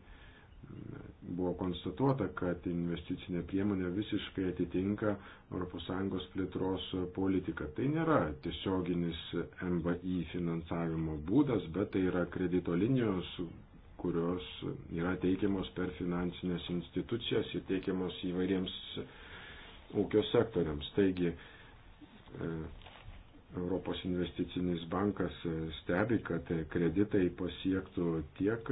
Buvo konstatuota, kad investicinė priemonė visiškai atitinka ES plėtros politiką. Tai nėra tiesioginis MBI finansavimo būdas, bet tai yra kredito linijos, kurios yra teikiamos per finansinės institucijas ir teikiamos įvairiems ūkio sektoriams. Taigi, Europos investicinis bankas stebi, kad kreditai pasiektų tiek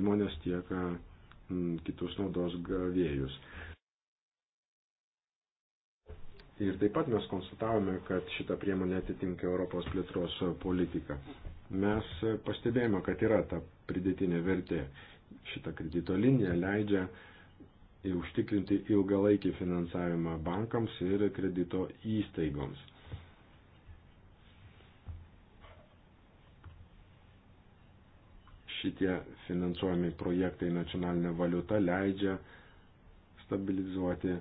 įmonės, tiek mm, kitus naudos gavėjus. Ir taip pat mes konstatavome, kad šita priemonė atitinka Europos plėtros politiką. Mes pastebėjome, kad yra ta pridėtinė vertė. Šita kredito linija leidžia užtikrinti ilgalaikį finansavimą bankams ir kredito įstaigoms. šitie finansuojami projektai nacionalinė valiuta leidžia stabilizuoti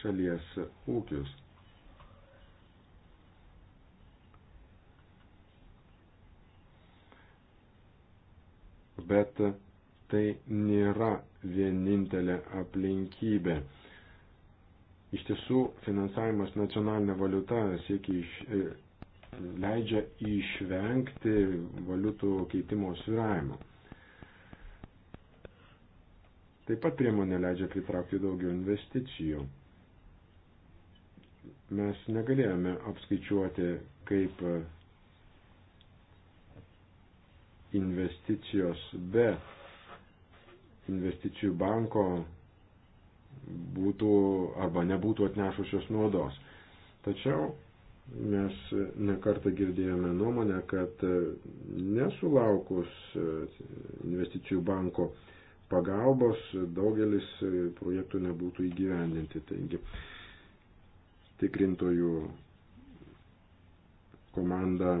šalies ūkius. Bet tai nėra vienintelė aplinkybė. Iš tiesų, finansavimas nacionalinė valiuta siekia iš, leidžia išvengti valiutų keitimo sviravimo. Taip pat priemonė leidžia pritraukti daugiau investicijų. Mes negalėjome apskaičiuoti, kaip investicijos be investicijų banko būtų arba nebūtų atnešusios naudos. Tačiau Mes nekartą girdėjome nuomonę, kad nesulaukus investicijų banko pagalbos daugelis projektų nebūtų įgyvendinti. Taigi tikrintojų komanda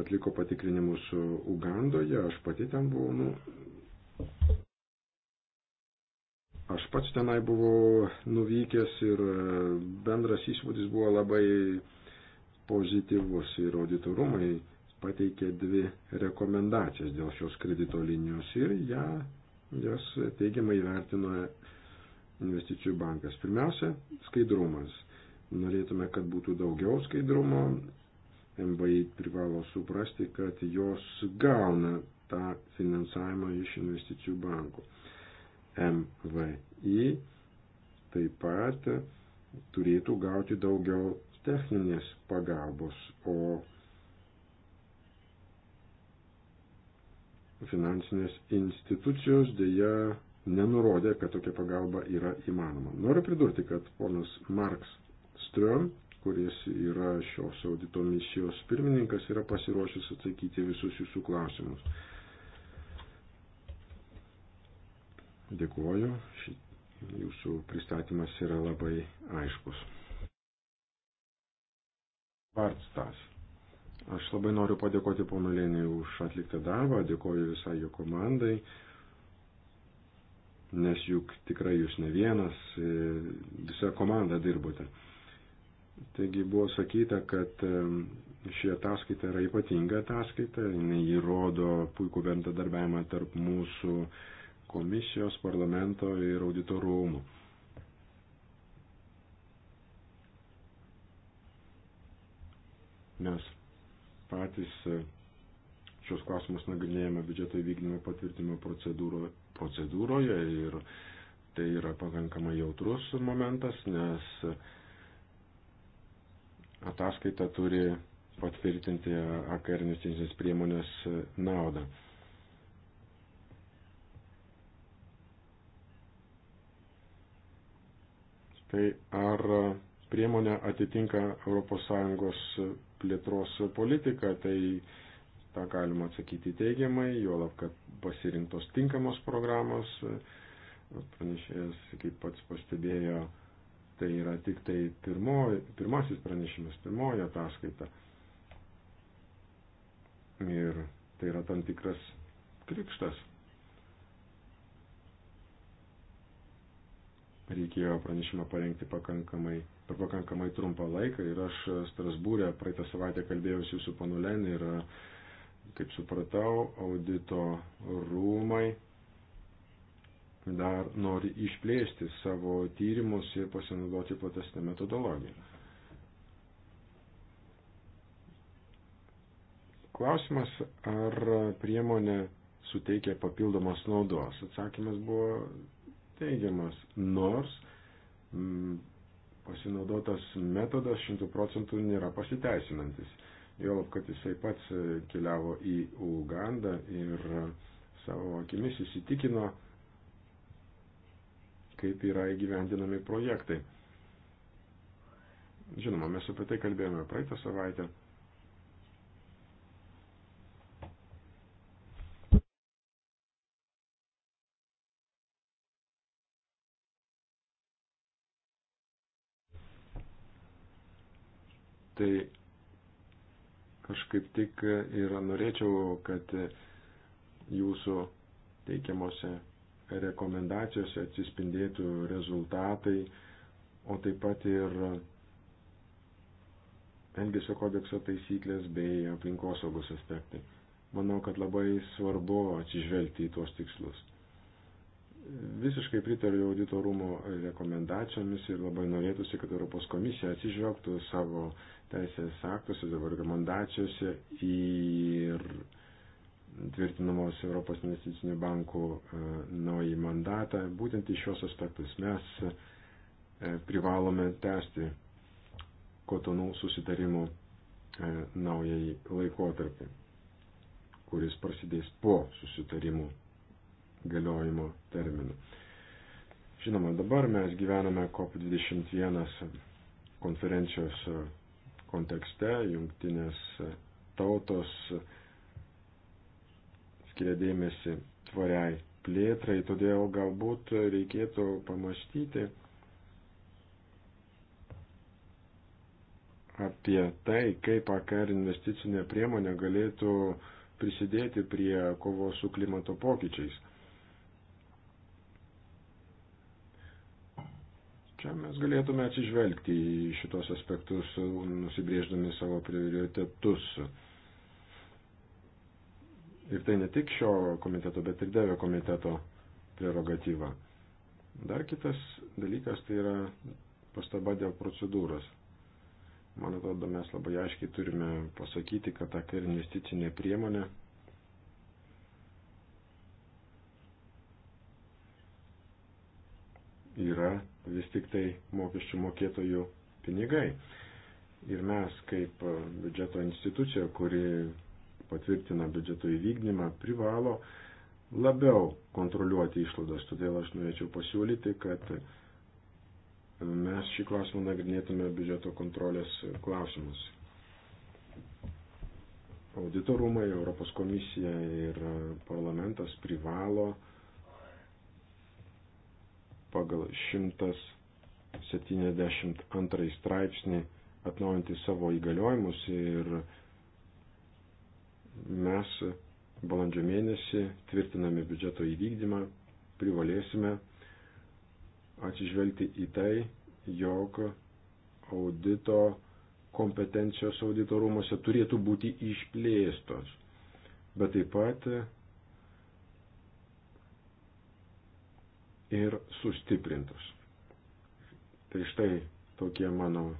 atliko patikrinimus Ugandoje, aš pati ten buvau. Nu, aš pats tenai buvau nuvykęs ir bendras įspūdis buvo labai pozityvus ir auditorumai pateikė dvi rekomendacijas dėl šios kredito linijos ir ją, jas teigiamai vertino investicijų bankas. Pirmiausia, skaidrumas. Norėtume, kad būtų daugiau skaidrumo. MVI privalo suprasti, kad jos gauna tą finansavimą iš investicijų bankų. MVI taip pat turėtų gauti daugiau techninės pagalbos, o finansinės institucijos dėja nenurodė, kad tokia pagalba yra įmanoma. Noriu pridurti, kad ponas Marks Ström, kuris yra šios audito misijos pirmininkas, yra pasiruošęs atsakyti visus jūsų klausimus. Dėkuoju, jūsų pristatymas yra labai aiškus. Vartstas. Aš labai noriu padėkoti pono Lėniai už atliktą darbą, dėkoju visai jo komandai, nes juk tikrai jūs ne vienas, e, visa komanda dirbote. Taigi buvo sakyta, kad e, ši ataskaita yra ypatinga ataskaita, jinai įrodo puikų bendradarbiavimą tarp mūsų komisijos, parlamento ir auditorų rūmų. Mes patys e, šios klausimus nagrinėjame biudžeto įvykdymo patvirtinimo procedūro, procedūroje ir tai yra pakankamai jautrus momentas, nes ataskaita turi patvirtinti AKR investicinės priemonės naudą. Tai ar priemonė atitinka ES plėtros politiką, tai tą galima atsakyti teigiamai, juolab, kad pasirinktos tinkamos programos, pranešėjas, kaip pats pastebėjo, tai yra tik tai pirmo, pirmasis pranešimas, pirmoji ataskaita. Ir tai yra tam tikras krikštas. Reikėjo pranešimą parengti pakankamai per pakankamai trumpą laiką ir aš e, Strasbūrė praeitą savaitę kalbėjausi su panu Len ir, e, kaip supratau, audito rūmai dar nori išplėsti savo tyrimus ir pasinaudoti platesnę metodologiją. Klausimas, ar priemonė suteikia papildomos naudos. Atsakymas buvo teigiamas, nors pasinaudotas metodas šimtų procentų nėra pasiteisinantis. Jau, kad jisai pats e, keliavo į Ugandą ir savo akimis įsitikino, kaip yra įgyvendinami projektai. Žinoma, mes apie tai kalbėjome praeitą savaitę. Tai aš kaip tik ir norėčiau, kad jūsų teikiamose rekomendacijose atsispindėtų rezultatai, o taip pat ir Elgesio kodekso taisyklės bei aplinkosaugos aspektai. Manau, kad labai svarbu atsižvelgti į tuos tikslus. Visiškai pritariu audito rūmo rekomendacijomis ir labai norėtųsi, kad Europos komisija atsižvelgtų savo teisės aktuose, dabar rekomendacijose ir tvirtinamos Europos investicinių bankų e, naują mandatą. Būtent į šios aspektus mes e, privalome tęsti kotonų susitarimų e, naująjį laikotarpį, kuris prasidės po susitarimų galiojimo terminų. Žinoma, dabar mes gyvename COP21 konferencijos kontekste, jungtinės tautos skiria dėmesį tvariai plėtrai, todėl galbūt reikėtų pamastyti apie tai, kaip AKR investicinė priemonė galėtų prisidėti prie kovos su klimato pokyčiais. Čia mes galėtume atsižvelgti į šitos aspektus, nusibrėždami savo prioritetus. Ir tai ne tik šio komiteto, bet ir devio komiteto prerogatyva. Dar kitas dalykas tai yra pastaba dėl procedūros. Man atrodo, mes labai aiškiai turime pasakyti, kad ta investicinė priemonė yra vis tik tai mokesčių mokėtojų pinigai. Ir mes kaip biudžeto institucija, kuri patvirtina biudžeto įvykdymą, privalo labiau kontroliuoti išlaidas. Todėl aš norėčiau pasiūlyti, kad mes šį klausimą nagrinėtume biudžeto kontrolės klausimus. Auditorumai, Europos komisija ir parlamentas privalo uh, pagal 172 straipsnį atnaujinti savo įgaliojimus ir mes balandžio mėnesį tvirtinami biudžeto įvykdymą privalėsime atsižvelgti į tai, jog audito kompetencijos audito rūmose turėtų būti išplėstos. Bet taip pat ir sustiprintos. Tai štai tokie mano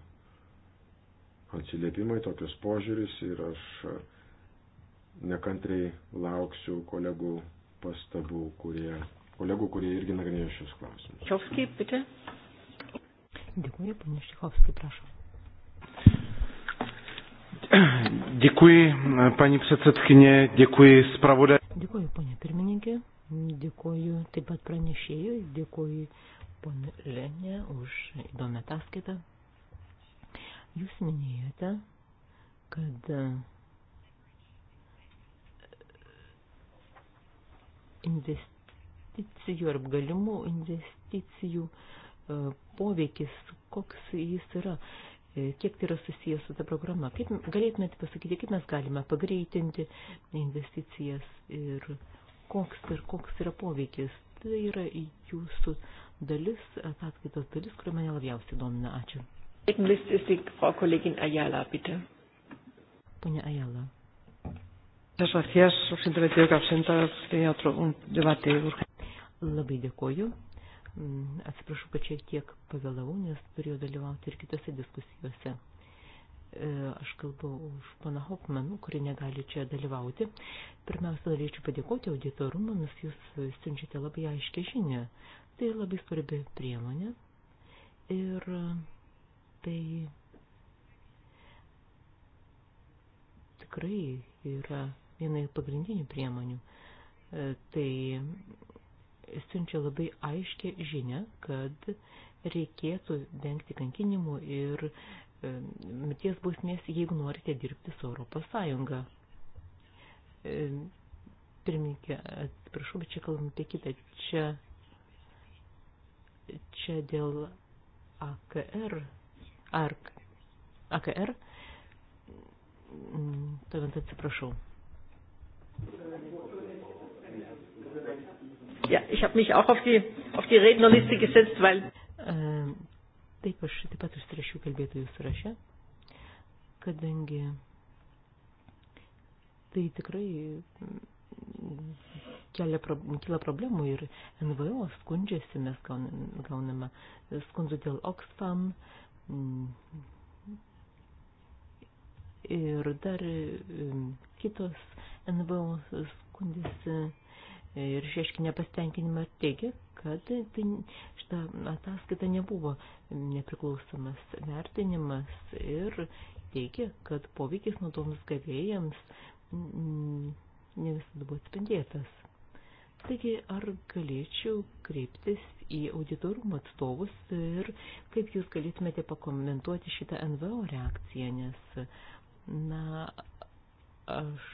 atsiliepimai, tokius požiūris ir aš nekantriai lauksiu kolegų pastabų, kurie, kolegų, kurie irgi nagrinėjo šios klausimus. Čiovskiai, pitė. Dėkuoju, panas Čikovskiai, prašau. Děkuji, paní předsedkyně, děkuji zpravodaj. Děkuji, paní pirmininkė. Dėkuoju taip pat pranešėjui, dėkuoju ponė Lenė už įdomią ataskaitą. Jūs minėjote, kad e, investicijų ar galimų investicijų e, poveikis, koks jis yra, e, kiek tai yra susijęs su ta programa. Kaip galėtumėte pasakyti, kaip mes galime pagreitinti investicijas ir investicijas? koks ir koks yra poveikis. Tai yra jūsų dalis, ataskaitos dalis, kuri mane labiausiai domina. Ačiū. Ponia Ayala. Muchas gracias. Lo siento que tengo que ausentar. Tenía otro un debate urgente. Labai dėkoju. Mm, atsiprašau, kad šiek tiek pavėlavau, nes turėjau dalyvauti ir kitose diskusijose. E, aš kalbu už pana Hopmanų, kuri negali čia dalyvauti. Pirmiausia, norėčiau padėkoti auditorumams, jūs siunčiate labai aiškiai žinę. Tai labai svarbi priemonė. Ir tai tikrai yra viena pagrindinių priemonių. E, tai siunčia labai aiškę žinę, kad reikėtų vengti kankinimų ir E, mirties bausmės, jeigu norite dirbti su Europos Sąjunga. E, pirmininkė, atsiprašau, bet čia kalbam apie kitą. Čia, čia dėl AKR, ARK, AKR, mm, tuomet atsiprašau. Ja, ich habe mich auch auf die, auf die Rednerliste gesetzt, weil... Ähm, Taip, aš taip pat užsirašiau kalbėtojų sąraše, kadangi tai tikrai mm, kelia, kyla problemų ir NVO skundžiasi, mes gauname skundų dėl Oxfam mm, ir dar mm, kitos NVO skundėsi ir išreiškė nepastenkinimą ir teigė, kad tai, šitą ataskaitą nebuvo nepriklausomas vertinimas ir teigė, kad poveikis naudoms gavėjams ne visada buvo atspindėtas. Taigi, ar galėčiau kreiptis į auditorumo atstovus ir kaip jūs galėtumėte pakomentuoti šitą NVO reakciją, nes, na, aš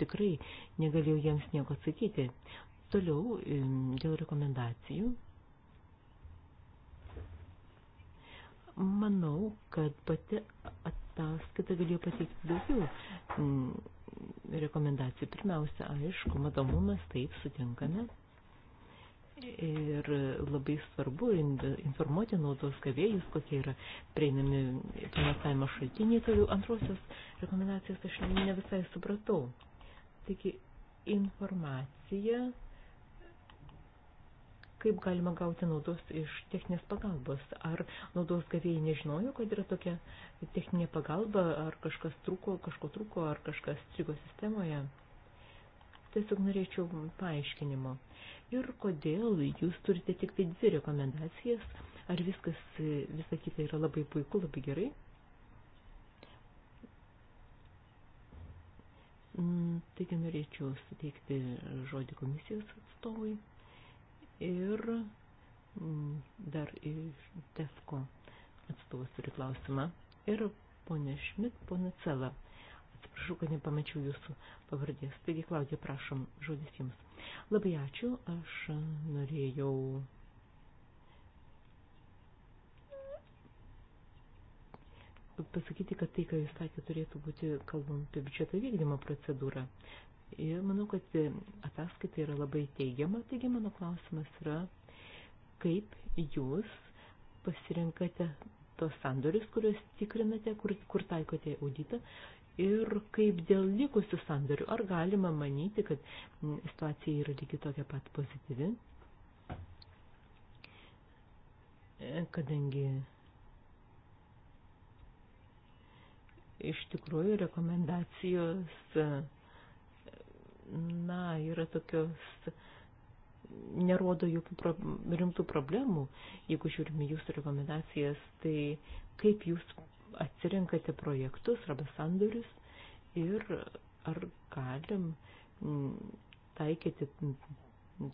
tikrai negalėjau jiems nieko atsakyti. Toliau dėl rekomendacijų. Manau, kad pati ataskaita galėjo pateikti daugiau rekomendacijų. Pirmiausia, aišku, matomumas taip sutinkame. Ir labai svarbu informuoti naudos gavėjus, kokie yra prieinami finansavimo šaltiniai. Toliau antrosios rekomendacijos aš ne visai supratau. Taigi informacija, kaip galima gauti naudos iš techninės pagalbos. Ar naudos gavėjai nežinojo, kad yra tokia techninė pagalba, ar kažkas trūko, kažko trūko, ar kažkas strigo sistemoje. Tiesiog norėčiau paaiškinimo. Ir kodėl jūs turite tik tai dvi rekomendacijas, ar viskas, visa kita yra labai puiku, labai gerai. Mm, taigi norėčiau suteikti žodį komisijos atstovui ir mm, dar iš TEFCO atstovas turi klausimą ir ponė Šmit, ponė Cela. Atsiprašau, kad nepamačiau jūsų pavardės. Taigi, Klaudija, prašom, žodis jums. Labai ačiū, aš norėjau pasakyti, kad tai, ką jūs sakėte, turėtų būti kalbam apie biudžeto vykdymo procedūrą. Ir manau, kad ataskaita yra labai teigiama, taigi mano klausimas yra, kaip jūs pasirenkate tos sandorius, kuriuos tikrinate, kur, kur taikote auditą ir kaip dėl likusių sandorių. Ar galima manyti, kad situacija yra lygiai tokia pat pozityvi? Kadangi iš tikrųjų rekomendacijos na, yra tokios nerodo jokių pro, rimtų problemų. Jeigu žiūrime jūsų rekomendacijas, tai kaip jūs atsirinkate projektus arba sandorius ir ar galim mm, taikyti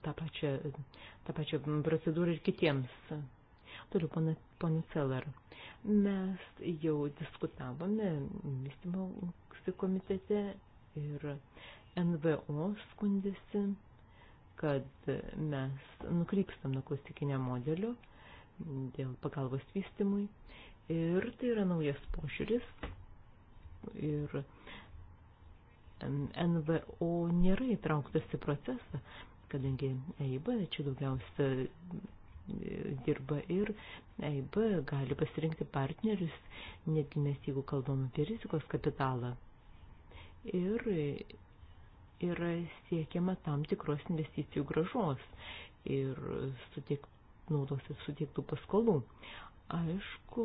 tą pačią, tą pačią procedūrą ir kitiems Toliau, pana, pana Celer, mes jau diskutavome vystymo komitete ir NVO skundėsi, kad mes nukrypstam nuo klasikinio modelio dėl pagalbos vystymui ir tai yra naujas požiūris ir NVO nėra įtrauktas į procesą, kadangi EIB čia daugiausia dirba ir EIB gali pasirinkti partnerius, netgi mes jeigu kalbam apie rizikos kapitalą. Ir yra siekiama tam tikros investicijų gražos ir sutiek, naudos ir sutiektų paskolų. Aišku,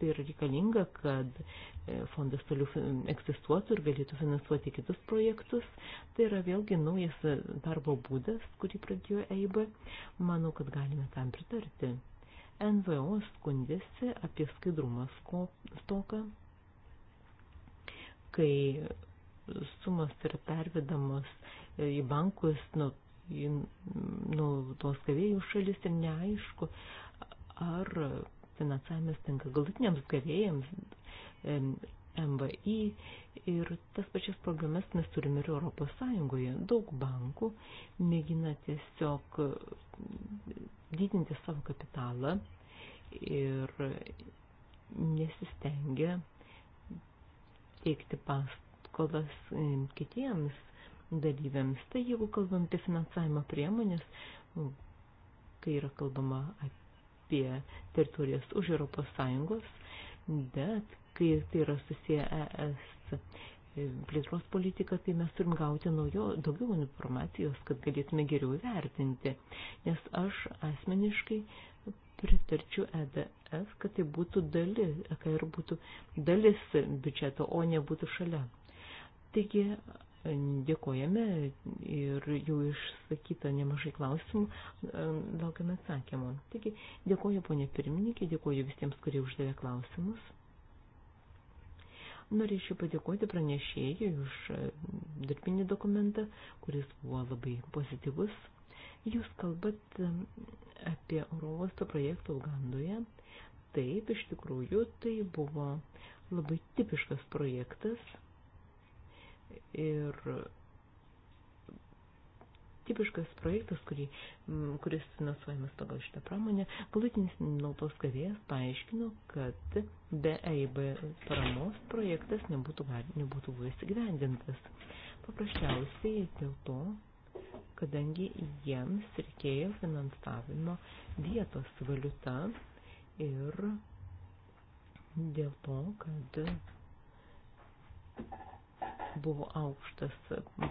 tai yra reikalinga, kad e, fondas toliau egzistuotų ir galėtų finansuoti kitus projektus. Tai yra vėlgi naujas e, darbo būdas, kurį pradėjo EIB. Manau, kad galime tam pritarti. NVO skundėsi apie skaidrumą stoką, kai sumas yra pervedamos e, į bankus nuo nu, tos gavėjų šalis ir neaišku, ar finansavimas tenka galutiniams gavėjams, MVI ir tas pačias programas mes turime ir Europos Sąjungoje. Daug bankų mėgina tiesiog didinti savo kapitalą ir nesistengia teikti paskolas kitiems dalyviams. Tai jeigu kalbam apie finansavimo priemonės, kai yra kalbama apie apie teritorijas už Europos Sąjungos, bet kai tai yra susiję ES plėtros politika, tai mes turim gauti naujo, daugiau informacijos, kad galėtume geriau vertinti. Nes aš asmeniškai pritarčiau EDS, kad tai būtų dalis, kad ir tai būtų dalis biudžeto, o ne būtų šalia. Taigi Dėkojame ir jau išsakyta nemažai klausimų, e, laukiame atsakymų. Taigi, dėkoju ponė pirmininkė, dėkoju visiems, kurie uždavė klausimus. Norėčiau padėkoti pranešėjui už e, darbinį dokumentą, kuris buvo labai pozityvus. Jūs kalbat e, apie Eurovosto projektą Ugandoje. Taip, iš tikrųjų, tai buvo labai tipiškas projektas Ir tipiškas projektas, kurį, kuris finansuojamas pagal šitą pramonę, galutinis naudos gavėjas paaiškino, kad be EIB paramos projektas nebūtų, nebūtų buvęs įgyvendintas. Paprasčiausiai dėl to, kadangi jiems reikėjo finansavimo vietos valiuta ir dėl to, kad buvo aukštas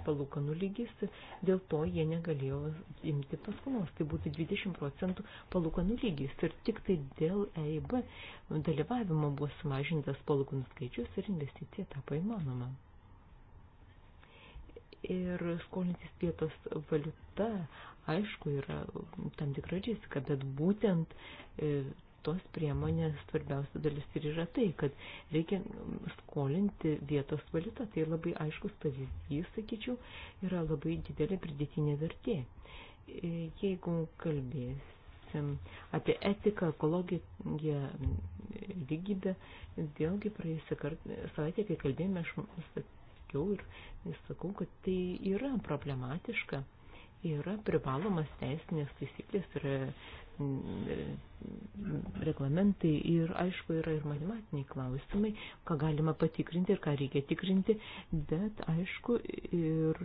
palūkanų lygis, dėl to jie negalėjo imti paskolos. Tai būtų 20 procentų palūkanų lygis. Ir tik tai dėl EIB dalyvavimo buvo sumažintas palūkanų skaičius ir investicija tapo įmanoma. Ir skolintis vietos valiuta, aišku, yra tam tikra rizika, bet būtent e, tos priemonės svarbiausia dalis ir yra tai, kad reikia skolinti vietos valiutą. Tai labai aiškus pavyzdys, sakyčiau, yra labai didelė pridėtinė vertė. E, jeigu kalbėsim apie etiką, ekologiją, lygybę, vėlgi praėjusią savaitę, kai kalbėjome, aš sakiau ir sakau, kad tai yra problematiška yra privalomas teisinės taisyklės, yra Mm, reglamentai ir aišku yra ir matematiniai klausimai, ką galima patikrinti ir ką reikia tikrinti, bet aišku ir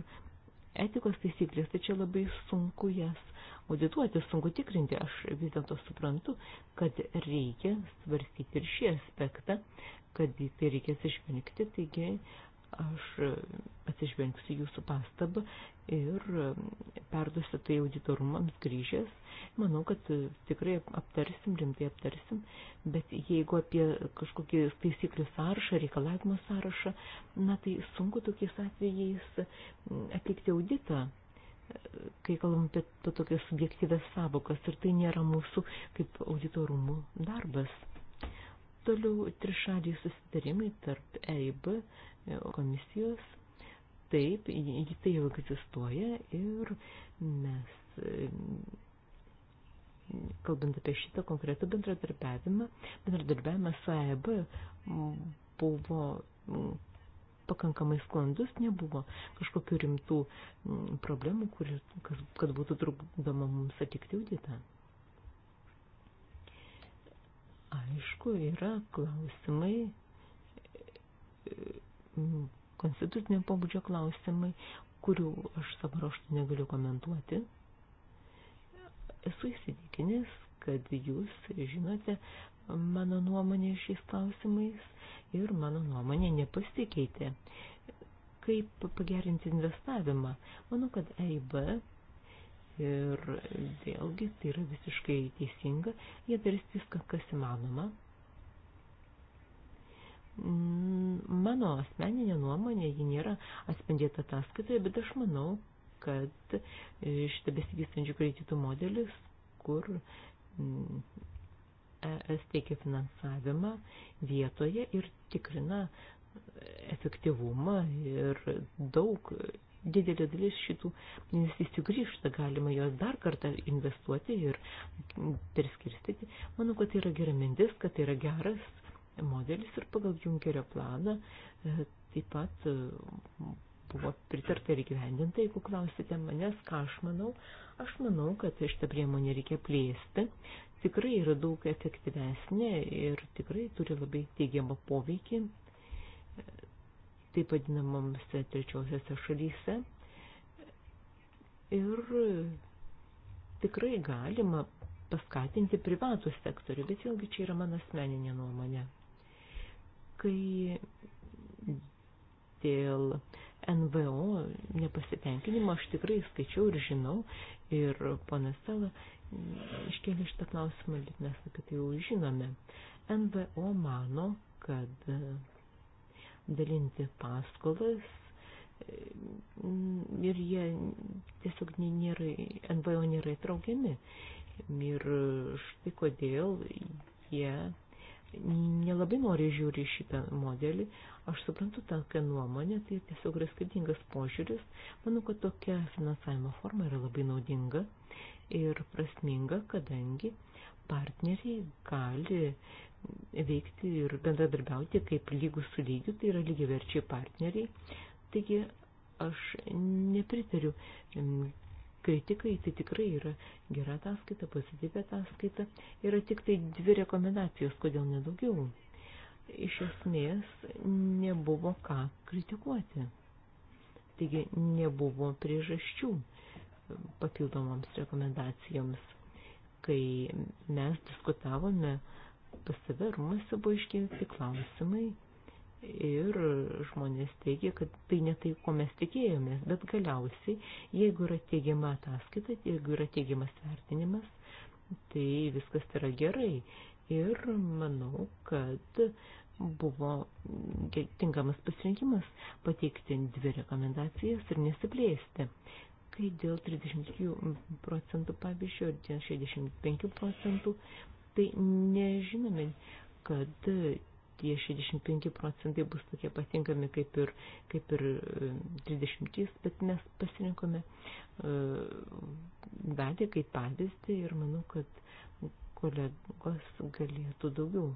etikos taisyklės, tai čia labai sunku jas audituoti, sunku tikrinti. Aš vis dėlto suprantu, kad reikia svarstyti ir šį aspektą, kad į tai reikės išvengti, taigi Aš e, atsižvengsiu jūsų pastabą ir e, perduosiu tai auditorumams grįžęs. Manau, kad e, tikrai aptarsim, rimtai aptarsim, bet jeigu apie kažkokį taisyklių sąrašą, reikalavimo sąrašą, na tai sunku tokiais atvejais atlikti auditą kai kalbam apie to tokias subjektyves savokas ir tai nėra mūsų kaip auditorumų darbas. Toliau trišaliai susitarimai tarp EIB, komisijos. Taip, tai jau egzistuoja ir mes, kalbant apie šitą konkretų bendradarbiavimą, bendradarbiavimas su AEB buvo pakankamai sklandus, nebuvo kažkokių rimtų problemų, kuris, kas, kad būtų trukdoma mums atlikti auditą. Aišku, yra klausimai, konstitucinio pobūdžio klausimai, kurių aš savo raštų negaliu komentuoti. Esu įsitikinęs, kad jūs žinote mano nuomonė šiais klausimais ir mano nuomonė nepasikeitė. Kaip pagerinti investavimą? Manau, kad EIB ir vėlgi tai yra visiškai teisinga, jie darys viską, kas įmanoma Mm, mano asmeninė nuomonė, ji nėra atspindėta ataskaitoje, bet aš manau, kad e, šitą besivystančių kreditų modelis, kur mm, ES teikia finansavimą vietoje ir tikrina efektyvumą ir daug didelė dalis šitų investicijų grįžta, galima juos dar kartą investuoti ir perskirstyti. Manau, kad tai yra gera mintis, kad tai yra geras modelis ir pagal Junkerio planą e, taip pat e, buvo pritarta ir gyvendinta, jeigu klausite manęs, ką aš manau, aš manau, kad šitą priemonę reikia plėsti, tikrai yra daug efektyvesnė ir tikrai turi labai teigiamą poveikį e, taip vadinamoms trečiosiose šalyse ir tikrai galima paskatinti privatų sektorių, bet vėlgi čia yra mano asmeninė nuomonė kai dėl NVO nepasitenkinimo aš tikrai skaičiau ir žinau ir ponas Sela iškėlė šitą klausimą, bet mes apie tai jau žinome. NVO mano, kad e, dalinti paskolas e, ir jie tiesiog nėra, NVO nėra įtraukiami. Ir štai kodėl jie nelabai nori žiūri šitą modelį. Aš suprantu tokią nuomonę, tai tiesiog yra skirtingas požiūris. Manau, kad tokia finansavimo forma yra labai naudinga ir prasminga, kadangi partneriai gali veikti ir bendradarbiauti kaip lygus su lygiu, tai yra lygiverčiai partneriai. Taigi aš nepritariu kritikai, tai tikrai yra gera ataskaita, pozityvi ataskaita. Yra tik tai dvi rekomendacijos, kodėl nedaugiau. Iš esmės nebuvo ką kritikuoti. Taigi nebuvo priežasčių papildomoms rekomendacijoms. Kai mes diskutavome, pas save rūmose buvo iškelti klausimai ir žmonės teigia, kad tai ne tai, ko mes tikėjomės, bet galiausiai, jeigu yra teigiama ataskaita, jeigu yra teigiamas vertinimas, tai viskas yra gerai. Ir manau, kad buvo tinkamas pasirinkimas pateikti dvi rekomendacijas ir nesiplėsti. Kai dėl 33 procentų pavyzdžių ir dėl 65 procentų, tai nežinome, kad tie 65 procentai bus tokie patinkami kaip ir, kaip ir 33, e, bet mes pasirinkome e, dalį kaip pavyzdį ir manau, kad kolegos galėtų daugiau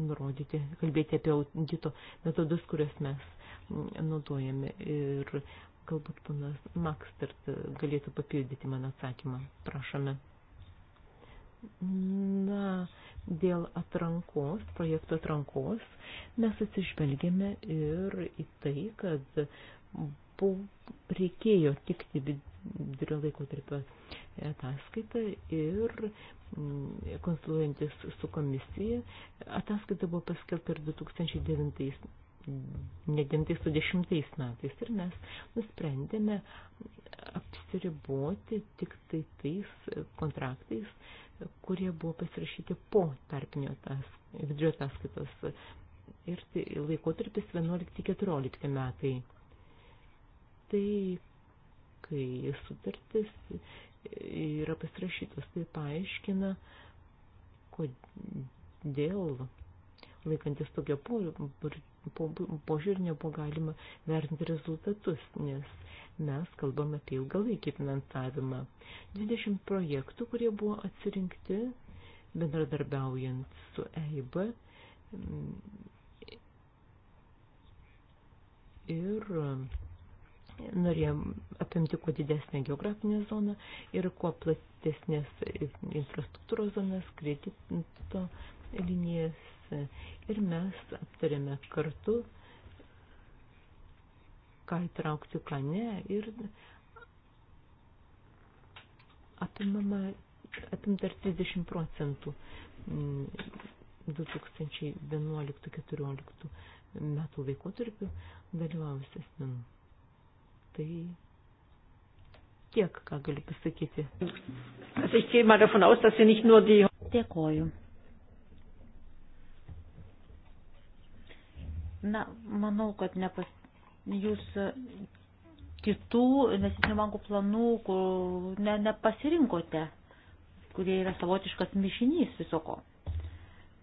nurodyti, kalbėti apie audito metodus, kurias mes naudojame ir galbūt panas Makstart galėtų papildyti mano atsakymą. Prašome. Na, dėl atrankos, projektų atrankos, mes atsižvelgėme ir į tai, kad bu, reikėjo tikti vidurio laiko tarp ataskaitą ir mm, konsultuojantis su komisija, ataskaita buvo paskelbta ir 2009 ne 90 metais ir mes nusprendėme apsiriboti tik tai tais kontraktais, kurie buvo pasirašyti po tarpinio tas, vidurio ataskaitos ir tai laikotarpis 11-14 metai. Tai kai sutartis yra pasirašytos, tai paaiškina, kodėl laikantis tokio požiūrio požiūrį nebuvo galima vertinti rezultatus, nes mes kalbam apie ilgalaikį finansavimą. 20 projektų, kurie buvo atsirinkti bendradarbiaujant su EIB ir norėjom apimti kuo didesnę geografinę zoną ir kuo platesnės infrastruktūros zonas, kredito linijas E, ir mes aptarėme kartu, ką įtraukti, ką ne, ir apimama, apimta ir 30 procentų 2011-2014 mm, metų laikotarpių dalyvavusias asmenų. Tai tiek, ką galiu pasakyti. Dėkoju. Na, manau, kad nepas... jūs e, kitų investicinių bankų planų kur ne, nepasirinkote, kurie yra savotiškas mišinys visoko.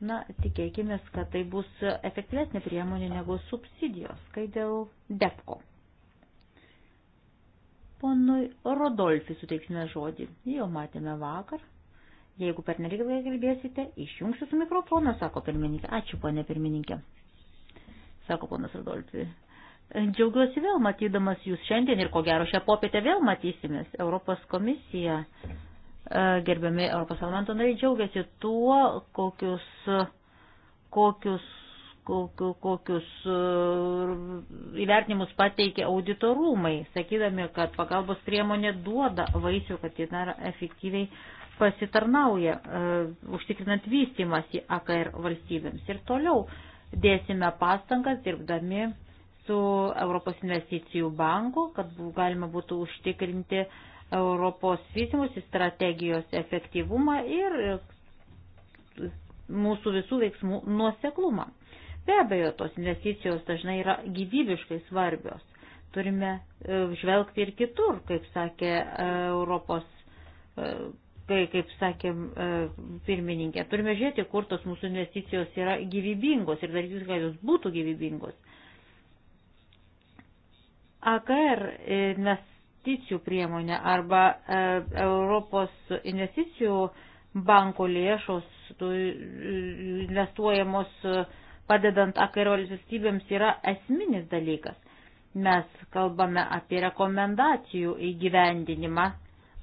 Na, tikėkime, kad tai bus efektyvesnė priemonė negu subsidijos, kai dėl DEFCO. Ponui Rodolfi suteiksime žodį. Jį jau matėme vakar. Jeigu per nelik kalbėsite, išjungsiu su mikrofoną, sako pirmininkė. Ačiū, ponė pirmininkė sako ponas Rudolfi. E, džiaugiuosi vėl matydamas jūs šiandien ir ko gero šią popietę vėl matysimės. Europos komisija, e, gerbiami Europos parlamento nariai, džiaugiasi tuo, kokius, kokius, kokius, kokius e, įvertinimus pateikia auditorumai, sakydami, kad pagalbos priemonė duoda vaisių, kad ji dar efektyviai pasitarnauja, užtikrinant vystimasi AKR valstybėms. Ir toliau dėsime pastangas dirbdami su Europos investicijų banku, kad galima būtų užtikrinti Europos vystimusi strategijos efektyvumą ir e, mūsų visų veiksmų nuoseklumą. Be abejo, tos investicijos dažnai yra gyvybiškai svarbios. Turime e, žvelgti ir kitur, kaip sakė e, Europos kai, kaip sakėm, e, pirmininkė, turime žiūrėti, kur tos mūsų investicijos yra gyvybingos ir daryti, kad jos būtų gyvybingos. AKR investicijų priemonė arba e, Europos investicijų banko lėšos e, investuojamos padedant AKR valstybėms yra esminis dalykas. Mes kalbame apie rekomendacijų įgyvendinimą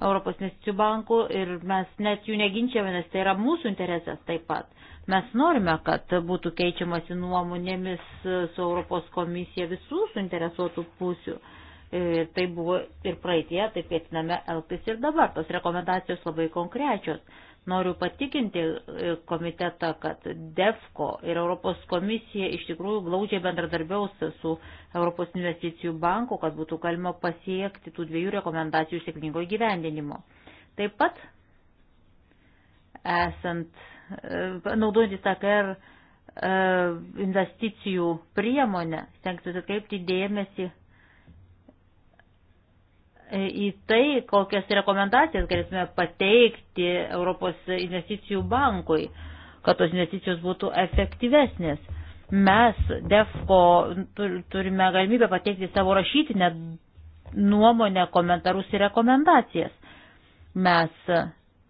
Europos investicijų bankų ir mes net jų neginčiame, nes tai yra mūsų interesas taip pat. Mes norime, kad būtų keičiamasi nuomonėmis su Europos komisija visų suinteresuotų pusių. Ir tai buvo ir praeitie, taip ketiname elgtis ir dabar. Tos rekomendacijos labai konkrečios. Noriu patikinti e, komitetą, kad DEFCO ir Europos komisija iš tikrųjų glaudžiai bendradarbiaus su Europos investicijų banku, kad būtų galima pasiekti tų dviejų rekomendacijų sėkmingo įgyvendinimo. Taip pat, esant, e, naudojantis tą KR e, investicijų priemonę, stengtųsi atkreipti dėmesį E, į tai, kokias rekomendacijas galėsime pateikti Europos investicijų bankui, kad tos investicijos būtų efektyvesnės. Mes, DEFCO, turime galimybę pateikti savo rašytinę nuomonę, komentarus ir rekomendacijas. Mes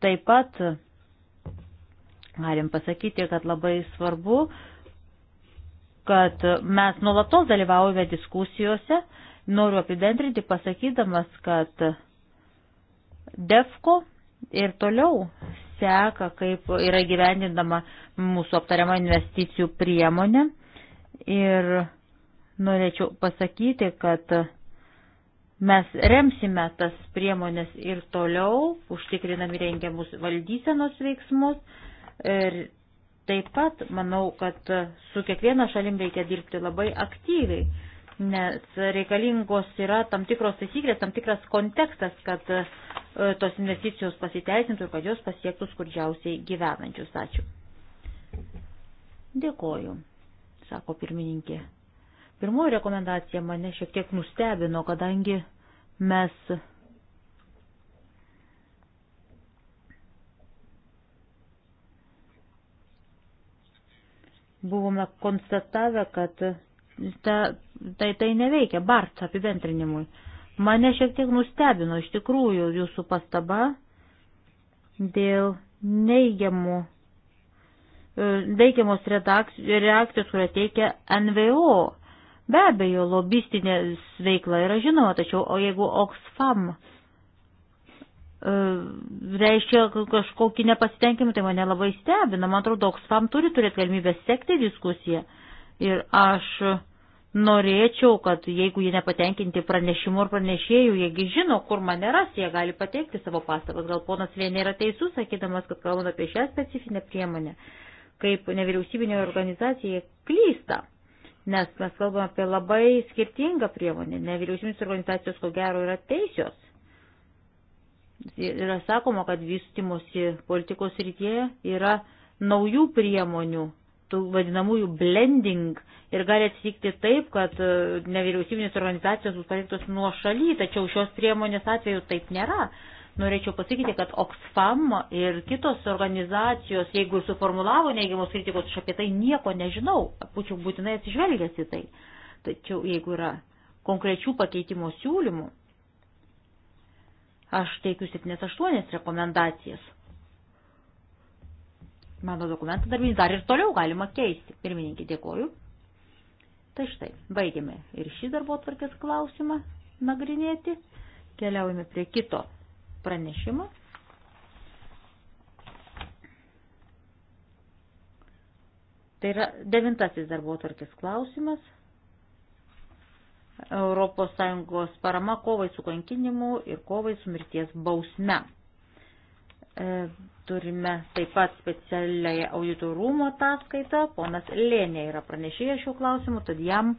taip pat galim pasakyti, kad labai svarbu, kad mes nulatos dalyvaujame diskusijose Noriu apibendrinti pasakydamas, kad DEFCO ir toliau seka, kaip yra gyvendindama mūsų aptariama investicijų priemonė. Ir norėčiau pasakyti, kad mes remsime tas priemonės ir toliau, užtikrinami rengiamus valdysenos veiksmus. Ir taip pat manau, kad su kiekviena šalim reikia dirbti labai aktyviai nes reikalingos yra tam tikros taisyklės, tam tikras kontekstas, kad e, tos investicijos pasiteisintų ir kad jos pasiektų skurdžiausiai gyvenančius. Ačiū. Dėkoju, sako pirmininkė. Pirmoji rekomendacija mane šiek tiek nustebino, kadangi mes buvome konstatavę, kad ta, tai, tai neveikia. Bart apibendrinimui. Mane šiek tiek nustebino iš tikrųjų jūsų pastaba dėl neigiamų veikiamos e, reakcijos, kurią teikia NVO. Be abejo, lobistinė veikla yra žinoma, tačiau o jeigu Oxfam e, reiškia kažkokį nepasitenkinimą, tai mane labai stebina. Man atrodo, Oxfam turi turėti galimybę sekti diskusiją. Ir aš norėčiau, kad jeigu jie nepatenkinti pranešimu ar pranešėjų, jiegi žino, kur mane ras, jie gali pateikti savo pastabas. Gal ponas Vienė yra teisus, sakydamas, kad kalbant apie šią specifinę priemonę, kaip nevyriausybinė organizacija klysta. Nes mes kalbame apie labai skirtingą priemonę. Nevyriausybinės organizacijos, ko gero, yra teisios. Yra sakoma, kad vystimosi politikos rytėje yra naujų priemonių tų vadinamųjų blending ir gali atsitikti taip, kad e, nevyriausybinės organizacijos bus paliktos nuo šaly, tačiau šios priemonės atveju taip nėra. Norėčiau pasakyti, kad Oxfam ir kitos organizacijos, jeigu suformulavo neigiamos kritikos, aš apie tai nieko nežinau, būčiau būtinai atsižvelgęs į tai. Tačiau jeigu yra konkrečių pakeitimo siūlymų, aš teikiu 7-8 rekomendacijas mano dokumentą darbinį dar ir toliau galima keisti. Pirmininkį dėkoju. Tai štai, baigėme ir šį darbo tvarkės klausimą nagrinėti. Keliaujame prie kito pranešimo. Tai yra devintasis darbo tvarkės klausimas. ES parama kovai su kankinimu ir kovai su mirties bausme. E, turime taip pat specialiąją auditorumo ataskaitą. Ponas Lėnė yra pranešėjęs šiuo klausimu, tad jam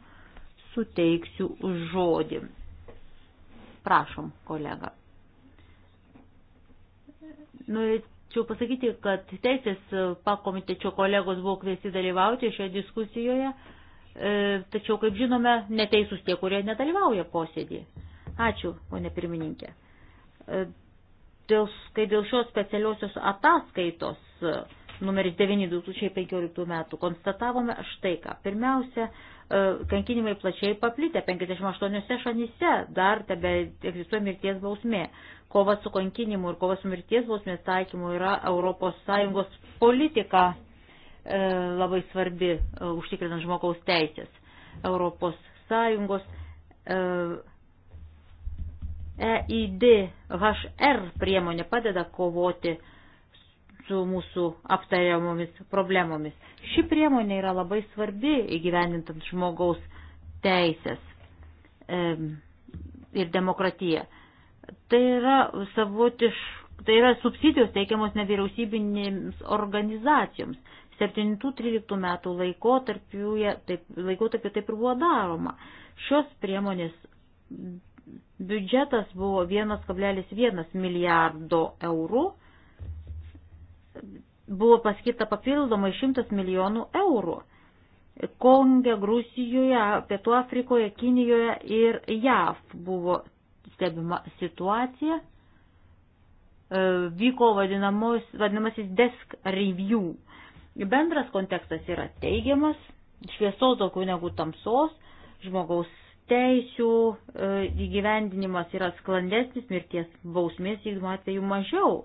suteiksiu žodį. Prašom, kolega. Norėčiau pasakyti, kad teisės pakomitečio kolegos buvo kviesti dalyvauti šioje diskusijoje, e, tačiau, kaip žinome, neteisus tie, kurie nedalyvauja posėdį. Ačiū, ponė pirmininkė. E, dėl, kai dėl šios specialiosios ataskaitos e, numeris 9 2015 metų konstatavome štai ką. Pirmiausia, e, kankinimai plačiai paplitę 58 šanyse dar tebe egzistuoja mirties bausmė. Kova su kankinimu ir kova su mirties bausmės taikymu yra ES politika e, labai svarbi užtikrinant žmogaus teisės. ES EIDHR priemonė padeda kovoti su mūsų aptariamomis problemomis. Ši priemonė yra labai svarbi įgyvendintant žmogaus teisės e, ir demokratiją. Tai yra savotiš, tai yra subsidijos teikiamos nevyriausybinėms organizacijoms. 7-13 metų laikotarpiu taip, laikotarpiu taip ir buvo daroma. Šios priemonės biudžetas buvo 1,1 milijardo eurų, buvo paskita papildomai 100 milijonų eurų. Konge, Grusijoje, Pietų Afrikoje, Kinijoje ir JAV buvo stebima situacija. E, vyko vadinamasis desk review. Bendras kontekstas yra teigiamas, šviesos daugiau negu tamsos, žmogaus teisių e, įgyvendinimas yra sklandesnis, mirties bausmės vykdymo atveju mažiau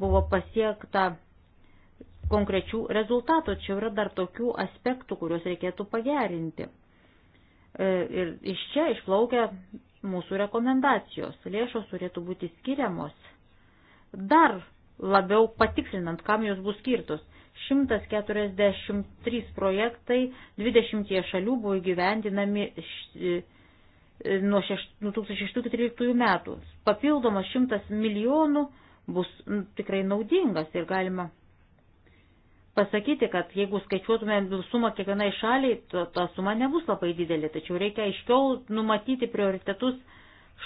buvo pasiekta konkrečių rezultatų, čia yra dar tokių aspektų, kuriuos reikėtų pagerinti. E, ir iš čia išplaukia mūsų rekomendacijos. Lėšos turėtų būti skiriamos dar labiau patikslinant, kam jos bus skirtos. 143 projektai 20 šalių buvo įgyvendinami nuo 2006-2013 metų. Papildomas 100 milijonų bus nu, tikrai naudingas ir galima pasakyti, kad jeigu skaičiuotume sumą kiekvienai šaliai, to, ta suma nebus labai didelė, tačiau reikia aiškiau numatyti prioritetus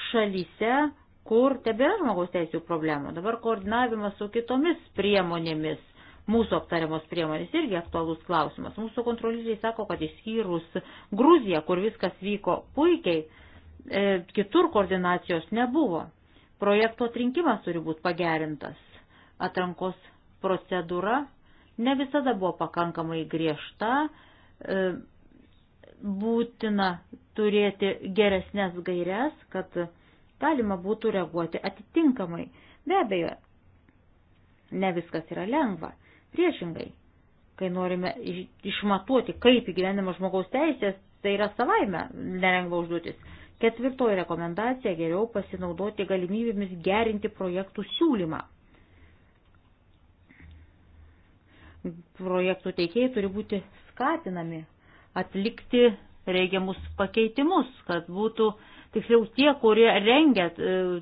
šalyse, kur tebėra žmogaus teisų problemų. Dabar koordinavimas su kitomis priemonėmis Mūsų aptariamos priemonės irgi aktualus klausimas. Mūsų kontrolieriai sako, kad išskyrus Gruziją, kur viskas vyko puikiai, e, kitur koordinacijos nebuvo. Projekto atrinkimas turi būti pagerintas. Atrankos procedūra ne visada buvo pakankamai griežta. E, būtina turėti geresnės gairias, kad galima būtų reaguoti atitinkamai. Be abejo, ne viskas yra lengva. Priešingai, kai norime išmatuoti, kaip įgyvenimo žmogaus teisės, tai yra savaime nelengva užduotis. Ketvirtoji rekomendacija - geriau pasinaudoti galimybėmis gerinti projektų siūlymą. Projektų teikėjai turi būti skatinami atlikti reikiamus pakeitimus, kad būtų tiksliau tie, kurie rengia e,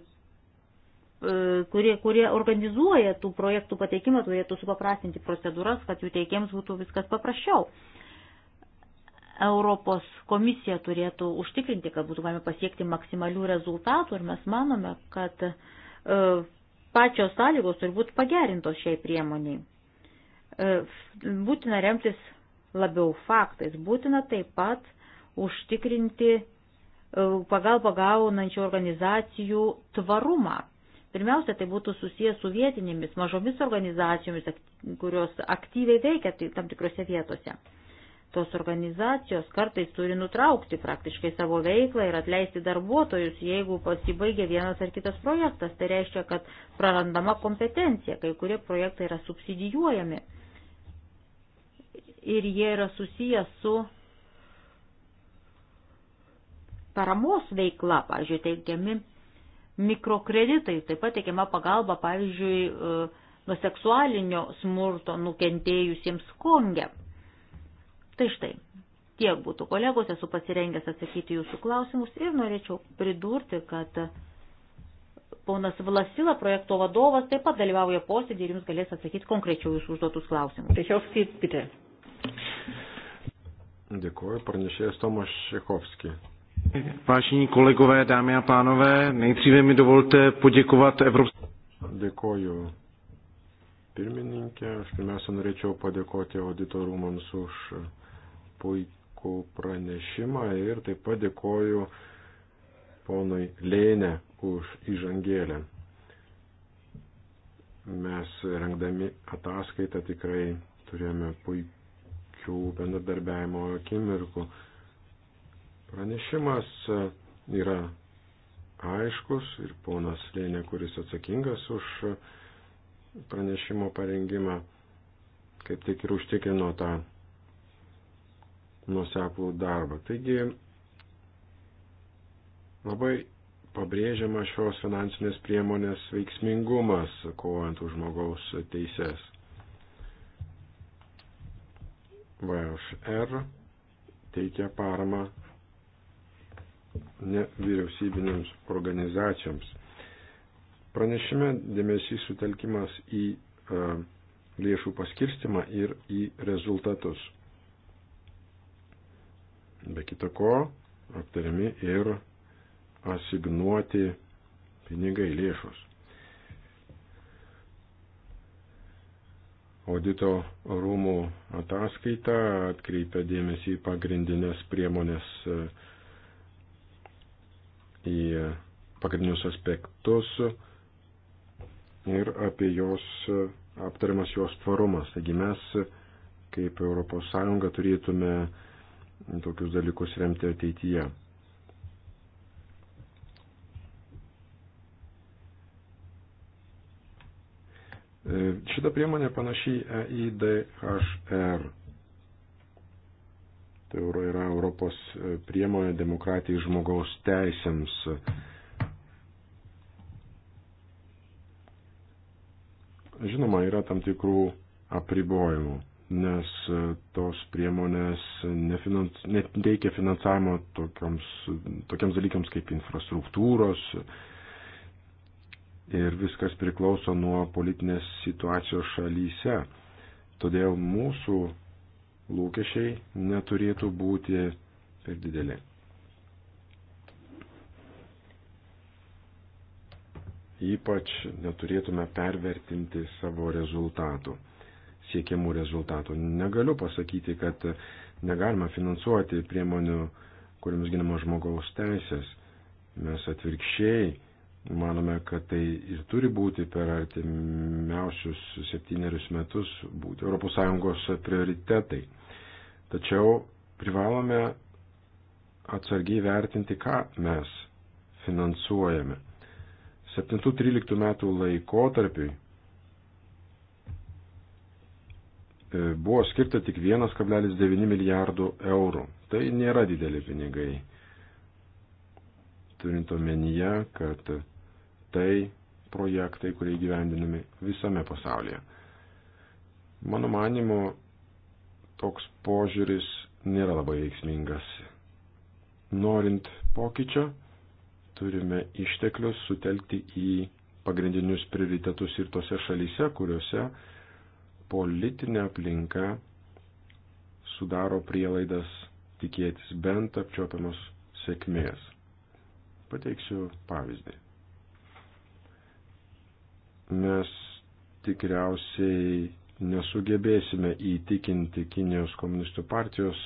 E, kurie, kurie organizuoja tų projektų pateikimą, turėtų supaprastinti procedūras, kad jų teikėjams būtų viskas paprasčiau. Europos komisija turėtų užtikrinti, kad būtų galima pasiekti maksimalių rezultatų ir mes manome, kad e, pačios sąlygos turi būti pagerintos šiai priemoniai. E, būtina remtis labiau faktais, būtina taip pat užtikrinti e, pagalbą gaunančių organizacijų tvarumą Pirmiausia, tai būtų susijęs su vietinėmis mažomis organizacijomis, kurios aktyviai veikia tai tam tikrose vietose. Tos organizacijos kartais turi nutraukti praktiškai savo veiklą ir atleisti darbuotojus, jeigu pasibaigia vienas ar kitas projektas. Tai reiškia, kad prarandama kompetencija, kai kurie projektai yra subsidijuojami ir jie yra susiję su paramos veikla, pavyzdžiui, teikiami mikrokreditai, taip pat teikiama pagalba, pavyzdžiui, e, nuo seksualinio smurto nukentėjusiems Konge. Tai štai, tiek būtų kolegos, esu pasirengęs atsakyti jūsų klausimus ir norėčiau pridurti, kad ponas Vlasila, projekto vadovas, taip pat dalyvauja posėdį ir jums galės atsakyti konkrečiau jūsų užduotus klausimus. Tiesiog taip, bitė. Dėkuoju, pranešėjas Tomas Šekovskis. Vážení kolegové, dámy a pánové, nejdříve mi dovolte poděkovat Evropské. Dėkoju pirmininkė. Aš pirmiausia norėčiau padėkoti auditorumams už puikų pranešimą ir taip pat dėkoju ponui Lėne už įžangėlę. Mes rengdami ataskaitą tikrai turėjome puikių bendradarbiajimo akimirkų. Pranešimas e, yra aiškus ir ponas Lėnė, kuris atsakingas už e, pranešimo parengimą, kaip tik ir užtikrino tą nuseklų darbą. Taigi labai pabrėžiama šios finansinės priemonės veiksmingumas, kovojant už žmogaus teises. VHR teikia paramą nevyriausybinėms organizacijoms. Pranešime dėmesys sutelkimas į e, lėšų paskirstimą ir į rezultatus. Be kita ko, aptariami ir asignuoti pinigai lėšos. Audito rūmų ataskaita atkreipia dėmesį į pagrindinės priemonės į pagrindinius aspektus ir apie jos aptariamas jos tvarumas. Taigi mes kaip ES turėtume tokius dalykus remti ateityje. Šita priemonė panašiai į e DHR. Tai yra Europos e, priemonė demokratijai žmogaus teisėms. Žinoma, yra tam tikrų apribojimų, nes e, tos priemonės nefinans, neteikia finansavimo tokiams, tokiams dalykams kaip infrastruktūros ir viskas priklauso nuo politinės situacijos šalyse. Todėl mūsų lūkesčiai neturėtų būti per dideli. Ypač neturėtume pervertinti savo rezultatų, siekiamų rezultatų. Negaliu pasakyti, kad negalima finansuoti priemonių, kuriams ginamos žmogaus teisės. Mes atvirkščiai Manome, kad tai ir turi būti per artimiausius septynerius metus būti ES prioritetai. Tačiau privalome atsargiai vertinti, ką mes finansuojame. 7-13 metų laikotarpiui e, buvo skirta tik 1,9 milijardų eurų. Tai nėra dideli pinigai turint omenyje, kad tai projektai, kurie gyvendinami visame pasaulyje. Mano manimo, toks požiūris nėra labai veiksmingas. Norint pokyčio, turime išteklius sutelkti į pagrindinius prioritetus ir tose šalyse, kuriuose politinė aplinka sudaro prielaidas tikėtis bent apčiopiamos sėkmės. Pateiksiu pavyzdį. Mes tikriausiai nesugebėsime įtikinti Kinijos komunistų partijos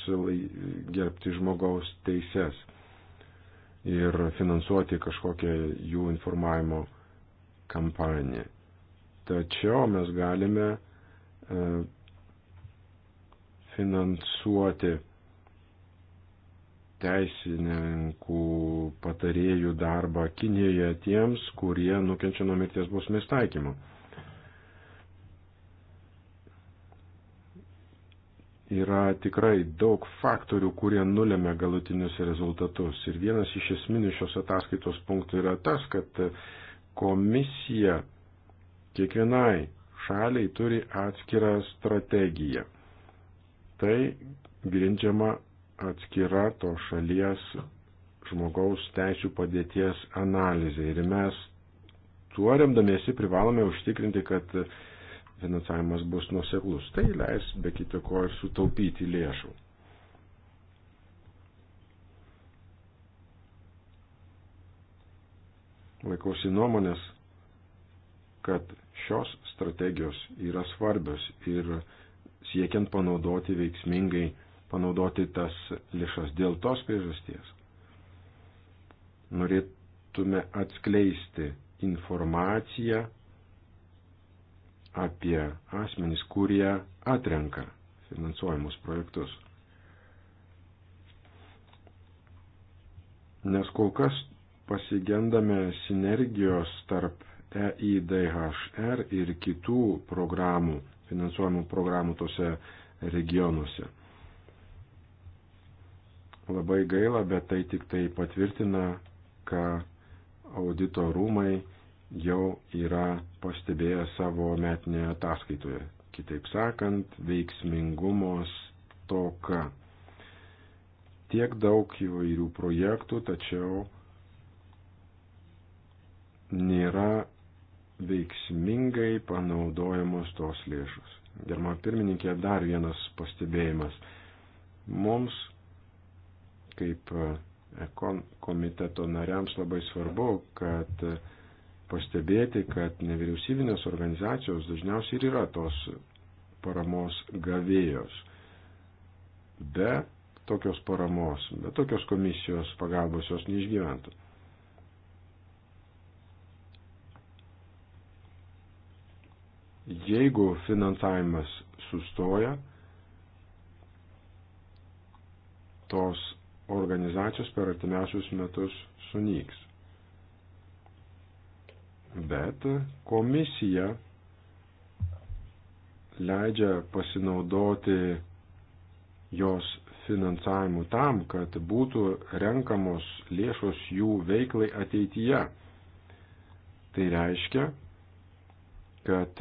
gerbti žmogaus teises ir finansuoti kažkokią jų informavimo kampaniją. Tačiau mes galime e, finansuoti teisininkų patarėjų darbą Kinijoje tiems, kurie nukenčia nuo mirties bausmės taikymo. Yra tikrai daug faktorių, kurie nulėmė galutinius rezultatus. Ir vienas iš esminių šios ataskaitos punktų yra tas, kad komisija kiekvienai šaliai turi atskirą strategiją. Tai grindžiama atskira to šalies žmogaus teisų padėties analizė. Ir mes tuo remdamiesi privalome užtikrinti, kad finansavimas bus nuseklus. Tai leis be kito ko ir sutaupyti lėšų. Laikausi nuomonės, kad šios strategijos yra svarbios ir siekiant panaudoti veiksmingai panaudoti tas lišas. Dėl tos priežasties norėtume atskleisti informaciją apie asmenys, kurie atrenka finansuojamus projektus. Nes kol kas pasigendame sinergijos tarp EIDHR ir kitų programų, finansuojamų programų tose regionuose. Labai gaila, bet tai tik tai patvirtina, ką audito rūmai jau yra pastebėję savo metinėje ataskaitoje. Kitaip sakant, veiksmingumos toka. Tiek daug įvairių projektų, tačiau nėra veiksmingai panaudojamos tos lėšos. Germa pirmininkė, dar vienas pastebėjimas. Mums kaip e, ekon komiteto nariams labai svarbu, kad e, pastebėti, kad nevyriausybinės organizacijos dažniausiai ir yra tos paramos gavėjos. Be tokios paramos, be tokios komisijos pagalbos jos neišgyventų. Jeigu finansavimas sustoja, tos organizacijos per artimiausius metus sunyks. Bet komisija leidžia pasinaudoti jos finansavimu tam, kad būtų renkamos lėšos jų veiklai ateityje. Tai reiškia, kad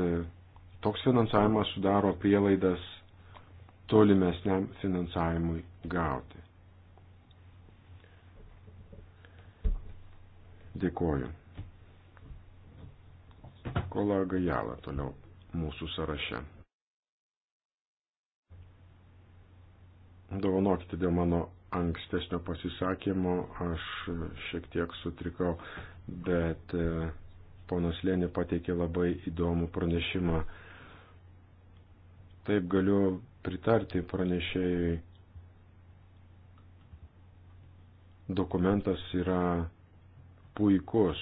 toks finansavimas sudaro prielaidas tolimesniam finansavimui gauti. Dėkoju. Kola Gajala toliau mūsų sąraše. Dovanokite dėl mano ankstesnio pasisakymo, aš šiek tiek sutrikau, bet e, ponas Lėnė pateikė labai įdomų pranešimą. Taip galiu pritarti pranešėjai. Dokumentas yra puikus.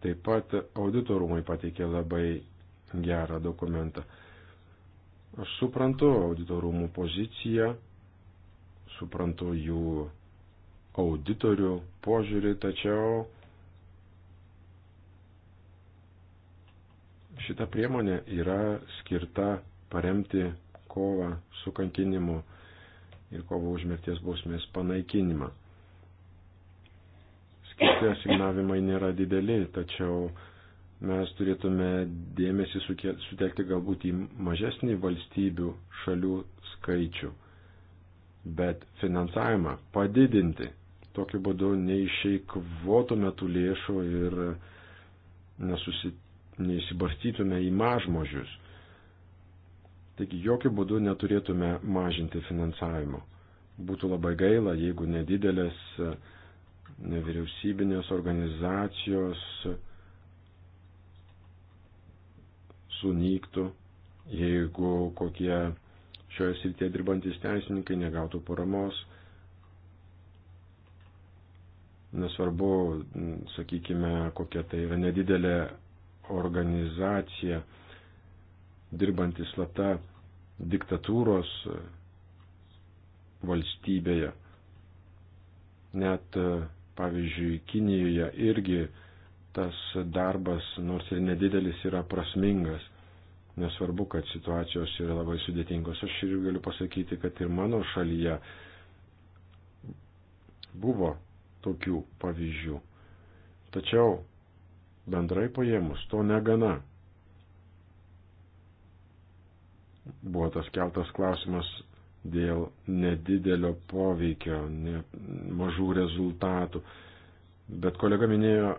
Taip pat auditorumai pateikė labai gerą dokumentą. Aš suprantu auditorumų poziciją, suprantu jų auditorių požiūrį, tačiau šita priemonė yra skirta paremti kovą su kankinimu ir kovą už mirties bausmės panaikinimą. Tie asignavimai nėra dideli, tačiau mes turėtume dėmesį sutelkti galbūt į mažesnį valstybių šalių skaičių, bet finansavimą padidinti. Tokiu būdu neišeikvotume tų lėšų ir nesusi, neįsibarstytume į mažmožius. Taigi jokių būdų neturėtume mažinti finansavimo. Būtų labai gaila, jeigu nedidelės uh, nevyriausybinės organizacijos sunyktų, jeigu kokie šioje srityje dirbantis teisininkai negautų paramos. Nesvarbu, sakykime, kokia tai yra nedidelė organizacija, dirbanti slapta diktatūros valstybėje. Net Pavyzdžiui, Kinijoje irgi tas darbas, nors ir nedidelis, yra prasmingas. Nesvarbu, kad situacijos yra labai sudėtingos. Aš ir galiu pasakyti, kad ir mano šalyje buvo tokių pavyzdžių. Tačiau bendrai paėmus to negana. Buvo tas keltas klausimas, dėl nedidelio poveikio, ne, mažų rezultatų. Bet kolega minėjo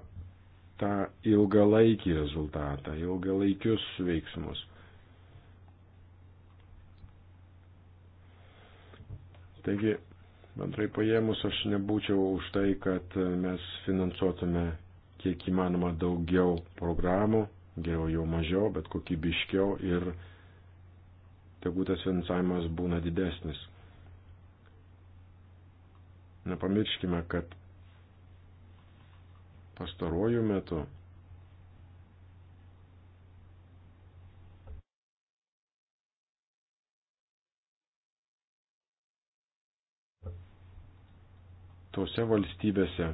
tą ilgalaikį rezultatą, ilgalaikius veiksmus. Taigi, bendrai paėmus, aš nebūčiau už tai, kad mes finansuotume kiek įmanoma daugiau programų, geriau jau mažiau, bet kokybiškiau ir tegu tas finansavimas būna didesnis. Nepamirškime, kad pastaruoju metu tose valstybėse,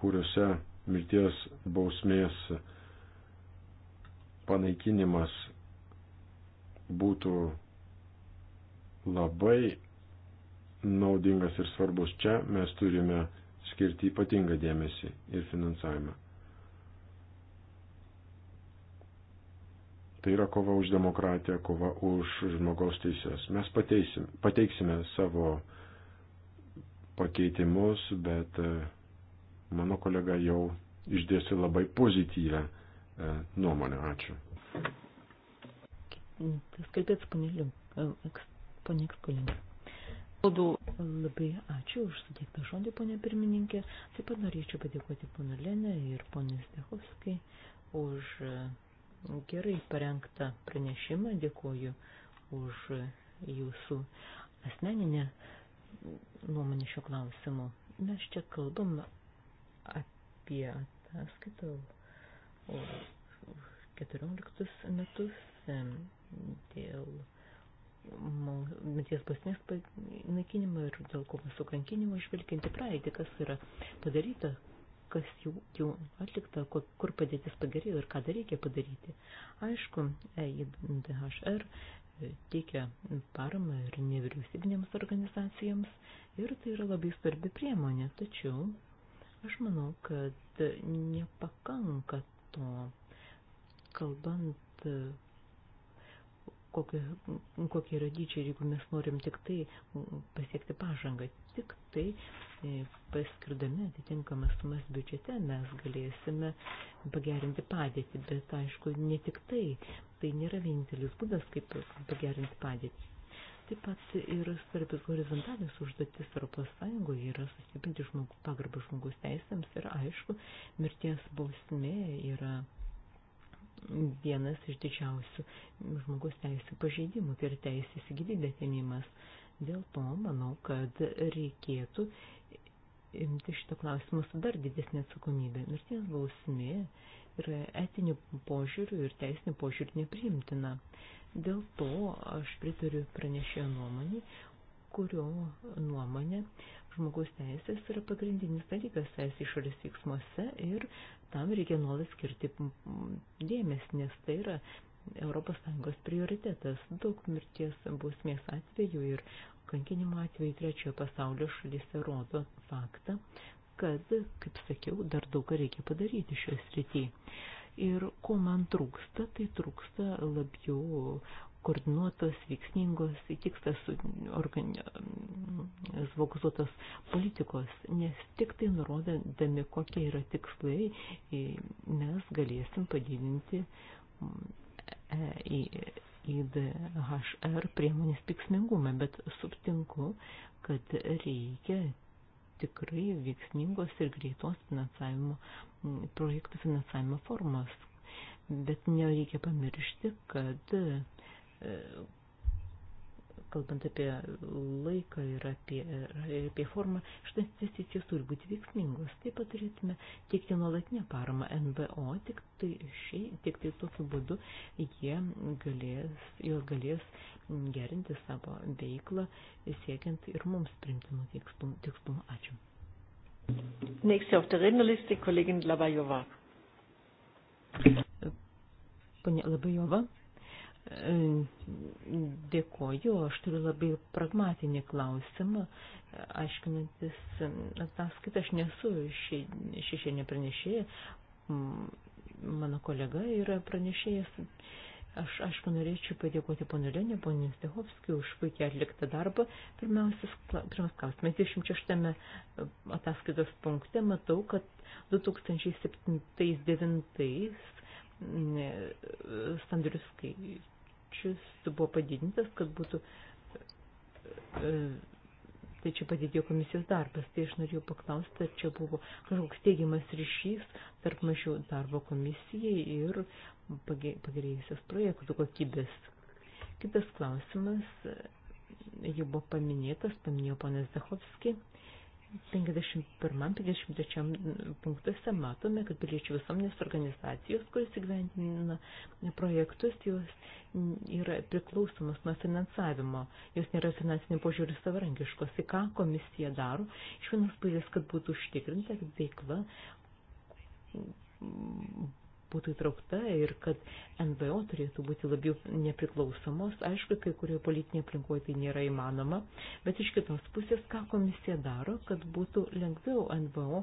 kuriuose mirties bausmės panaikinimas būtų labai naudingas ir svarbus. Čia mes turime skirti ypatingą dėmesį ir finansavimą. Tai yra kova už demokratiją, kova už žmogaus teises. Mes pateisim, pateiksime savo pakeitimus, bet e, mano kolega jau išdėsi labai pozityvę e, nuomonę. Ačiū. Mm, Tas kalbėts e, ponė Ekskulink. Labai ačiū už suteiktą žodį, ponė pirmininkė. Taip pat norėčiau padėkoti ponui Lenė ir ponui Stechovskai už e, gerai parengtą pranešimą. Dėkuoju už jūsų asmeninę nuomonę šio klausimu. Mes čia kalbam apie ataskaitą 14 metus dėl mirties pasmės naikinimo ir dėl kovų su kankinimu išvelginti praeitį, kas yra padaryta, kas jau, jau atlikta, kur, kur padėtis pagerėjo ir ką dar reikia padaryti. Aišku, EIDHR e, teikia paramą ir nevyriausybinėms organizacijoms ir tai yra labai svarbi priemonė, tačiau aš manau, kad nepakanka to, kalbant kokie, kokie yra dydžiai, jeigu mes norim tik tai pasiekti pažangą, tik tai e, paskirdami atitinkamas sumas biudžete mes galėsime pagerinti padėtį, bet aišku, ne tik tai, tai nėra vienintelis būdas, kaip pagerinti padėtį. Taip pat ir svarbis horizontalės užduotis Europos Sąjungoje yra sustiprinti žmogų, pagarbą žmogus teisėms ir aišku, mirties bausmė yra vienas iš didžiausių žmogus teisų pažeidimų, tai yra teisės į gyvybę atėmimas. Dėl to manau, kad reikėtų imti šito klausimus dar didesnį atsakomybę. Mirties bausmė yra etinių požiūrių ir teisinių požiūrių nepriimtina. Dėl to aš pritariu pranešėjo nuomonį, kurio nuomonė žmogaus teisės yra pagrindinis dalykas es išorės veiksmuose ir tam reikia nuolat skirti dėmesį, nes tai yra ES prioritetas. Daug mirties bausmės atveju ir kankinimo atveju trečiojo pasaulio šalyse rodo faktą, kad, kaip sakiau, dar daug ką reikia padaryti šioje srityje. Ir ko man trūksta, tai trūksta labiau koordinuotos, veiksmingos, tikslas organizuotos politikos, nes tik tai nurodami, kokie yra tikslai, mes galėsim padidinti IDHR e, priemonės tiksmingumą, bet subtinku, kad reikia tikrai veiksmingos ir greitos finansavimo, projektų finansavimo formos. Bet nereikia pamiršti, kad E, kalbant apie laiką ir apie, ir apie formą, šitas investicijos turi būti veiksmingos. Taip pat turėtume teikti nuolatinę paramą NVO, tik tai, šiai, tik tai tokiu būdu jie galės, jos galės gerinti savo veiklą, siekiant ir mums primtinų tikslumų. Ačiū. Nächste auf der Rednerliste, Kollegin Labajova. Ponia Labajova. Dėkoju, aš turiu labai pragmatinį klausimą, aiškinantis ataskaitą, aš nesu šešėnė pranešėja, mano kolega yra pranešėjas. Aš, aš norėčiau padėkoti ponu Lenė, ponu Stehovskiu už puikiai atliktą darbą. Pirmiausias, pirmas klausimas, 26 ataskaitos punkte matau, kad 2007-2009 sandarių skaičius buvo padidintas, kad būtų, e, tai čia padidėjo komisijos darbas. Tai aš norėjau paklausti, ar čia buvo kažkoks teigiamas ryšys tarp mažiau darbo komisijai ir pagerėjusios projektų kokybės. Kitas klausimas, e, jau buvo paminėtas, paminėjo ponas Zahovski 51-53 punktuose matome, kad piliečių visuomenės organizacijos, kuris įgyvendina projektus, jos yra priklausomas nuo finansavimo, jos nėra finansinio požiūrį savarankiškos. Į tai ką komisija daro? Iš vienos pusės, kad būtų užtikrinta veikla būtų įtraukta ir kad NVO turėtų būti labiau nepriklausomos. Aišku, kai kurioje politinėje aplinkoje tai nėra įmanoma, bet iš kitos pusės, ką komisija daro, kad būtų lengviau NVO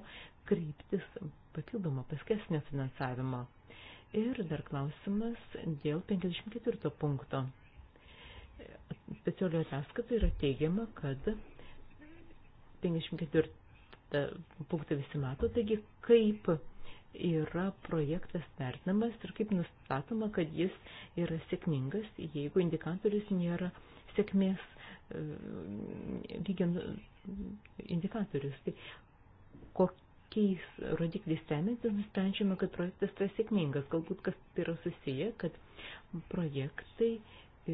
kryptis papildomą paskesnio finansavimą. Ir dar klausimas dėl 54 punkto. Specialioje ataskaitoje yra teigiama, kad 54 punktą visi mato, taigi kaip yra projektas vertinamas ir kaip nustatoma, kad jis yra sėkmingas, jeigu indikatorius nėra sėkmės e, lygin nu, indikatorius. Tai kokiais rodikliais remiantis nusprendžiame, kad projektas yra sėkmingas. Galbūt kas tai yra susiję, kad projektai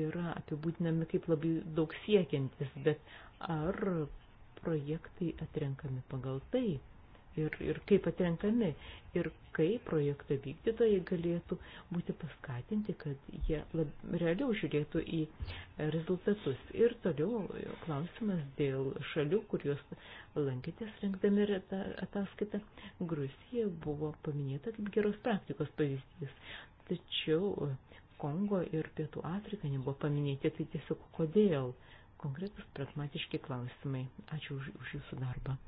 yra apibūdinami kaip labai daug siekiantis, bet ar projektai atrenkami pagal tai? ir, ir kaip atrenkami ir kaip projekto vykdytojai galėtų būti paskatinti, kad jie lab, realiau žiūrėtų į rezultatus. Ir toliau klausimas dėl šalių, kuriuos lankytės rinkdami ataskaitą. Gruzija buvo paminėta kaip geros praktikos pavyzdys. Tačiau Kongo ir Pietų Afrika nebuvo paminėti, tai tiesiog kodėl? Konkretus pragmatiški klausimai. Ačiū už, už jūsų darbą.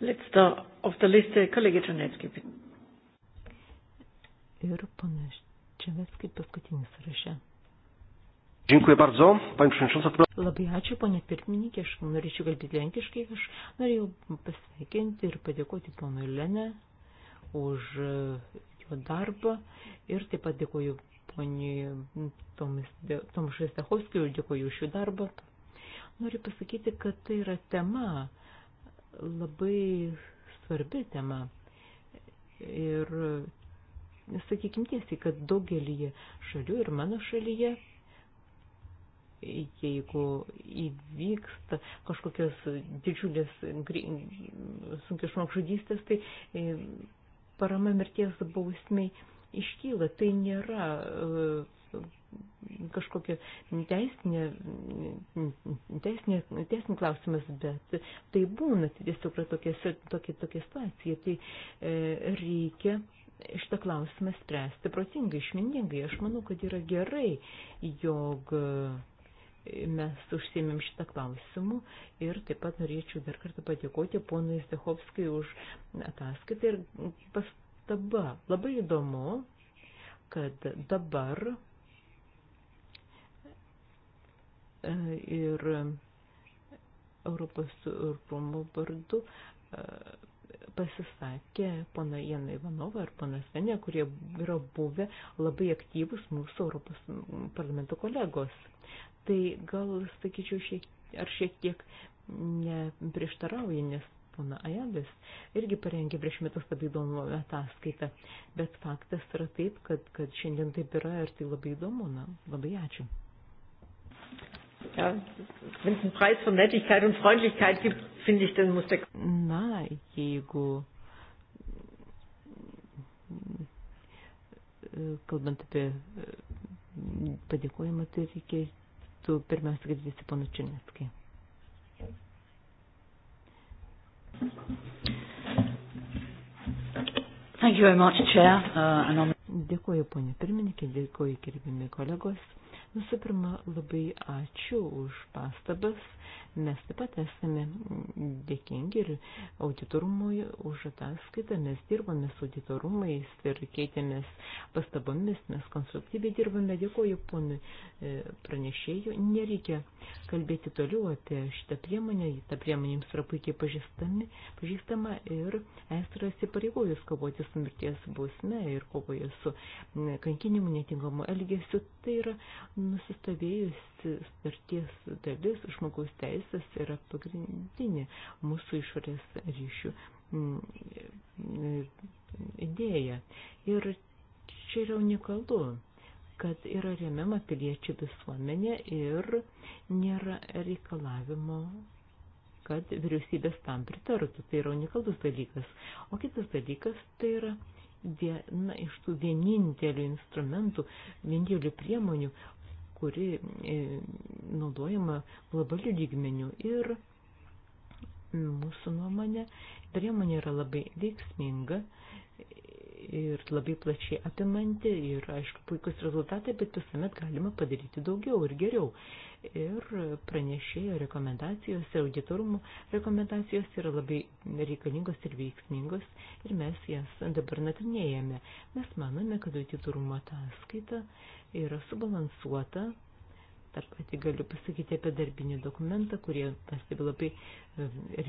Letzter auf der Liste, eh, Kollege Czernecki, bitte. Ir panaš Černecki paskutinis sąraše. Dziękuję bardzo, Pani Przewodnicząca. Labai ačiū, ponė pirmininkė, aš norėčiau kalbėti lenkiškai, aš norėjau pasveikinti ir padėkoti ponui Lenę už eh, jo darbą ir taip pat dėkoju poniai mm, Tomšai Stachovskijui, dėkoju už jų darbą. Noriu pasakyti, kad tai yra tema, labai svarbi tema. Ir sakykim tiesiai, kad daugelį šalių ir mano šalyje, jeigu įvyksta kažkokios didžiulės sunkios žmogžudystės, tai e, parama mirties bausmiai iškyla. Tai nėra e, kažkokia teisinė, teisinė, teisinė klausimas, bet tai būna tai tiesiog tokia, tokia, tokia situacija. Tai e, reikia šitą klausimą spręsti protingai, išmintingai. Aš manau, kad yra gerai, jog e, mes užsėmėm šitą klausimą ir taip pat norėčiau dar kartą padėkoti ponui Zdechovskai už ataskaitą ir pastaba. Labai įdomu, kad dabar E, ir Europos rūmų vardu e, pasisakė pana Jana Ivanova ir pana Senė, kurie yra buvę labai aktyvus mūsų Europos parlamento kolegos. Tai gal, sakyčiau, šiek, ar šiek tiek neprieštarauja, nes pana Ajabis irgi parengė prieš metus labai įdomų ataskaitą. Bet faktas yra taip, kad, kad šiandien taip yra ir tai labai įdomu. Na, labai ačiū. Ja, Wenn es einen Preis für Nettigkeit und Freundlichkeit gibt, finde ich, dann muss der. Na, jeigu. E, kalbant apie e, padėkojimą, tai reikėtų pirmiausia girdėti ponu Černeskai. Thank you very much, Chair. Uh, and on... Dėkuoju, ponė pirmininkė, dėkuoju, gerbimi kolegos. Visų pirma, labai ačiū už pastabas Mes taip pat esame dėkingi ir auditorumui už ataskaitą, mes dirbame su auditorumais ir keitėmės pastabomis, mes konstruktyviai dirbame, dėkoju ponui e, pranešėjų. Nereikia kalbėti toliau apie šitą priemonę, ta priemonė jums yra puikiai pažįstama ir esra įsipareigojus kovoti su mirties bausme ir kovoje su kankinimu netinkamu elgesiu, tai yra nusistovėjusi starties dalis žmogaus teisės visas yra pagrindinė mūsų išorės ryšių mm, idėja. Ir čia yra unikalu, kad yra remiama piliečių visuomenė ir nėra reikalavimo kad vyriausybės tam pritartų. Tai yra unikalus dalykas. O kitas dalykas tai yra viena iš tų vienintelių instrumentų, vienintelių priemonių, kuri e, naudojama globalių lygmenių ir mūsų nuomonė priemonė yra labai veiksminga ir labai plačiai apimanti ir, aišku, puikus rezultatai, bet visuomet galima padaryti daugiau ir geriau. Ir pranešėjo rekomendacijos ir auditorumų rekomendacijos yra labai reikalingos ir veiksmingos ir mes jas dabar nagrinėjame. Mes manome, kad auditorumo ataskaita yra subalansuota dar pati galiu pasakyti apie darbinį dokumentą, kurie pastebi labai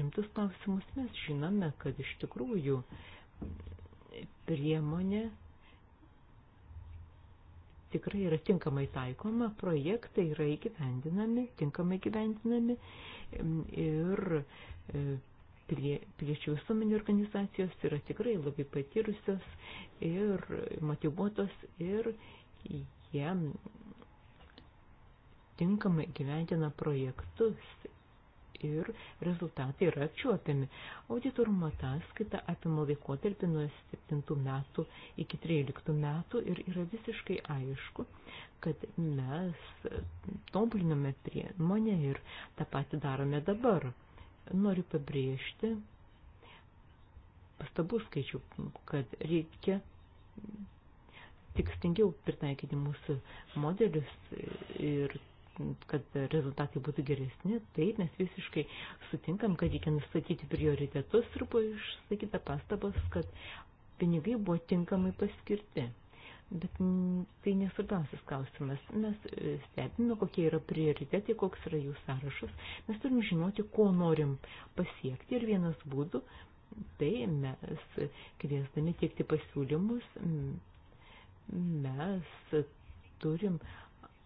rimtus klausimus. Mes žinome, kad iš tikrųjų priemonė tikrai yra tinkamai taikoma, projektai yra įgyvendinami, tinkamai įgyvendinami ir e, prie, piliečių visuomenių organizacijos yra tikrai labai patyrusios ir motivuotos ir jie tinkamai gyventina projektus ir rezultatai yra apčiuopiami. Auditorumo ataskaita apima laikotarpį nuo 7 metų iki 13 metų ir yra visiškai aišku, kad mes tobuliname priemonę ir tą patį darome dabar. Noriu pabrėžti pastabų skaičių, kad reikia tikstingiau pritaikyti mūsų modelius ir kad rezultatai būtų geresni, taip mes visiškai sutinkam, kad reikia nustatyti prioritetus ir buvo išsakyta pastabas, kad pinigai buvo tinkamai paskirti. Bet tai nesvarbiausias klausimas. Mes e, stebime, kokie yra prioritetai, koks yra jų sąrašas. Mes turim žinoti, ko norim pasiekti. Ir vienas būdų, tai mes kviesdami tiekti pasiūlymus, mes turim uh,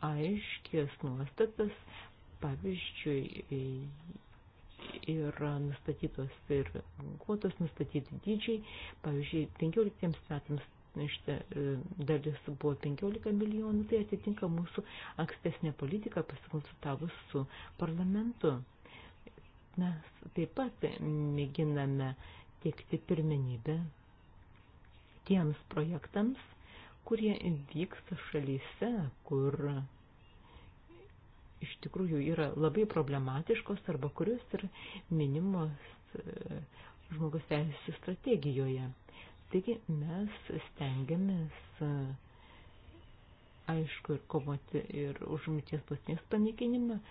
aiškės nuostatas, pavyzdžiui, yra nustatytos ir kvotos nustatyti dydžiai, pavyzdžiui, 15 metams šitą e, dalis buvo 15 milijonų, tai atitinka mūsų ankstesnė politika pasikonsultavus su parlamentu. Mes taip pat mėginame teikti pirmenybę tiems projektams, kurie vyksta šalyse, kur iš tikrųjų yra labai problematiškos arba kurios yra minimos e, žmogus teisų strategijoje. Taigi mes stengiamės, e, aišku, ir kovoti ir už mirties pasmės panikinimą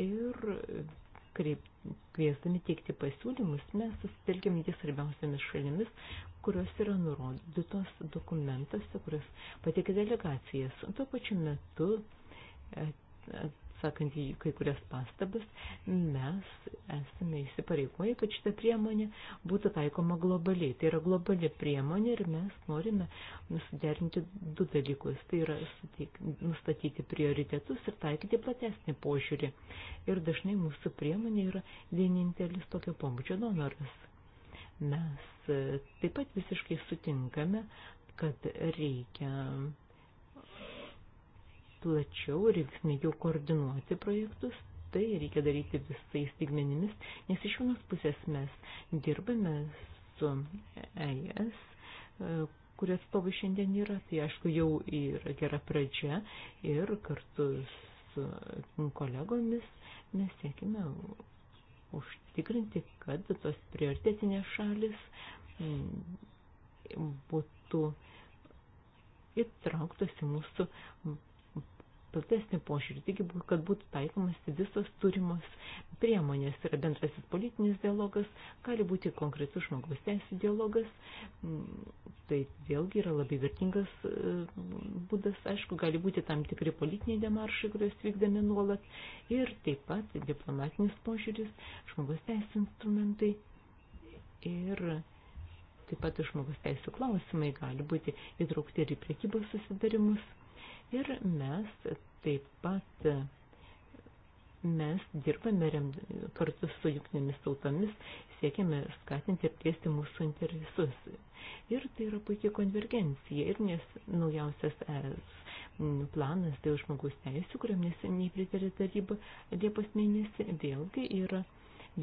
ir kreip, kviesdami teikti pasiūlymus, mes susitelkėme ties svarbiausiamis šalimis, kurios yra nurodytos dokumentuose, kurios patikė delegacijas. Tuo pačiu metu e, atsakant į kai kurias pastabas, mes esame įsipareigoję, kad šita priemonė būtų taikoma globaliai. Tai yra globali priemonė ir mes norime suderinti du dalykus. Tai yra nustatyti prioritetus ir taikyti platesnį požiūrį. Ir dažnai mūsų priemonė yra vienintelis tokio pobūdžio donoras. Mes e, taip pat visiškai sutinkame, kad reikia plačiau ir veiksmingiau koordinuoti projektus, tai reikia daryti visais lygmenimis, nes iš vienos pusės mes dirbame su ES, e, kurie atstovai šiandien yra, tai aišku jau yra gera pradžia ir kartu su kolegomis mes siekime užtikrinti, kad tos prioritetinės šalis mm, būtų įtrauktos į mūsų platesnį požiūrį, taigi, kad būtų taikomas visos turimos priemonės. Yra bendrasis politinis dialogas, gali būti konkretus žmogus teisų dialogas, mm, tai vėlgi yra labai vertingas e, būdas, aišku, gali būti tam tikri politiniai demaršai, kuriuos vykdami nuolat, ir taip pat diplomatinis požiūris, žmogus teisų instrumentai ir taip pat žmogus teisų klausimai gali būti įtraukti ir į priekybos susidarimus Ir mes taip pat mes dirbame kartu su jungtinėmis tautomis, siekiame skatinti ir plėsti mūsų interesus. Ir tai yra puikia konvergencija ir nes naujausias ES planas dėl žmogaus teisų, kuriam neseniai pritarė taryba Liepos mėnesį, vėlgi yra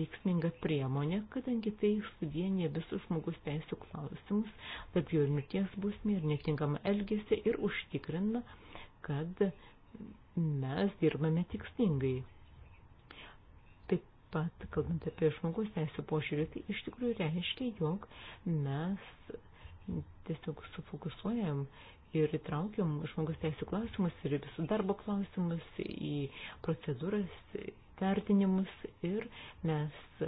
veiksminga priemonė, kadangi tai suvienyje visus žmogus teisų klausimus, tarp jų ir mirties būsmė ir netinkamą elgesį ir užtikrina kad mes dirbame tikslingai. Taip pat, kalbant apie žmogus teisų požiūrį, tai iš tikrųjų reiškia, jog mes tiesiog sufokusuojam ir įtraukiam žmogus teisų klausimus ir visų darbo klausimus į procedūras, vertinimus ir mes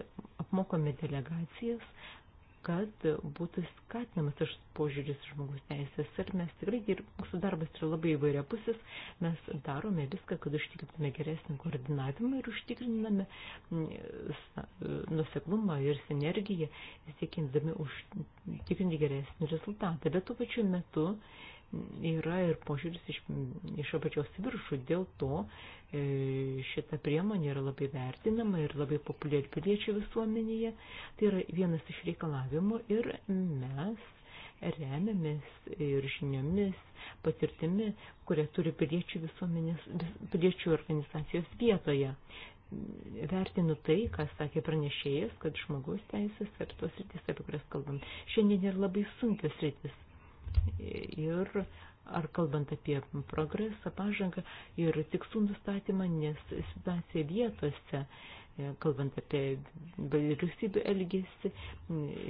apmokome delegacijas kad būtų skatinamas iš požiūris žmogus teisės. Ir mes tikrai, ir mūsų darbas yra labai įvairiapusis, mes darome viską, kad užtikrintume geresnį koordinavimą ir užtikriname mm, nuseklumą ir sinergiją, siekindami užtikrinti geresnį rezultatą. Bet tuo pačiu metu yra ir požiūris iš, iš apačios viršų. Dėl to e, šita priemonė yra labai vertinama ir labai populiari piliečių visuomenėje. Tai yra vienas iš reikalavimų ir mes remiamės ir žiniomis, patirtimi, kurią turi piliečių visuomenės, piliečių organizacijos vietoje. Vertinu tai, ką sakė pranešėjas, kad žmogaus teisės ir tos rytis, apie kurias kalbam, šiandien yra labai sunkios rytis ir ar kalbant apie progresą, pažangą ir tikslų nustatymą, nes situacija vietose, e, kalbant apie vyriausybių elgesį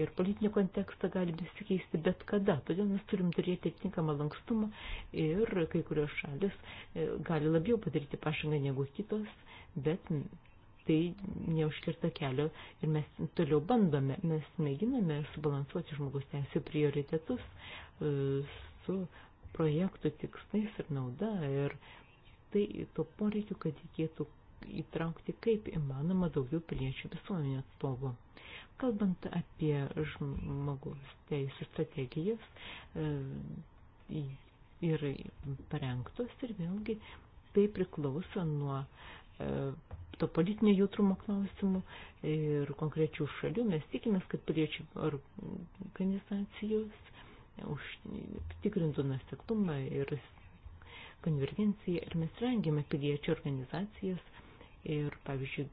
ir politinį kontekstą gali besikeisti bet kada. Todėl mes turim turėti atitinkamą lankstumą ir kai kurios šalis e, gali labiau padaryti pažangą negu kitos, bet tai neužkirta kelio ir mes toliau bandome, mes mėginame subalansuoti žmogus teisų prioritetus e, su projektų tikslais ir nauda ir tai to poreikiu, kad reikėtų įtraukti kaip įmanoma daugiau piliečių visuomenės atstovų. Kalbant apie žmogus teisų strategijas, e, ir parengtos ir vėlgi tai priklauso nuo uh, E, to politinio jautrumo klausimų ir konkrečių šalių. Mes tikimės, kad piliečių organizacijos užtikrintų nuseklumą ir konvergenciją ir mes rengiame piliečių organizacijas ir, pavyzdžiui,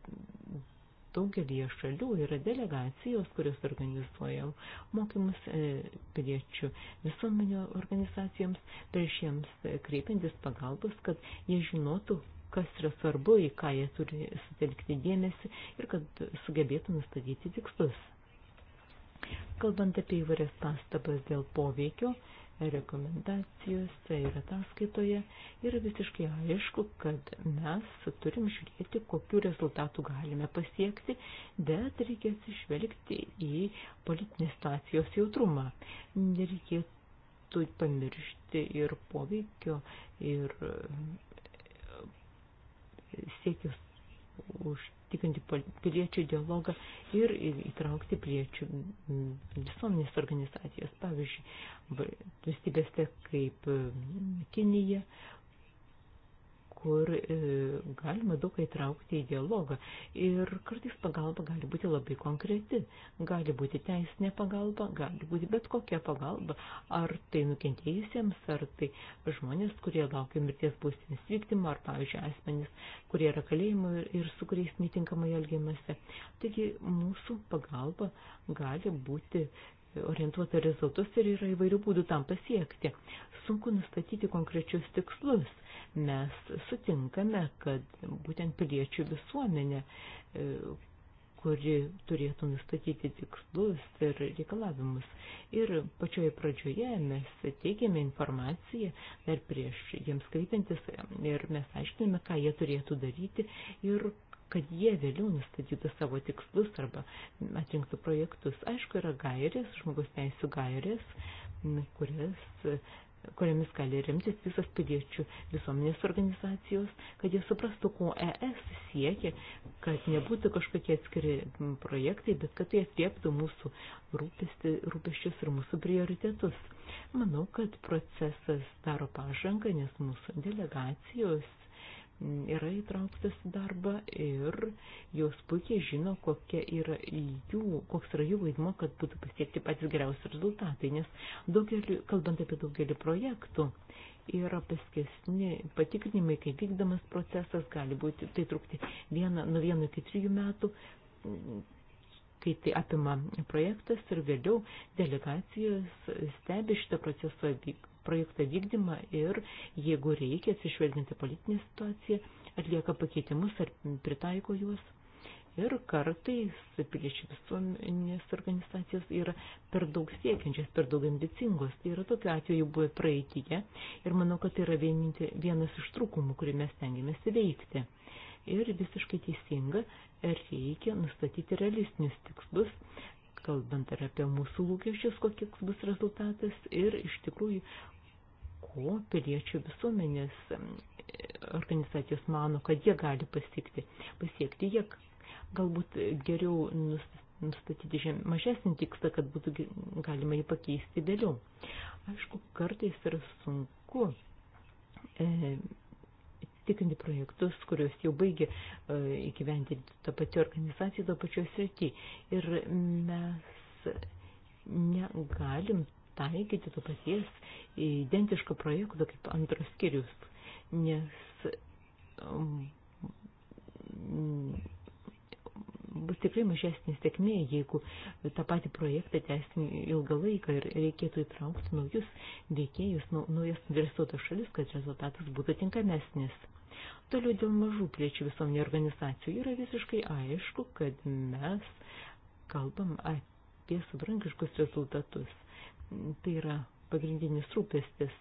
daugelį šalių yra delegacijos, kurios organizuoja mokymus e, piliečių visuomenio organizacijoms, prieš jiems kreipiantis pagalbos, kad jie žinotų, kas yra svarbu, į ką jie turi sutelkti dėmesį ir kad sugebėtų nustatyti tikslus. Kalbant apie įvairias pastabas dėl poveikio, rekomendacijose ir tai ataskaitoje yra visiškai aišku, kad mes turim žiūrėti, kokiu rezultatu galime pasiekti, bet reikia atsižvelgti į politinės stacijos jautrumą. Nereikėtų pamiršti ir poveikio, ir siekius užtikrinti piliečių dialogą ir įtraukti piliečių visuomenės organizacijas. Pavyzdžiui, valstybėse kaip Kinija, kur e, galima daug ką įtraukti į dialogą. Ir kartais pagalba gali būti labai konkreti. Gali būti teisinė pagalba, gali būti bet kokia pagalba. Ar tai nukentėjusiems, ar tai žmonės, kurie laukia mirties būstinės vykdymo, ar, pavyzdžiui, asmenys, kurie yra kalėjimo ir, ir su kuriais netinkamai elgiamasi. Taigi mūsų pagalba gali būti orientuota rezultus ir yra įvairių būdų tam pasiekti. Sunku nustatyti konkrečius tikslus. Mes sutinkame, kad būtent piliečių visuomenė, e, kuri turėtų nustatyti tikslus ir reikalavimus. Ir pačioje pradžioje mes teikėme informaciją dar prieš jiems kreipiantis ir mes aiškiname, ką jie turėtų daryti ir kad jie vėliau nustatytų savo tikslus arba atrinktų projektus. Aišku, yra gairės, žmogus teisų gairės, kurias kuriamis gali remtis visas piliečių visuomenės organizacijos, kad jie suprastų, ko ES siekia, kad nebūtų kažkokie atskiri projektai, bet kad tai atlieptų mūsų rūpestį, rūpeščius ir mūsų prioritetus. Manau, kad procesas daro pažangą, nes mūsų delegacijos yra įtrauktas į darbą ir jos puikiai žino, kokia yra jų, koks yra jų vaidmo, kad būtų pasiekti patys geriausi rezultatai, nes daugelį, kalbant apie daugelį projektų, yra paskesni patikrinimai, kai vykdamas procesas gali būti, tai trukti vieną, nuo vieno iki trijų metų, kai tai apima projektas ir vėliau delegacijos stebi šitą procesą vykdymą projekto vykdymą ir, jeigu reikia, atsižvelginti politinę situaciją, atlieka pakeitimus ar pritaiko juos. Ir kartais piliečių visuomenės organizacijos yra per daug siekiančios, per daug ambicingos. Tai yra tokiu atveju buvę praeitie ir manau, kad tai yra vieninti, vienas iš trūkumų, kurį mes tengiamės įveikti. Ir visiškai teisinga, reikia nustatyti realistinius tikslus, kalbant ir apie mūsų lūkesčius, kokiks bus rezultatas ir iš tikrųjų ko piliečių visuomenės organizacijos mano, kad jie gali pasiekti. pasiekti jie galbūt geriau nustatyti žem, mažesnį tikslą, kad būtų galima jį pakeisti vėliau. Aišku, kartais yra sunku e, tikrinti projektus, kuriuos jau baigė e, įgyvendinti ta pati organizacija, to pačios srity. Ir mes negalim taikyti to paties identiško projekto kaip antras skyrius, nes um, bus tikrai mažesnė sėkmė, jeigu tą patį projektą tęsim ilgą laiką ir reikėtų įtraukti naujus veikėjus, naujas interesuotas šalis, kad rezultatas būtų tinkamesnis. Toliau dėl mažų plėčių visuomenė organizacijų yra visiškai aišku, kad mes kalbam apie savarankiškus rezultatus. Tai yra pagrindinis rūpestis.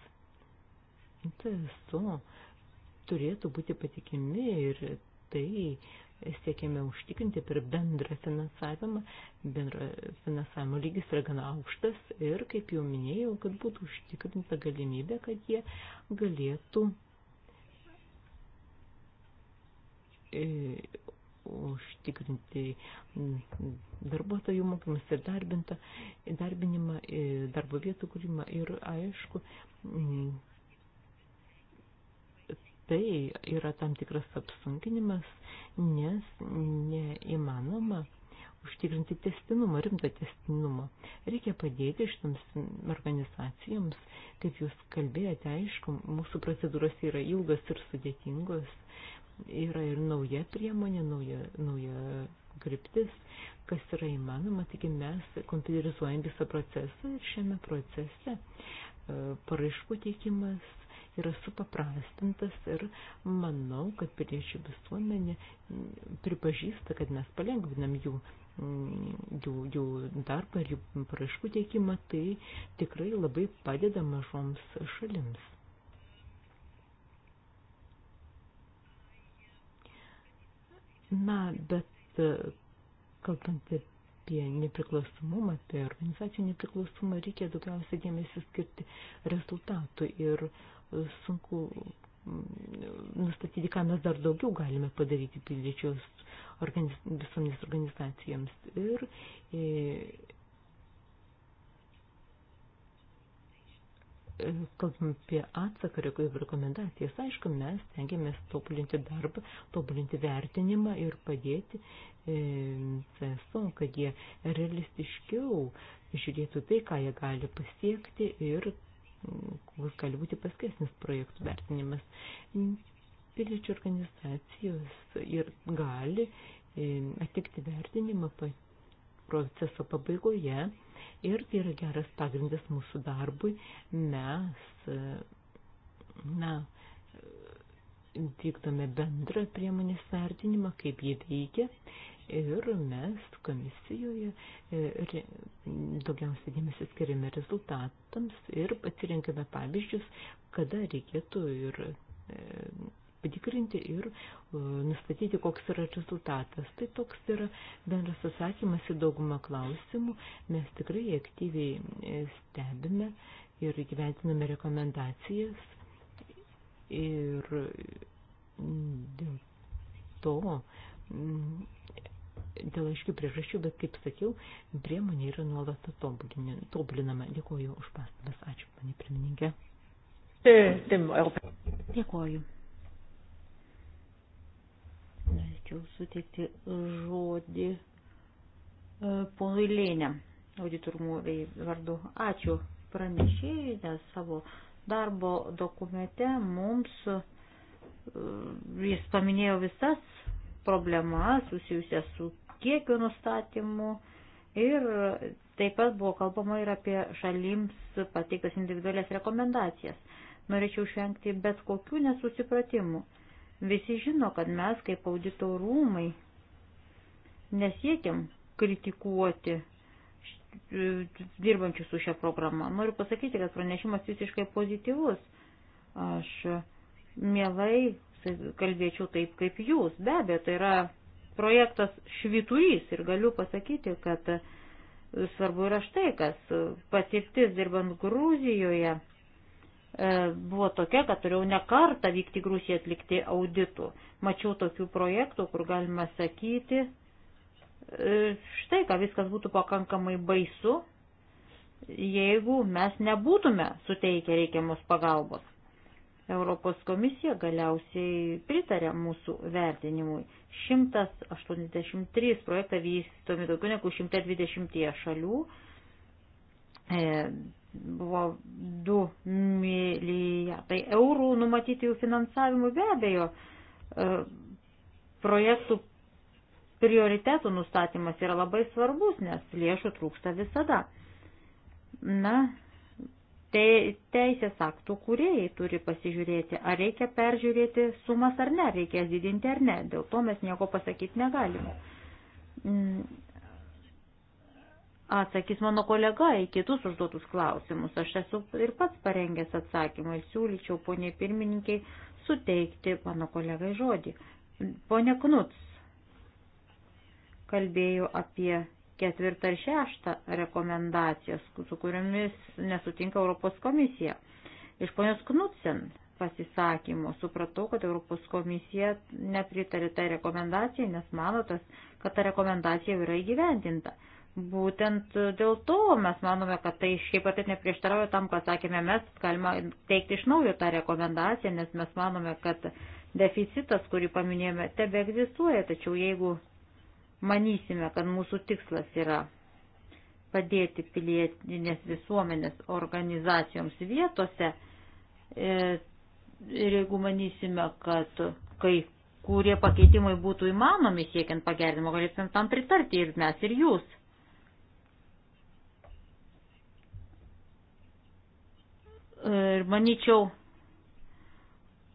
TSO tai turėtų būti patikimi ir tai siekiame užtikrinti per bendrą finansavimą. Bendro finansavimo lygis yra gana aukštas ir, kaip jau minėjau, kad būtų užtikrinta galimybė, kad jie galėtų e, užtikrinti darbuotojų mokymus ir darbintą, darbinimą, e, darbo vietų kūrimą ir aišku, tai yra tam tikras apsunkinimas, nes neįmanoma užtikrinti testinumą, rimtą testinumą. Reikia padėti šitams organizacijoms, kaip jūs kalbėjote, aišku, mūsų procedūros yra ilgos ir sudėtingos, yra ir nauja priemonė, nauja, nauja kryptis, kas yra įmanoma, taigi mes kompiuterizuojam visą procesą ir šiame procese e, paraiškų teikimas yra supaprastintas ir manau, kad piliečių visuomenė pripažįsta, kad mes palengvinam jų, mm, jų, jų darbą ir jų paraiškų teikimą, tai tikrai labai padeda mažoms šalims. Na, bet e, kalbant apie nepriklausomumą, apie organizacijų nepriklausomą, reikia daugiausia dėmesio skirti rezultatų ir e, sunku mm, nustatyti, ką mes dar daugiau galime padaryti piliečios organiz, visomis organizacijoms. Ir, ir e, kalbam apie atsaką ir rekomendacijas, aišku, mes tengiamės tobulinti darbą, tobulinti vertinimą ir padėti e, CSO, kad jie realistiškiau žiūrėtų tai, ką jie gali pasiekti ir mm, koks gali būti paskesnis projektų vertinimas. Piliečių organizacijos ir gali e, atlikti vertinimą pat proceso pabaigoje ir tai yra geras pagrindas mūsų darbui. Mes, na, vykdome bendrą priemonės vertinimą, kaip jį veikia ir mes komisijoje e, daugiausiai dėmesio skiriame rezultatams ir pasirinkame pavyzdžius, kada reikėtų ir e, patikrinti ir e, nustatyti, koks yra rezultatas. Tai toks yra bendras atsakymas į daugumą klausimų. Mes tikrai aktyviai e, stebime ir gyventiname rekomendacijas. Ir dėl to mm, dėl aiškių priežasčių, bet kaip sakiau, priemonė yra nuolat tobulinama. Dėkuoju už pastabas. Ačiū, panė pirmininkė. E, Dėkuoju. norėčiau suteikti žodį e, ponui Lėnė, auditorumų vardu. Ačiū pranešėjai, nes savo darbo dokumente mums e, jis paminėjo visas problemas susijusias su kiekio nustatymu ir taip pat buvo kalbama ir apie šalims pateiktas individualias rekomendacijas. Norėčiau išvengti bet kokių nesusipratimų. Visi žino, kad mes kaip auditorumai nesiekiam kritikuoti e, dirbančių su šią programą. Noriu pasakyti, kad pranešimas visiškai pozityvus. Aš mielai kalbėčiau taip kaip jūs. Be abejo, tai yra projektas šviturys ir galiu pasakyti, kad svarbu yra štai kas patirtis dirbant Gruzijoje E, buvo tokia, kad turėjau ne kartą vykti į Grusiją atlikti auditų. Mačiau tokių projektų, kur galima sakyti, e, štai ką viskas būtų pakankamai baisu, jeigu mes nebūtume suteikę reikiamos pagalbos. Europos komisija galiausiai pritarė mūsų vertinimui. 183 projektą vystomi daugiau negu 120 šalių. E, Buvo 2 milijardai eurų numatyti jų finansavimui be abejo. E, projektų prioritetų nustatymas yra labai svarbus, nes lėšų trūksta visada. Na, te, teisės aktų kūrėjai turi pasižiūrėti, ar reikia peržiūrėti sumas ar ne, reikės didinti ar ne. Dėl to mes nieko pasakyti negalime. Mm, atsakys mano kolega į kitus užduotus klausimus. Aš esu ir pats parengęs atsakymą ir siūlyčiau poniai pirmininkiai suteikti mano kolegai žodį. Pone Knuts kalbėjo apie ketvirtą ir šeštą rekomendacijas, su kuriomis nesutinka Europos komisija. Iš ponios Knutsen pasisakymo supratau, kad Europos komisija nepritarė tą tai rekomendaciją, nes manotas, kad ta rekomendacija jau yra įgyvendinta. Būtent dėl to mes manome, kad tai šiaip ar taip neprieštarauja tam, ką sakėme mes, galima teikti iš naujo tą rekomendaciją, nes mes manome, kad deficitas, kurį paminėjome, tebe egzistuoja, tačiau jeigu manysime, kad mūsų tikslas yra padėti pilietinės visuomenės organizacijoms vietose e, ir jeigu manysime, kad kai kurie pakeitimai būtų įmanomi siekiant pagerinimo, galėsim tam pritarti ir mes, ir jūs Ir manyčiau,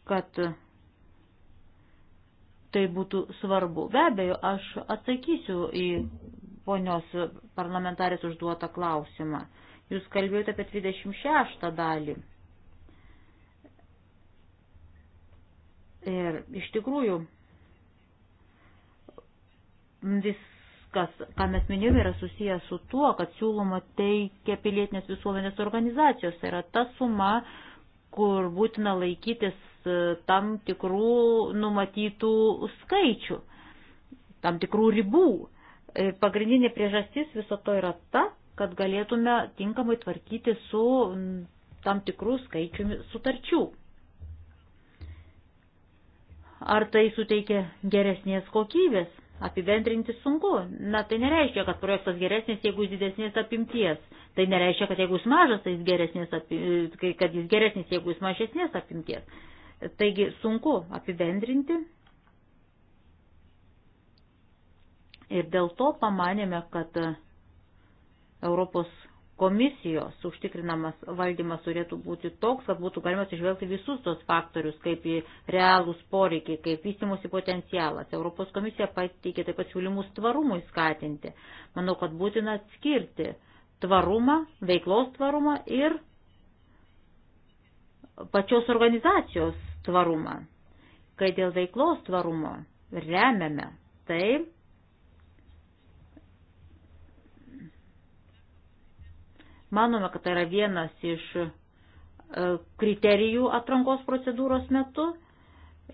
kad tai būtų svarbu. Be abejo, aš atsakysiu į ponios parlamentarės užduotą klausimą. Jūs kalbėjote apie 26 dalį. Ir iš tikrųjų vis Viskas, ką mes minėjome, yra susijęs su tuo, kad siūloma teikia pilietinės visuomenės organizacijos. Tai yra ta suma, kur būtina laikytis e, tam tikrų numatytų skaičių, tam tikrų ribų. E, pagrindinė priežastis viso to yra ta, kad galėtume tinkamai tvarkyti su tam tikrų skaičiumi sutarčių. Ar tai suteikia geresnės kokybės? apibendrinti sunku. Na, tai nereiškia, kad projektas geresnis, jeigu jis didesnės apimties. Tai nereiškia, kad jeigu jis mažas, tai jis geresnės, api... kad jis geresnis, jeigu jis mažesnės apimties. Taigi sunku apibendrinti. Ir dėl to pamanėme, kad Europos komisijos užtikrinamas valdymas turėtų būti toks, kad būtų galima atsižvelgti visus tos faktorius, kaip į realūs poreikiai, kaip vystimusi potencialas. Europos komisija pateikė taip pat siūlymus tvarumui skatinti. Manau, kad būtina atskirti tvarumą, veiklos tvarumą ir pačios organizacijos tvarumą. Kai dėl veiklos tvarumo remiame tai, Manome, kad tai yra vienas iš e, kriterijų atrankos procedūros metu.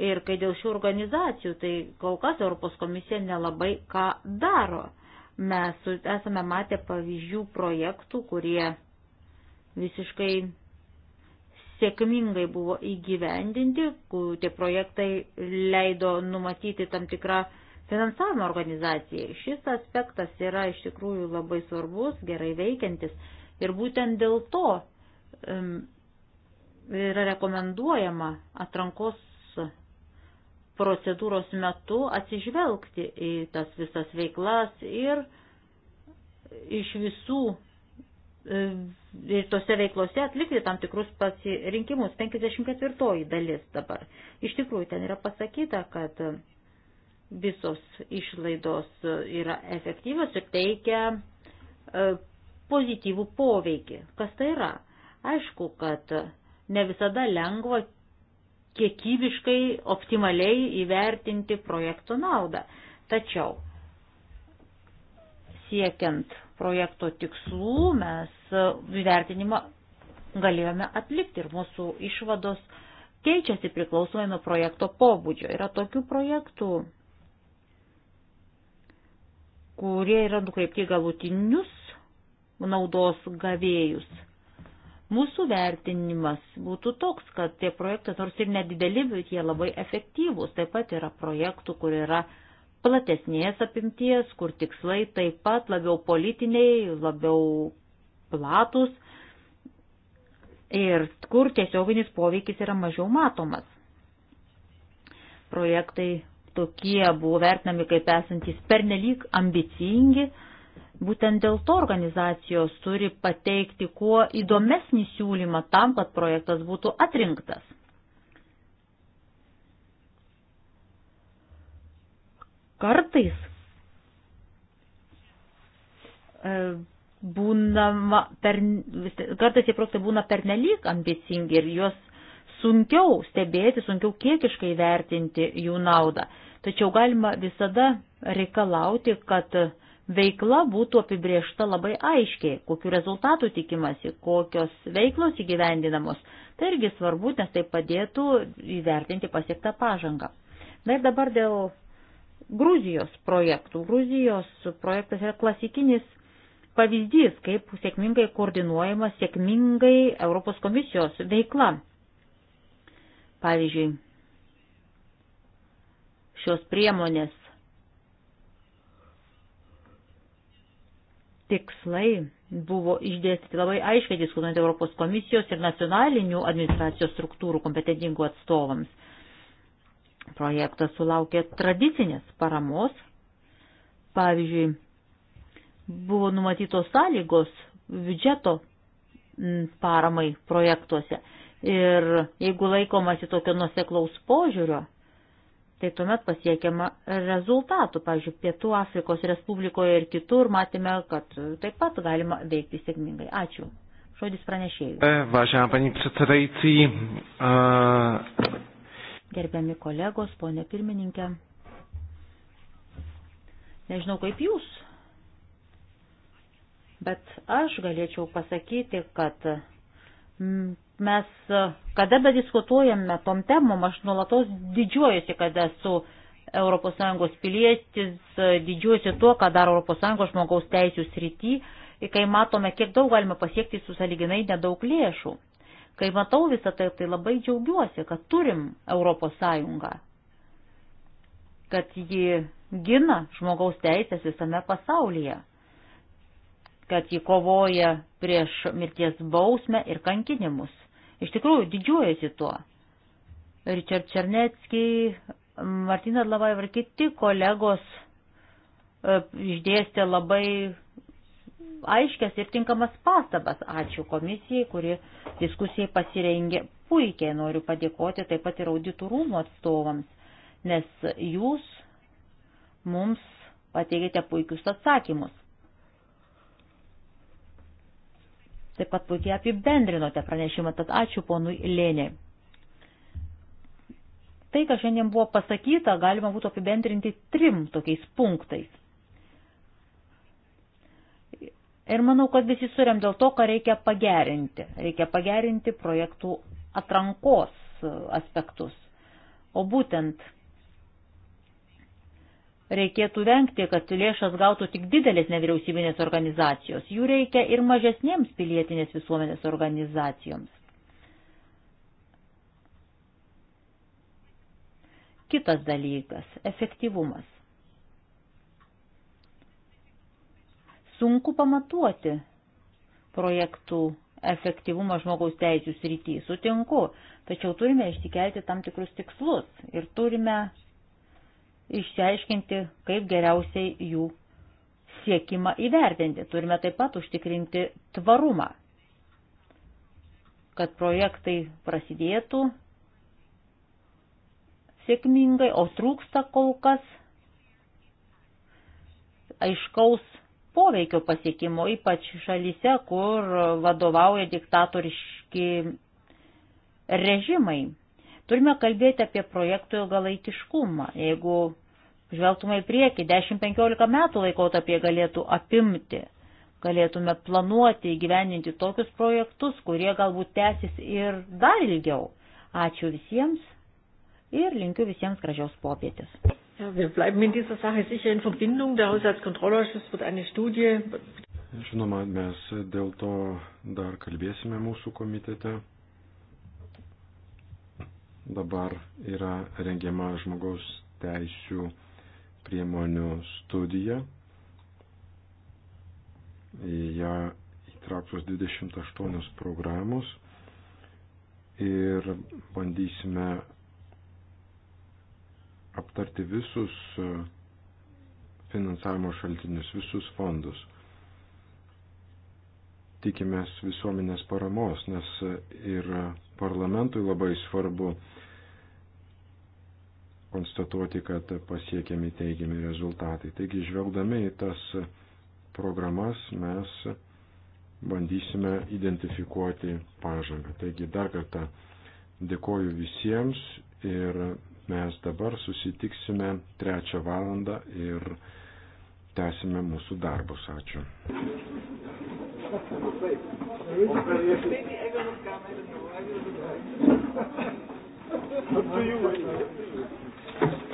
Ir kai dėl šių organizacijų, tai kol kas Europos komisija nelabai ką daro. Mes esame matę pavyzdžių projektų, kurie visiškai sėkmingai buvo įgyvendinti, tie projektai leido numatyti tam tikrą finansavimo organizacijai. Šis aspektas yra iš tikrųjų labai svarbus, gerai veikiantis Ir būtent dėl to yra rekomenduojama atrankos procedūros metu atsižvelgti į tas visas veiklas ir iš visų e, ir tose veiklose atlikti tam tikrus pasirinkimus. 54 dalis dabar. Iš tikrųjų, ten yra pasakyta, kad visos išlaidos yra efektyvios ir teikia e, pozityvų poveikį. Kas tai yra? Aišku, kad ne visada lengva kiekybiškai, optimaliai įvertinti projekto naudą. Tačiau siekiant projekto tikslų mes įvertinimą galėjome atlikti ir mūsų išvados keičiasi priklausomai nuo projekto pobūdžio. Yra tokių projektų, kurie yra nukreipti galutinius naudos gavėjus. Mūsų vertinimas būtų toks, kad tie projektai, nors ir nedideli, bet jie labai efektyvūs. Taip pat yra projektų, kur yra platesnės apimties, kur tikslai taip pat labiau politiniai, labiau platus ir kur tiesioginis poveikis yra mažiau matomas. Projektai tokie buvo vertinami kaip esantis pernelyg ambicingi, Būtent dėl to organizacijos turi pateikti kuo įdomesnį siūlymą tam, kad projektas būtų atrinktas. Kartais e, būna per, kartais tie projektai būna pernelyg ambicingi ir juos sunkiau stebėti, sunkiau kiekiškai vertinti jų naudą. Tačiau galima visada reikalauti, kad veikla būtų apibriešta labai aiškiai, kokiu rezultatu tikimasi, kokios veiklos įgyvendinamos. Tai irgi svarbu, nes tai padėtų įvertinti pasiektą pažangą. Na ir dabar dėl Gruzijos projektų. Gruzijos projektas yra klasikinis pavyzdys, kaip sėkmingai koordinuojama sėkmingai Europos komisijos veikla. Pavyzdžiui, šios priemonės tikslai buvo išdėstyti labai aiškiai diskutuojant Europos komisijos ir nacionalinių administracijos struktūrų kompetentingų atstovams. Projektas sulaukė tradicinės paramos. Pavyzdžiui, buvo numatytos sąlygos biudžeto paramai projektuose. Ir jeigu laikomasi tokio nuseklaus požiūrio, tai tuomet pasiekiama rezultatų. Pavyzdžiui, Pietų Afrikos Respublikoje ir kitur matėme, kad taip pat galima veikti sėkmingai. Ačiū. Žodis pranešėjai. E, Važiavam, paniai pritaraicijai. Uh... E, Gerbiami kolegos, ponė pirmininkė. Nežinau kaip jūs, bet aš galėčiau pasakyti, kad Mm, mes, e, kada bediskutuojame tom temom, aš nuolatos didžiuojuosi, kada esu ES pilietis, e, didžiuojuosi tuo, ką daro ES žmogaus teisų srity, kai matome, kiek daug galime pasiekti su saliginai nedaug lėšų. Kai matau visą tai, tai labai džiaugiuosi, kad turim ES, kad ji gina žmogaus teisės visame pasaulyje kad ji kovoja prieš mirties bausmę ir kankinimus. Iš tikrųjų, didžiuojasi tuo. Richard Černetski, Martina Lavai ir kiti kolegos e, išdėstė labai aiškias ir tinkamas pastabas. Ačiū komisijai, kuri diskusijai pasirengė puikiai. Noriu padėkoti taip pat ir auditų rūmų atstovams, nes jūs mums pateikite puikius atsakymus. Taip pat puikiai apibendrinote pranešimą, tad ačiū ponui Lėnė. Tai, kas šiandien buvo pasakyta, galima būtų apibendrinti trim tokiais punktais. Ir manau, kad visi surėm dėl to, ką reikia pagerinti. Reikia pagerinti projektų atrankos aspektus. O būtent reikėtų vengti, kad lėšas gautų tik didelės nevyriausybinės organizacijos. Jų reikia ir mažesniems pilietinės visuomenės organizacijoms. Kitas dalykas - efektyvumas. Sunku pamatuoti projektų efektyvumą žmogaus teisų srity, sutinku, tačiau turime išsikelti tam tikrus tikslus ir turime išsiaiškinti, kaip geriausiai jų siekimą įvertinti. Turime taip pat užtikrinti tvarumą, kad projektai prasidėtų sėkmingai, o trūksta kol kas aiškaus poveikio pasiekimo, ypač šalyse, kur vadovauja diktatoriški režimai. Turime kalbėti apie projektų ilgalaikiškumą. Jeigu žvelgtume į priekį, 10-15 metų laikotarpį galėtų apimti, galėtume planuoti įgyveninti tokius projektus, kurie galbūt tęsis ir dar ilgiau. Ačiū visiems ir linkiu visiems gražiaus popietės. Ja, wir bleiben in dieser Sache sicher in Verbindung. Der Haushaltskontrollausschuss wird eine Studie. Žinoma, mes dėl to dar kalbėsime mūsų komitete dabar yra rengiama žmogaus teisų priemonių studija. Į ją įtrauktos 28 programos ir bandysime aptarti visus e, finansavimo šaltinius, visus fondus. Tikimės visuomenės paramos, nes ir parlamentui labai svarbu konstatuoti, kad pasiekiami teigiami rezultatai. Taigi, žvelgdami į tas programas, mes bandysime identifikuoti pažangą. Taigi, dar kartą dėkoju visiems ir mes dabar susitiksime trečią valandą ir tęsime mūsų darbus. Ačiū. Up to you.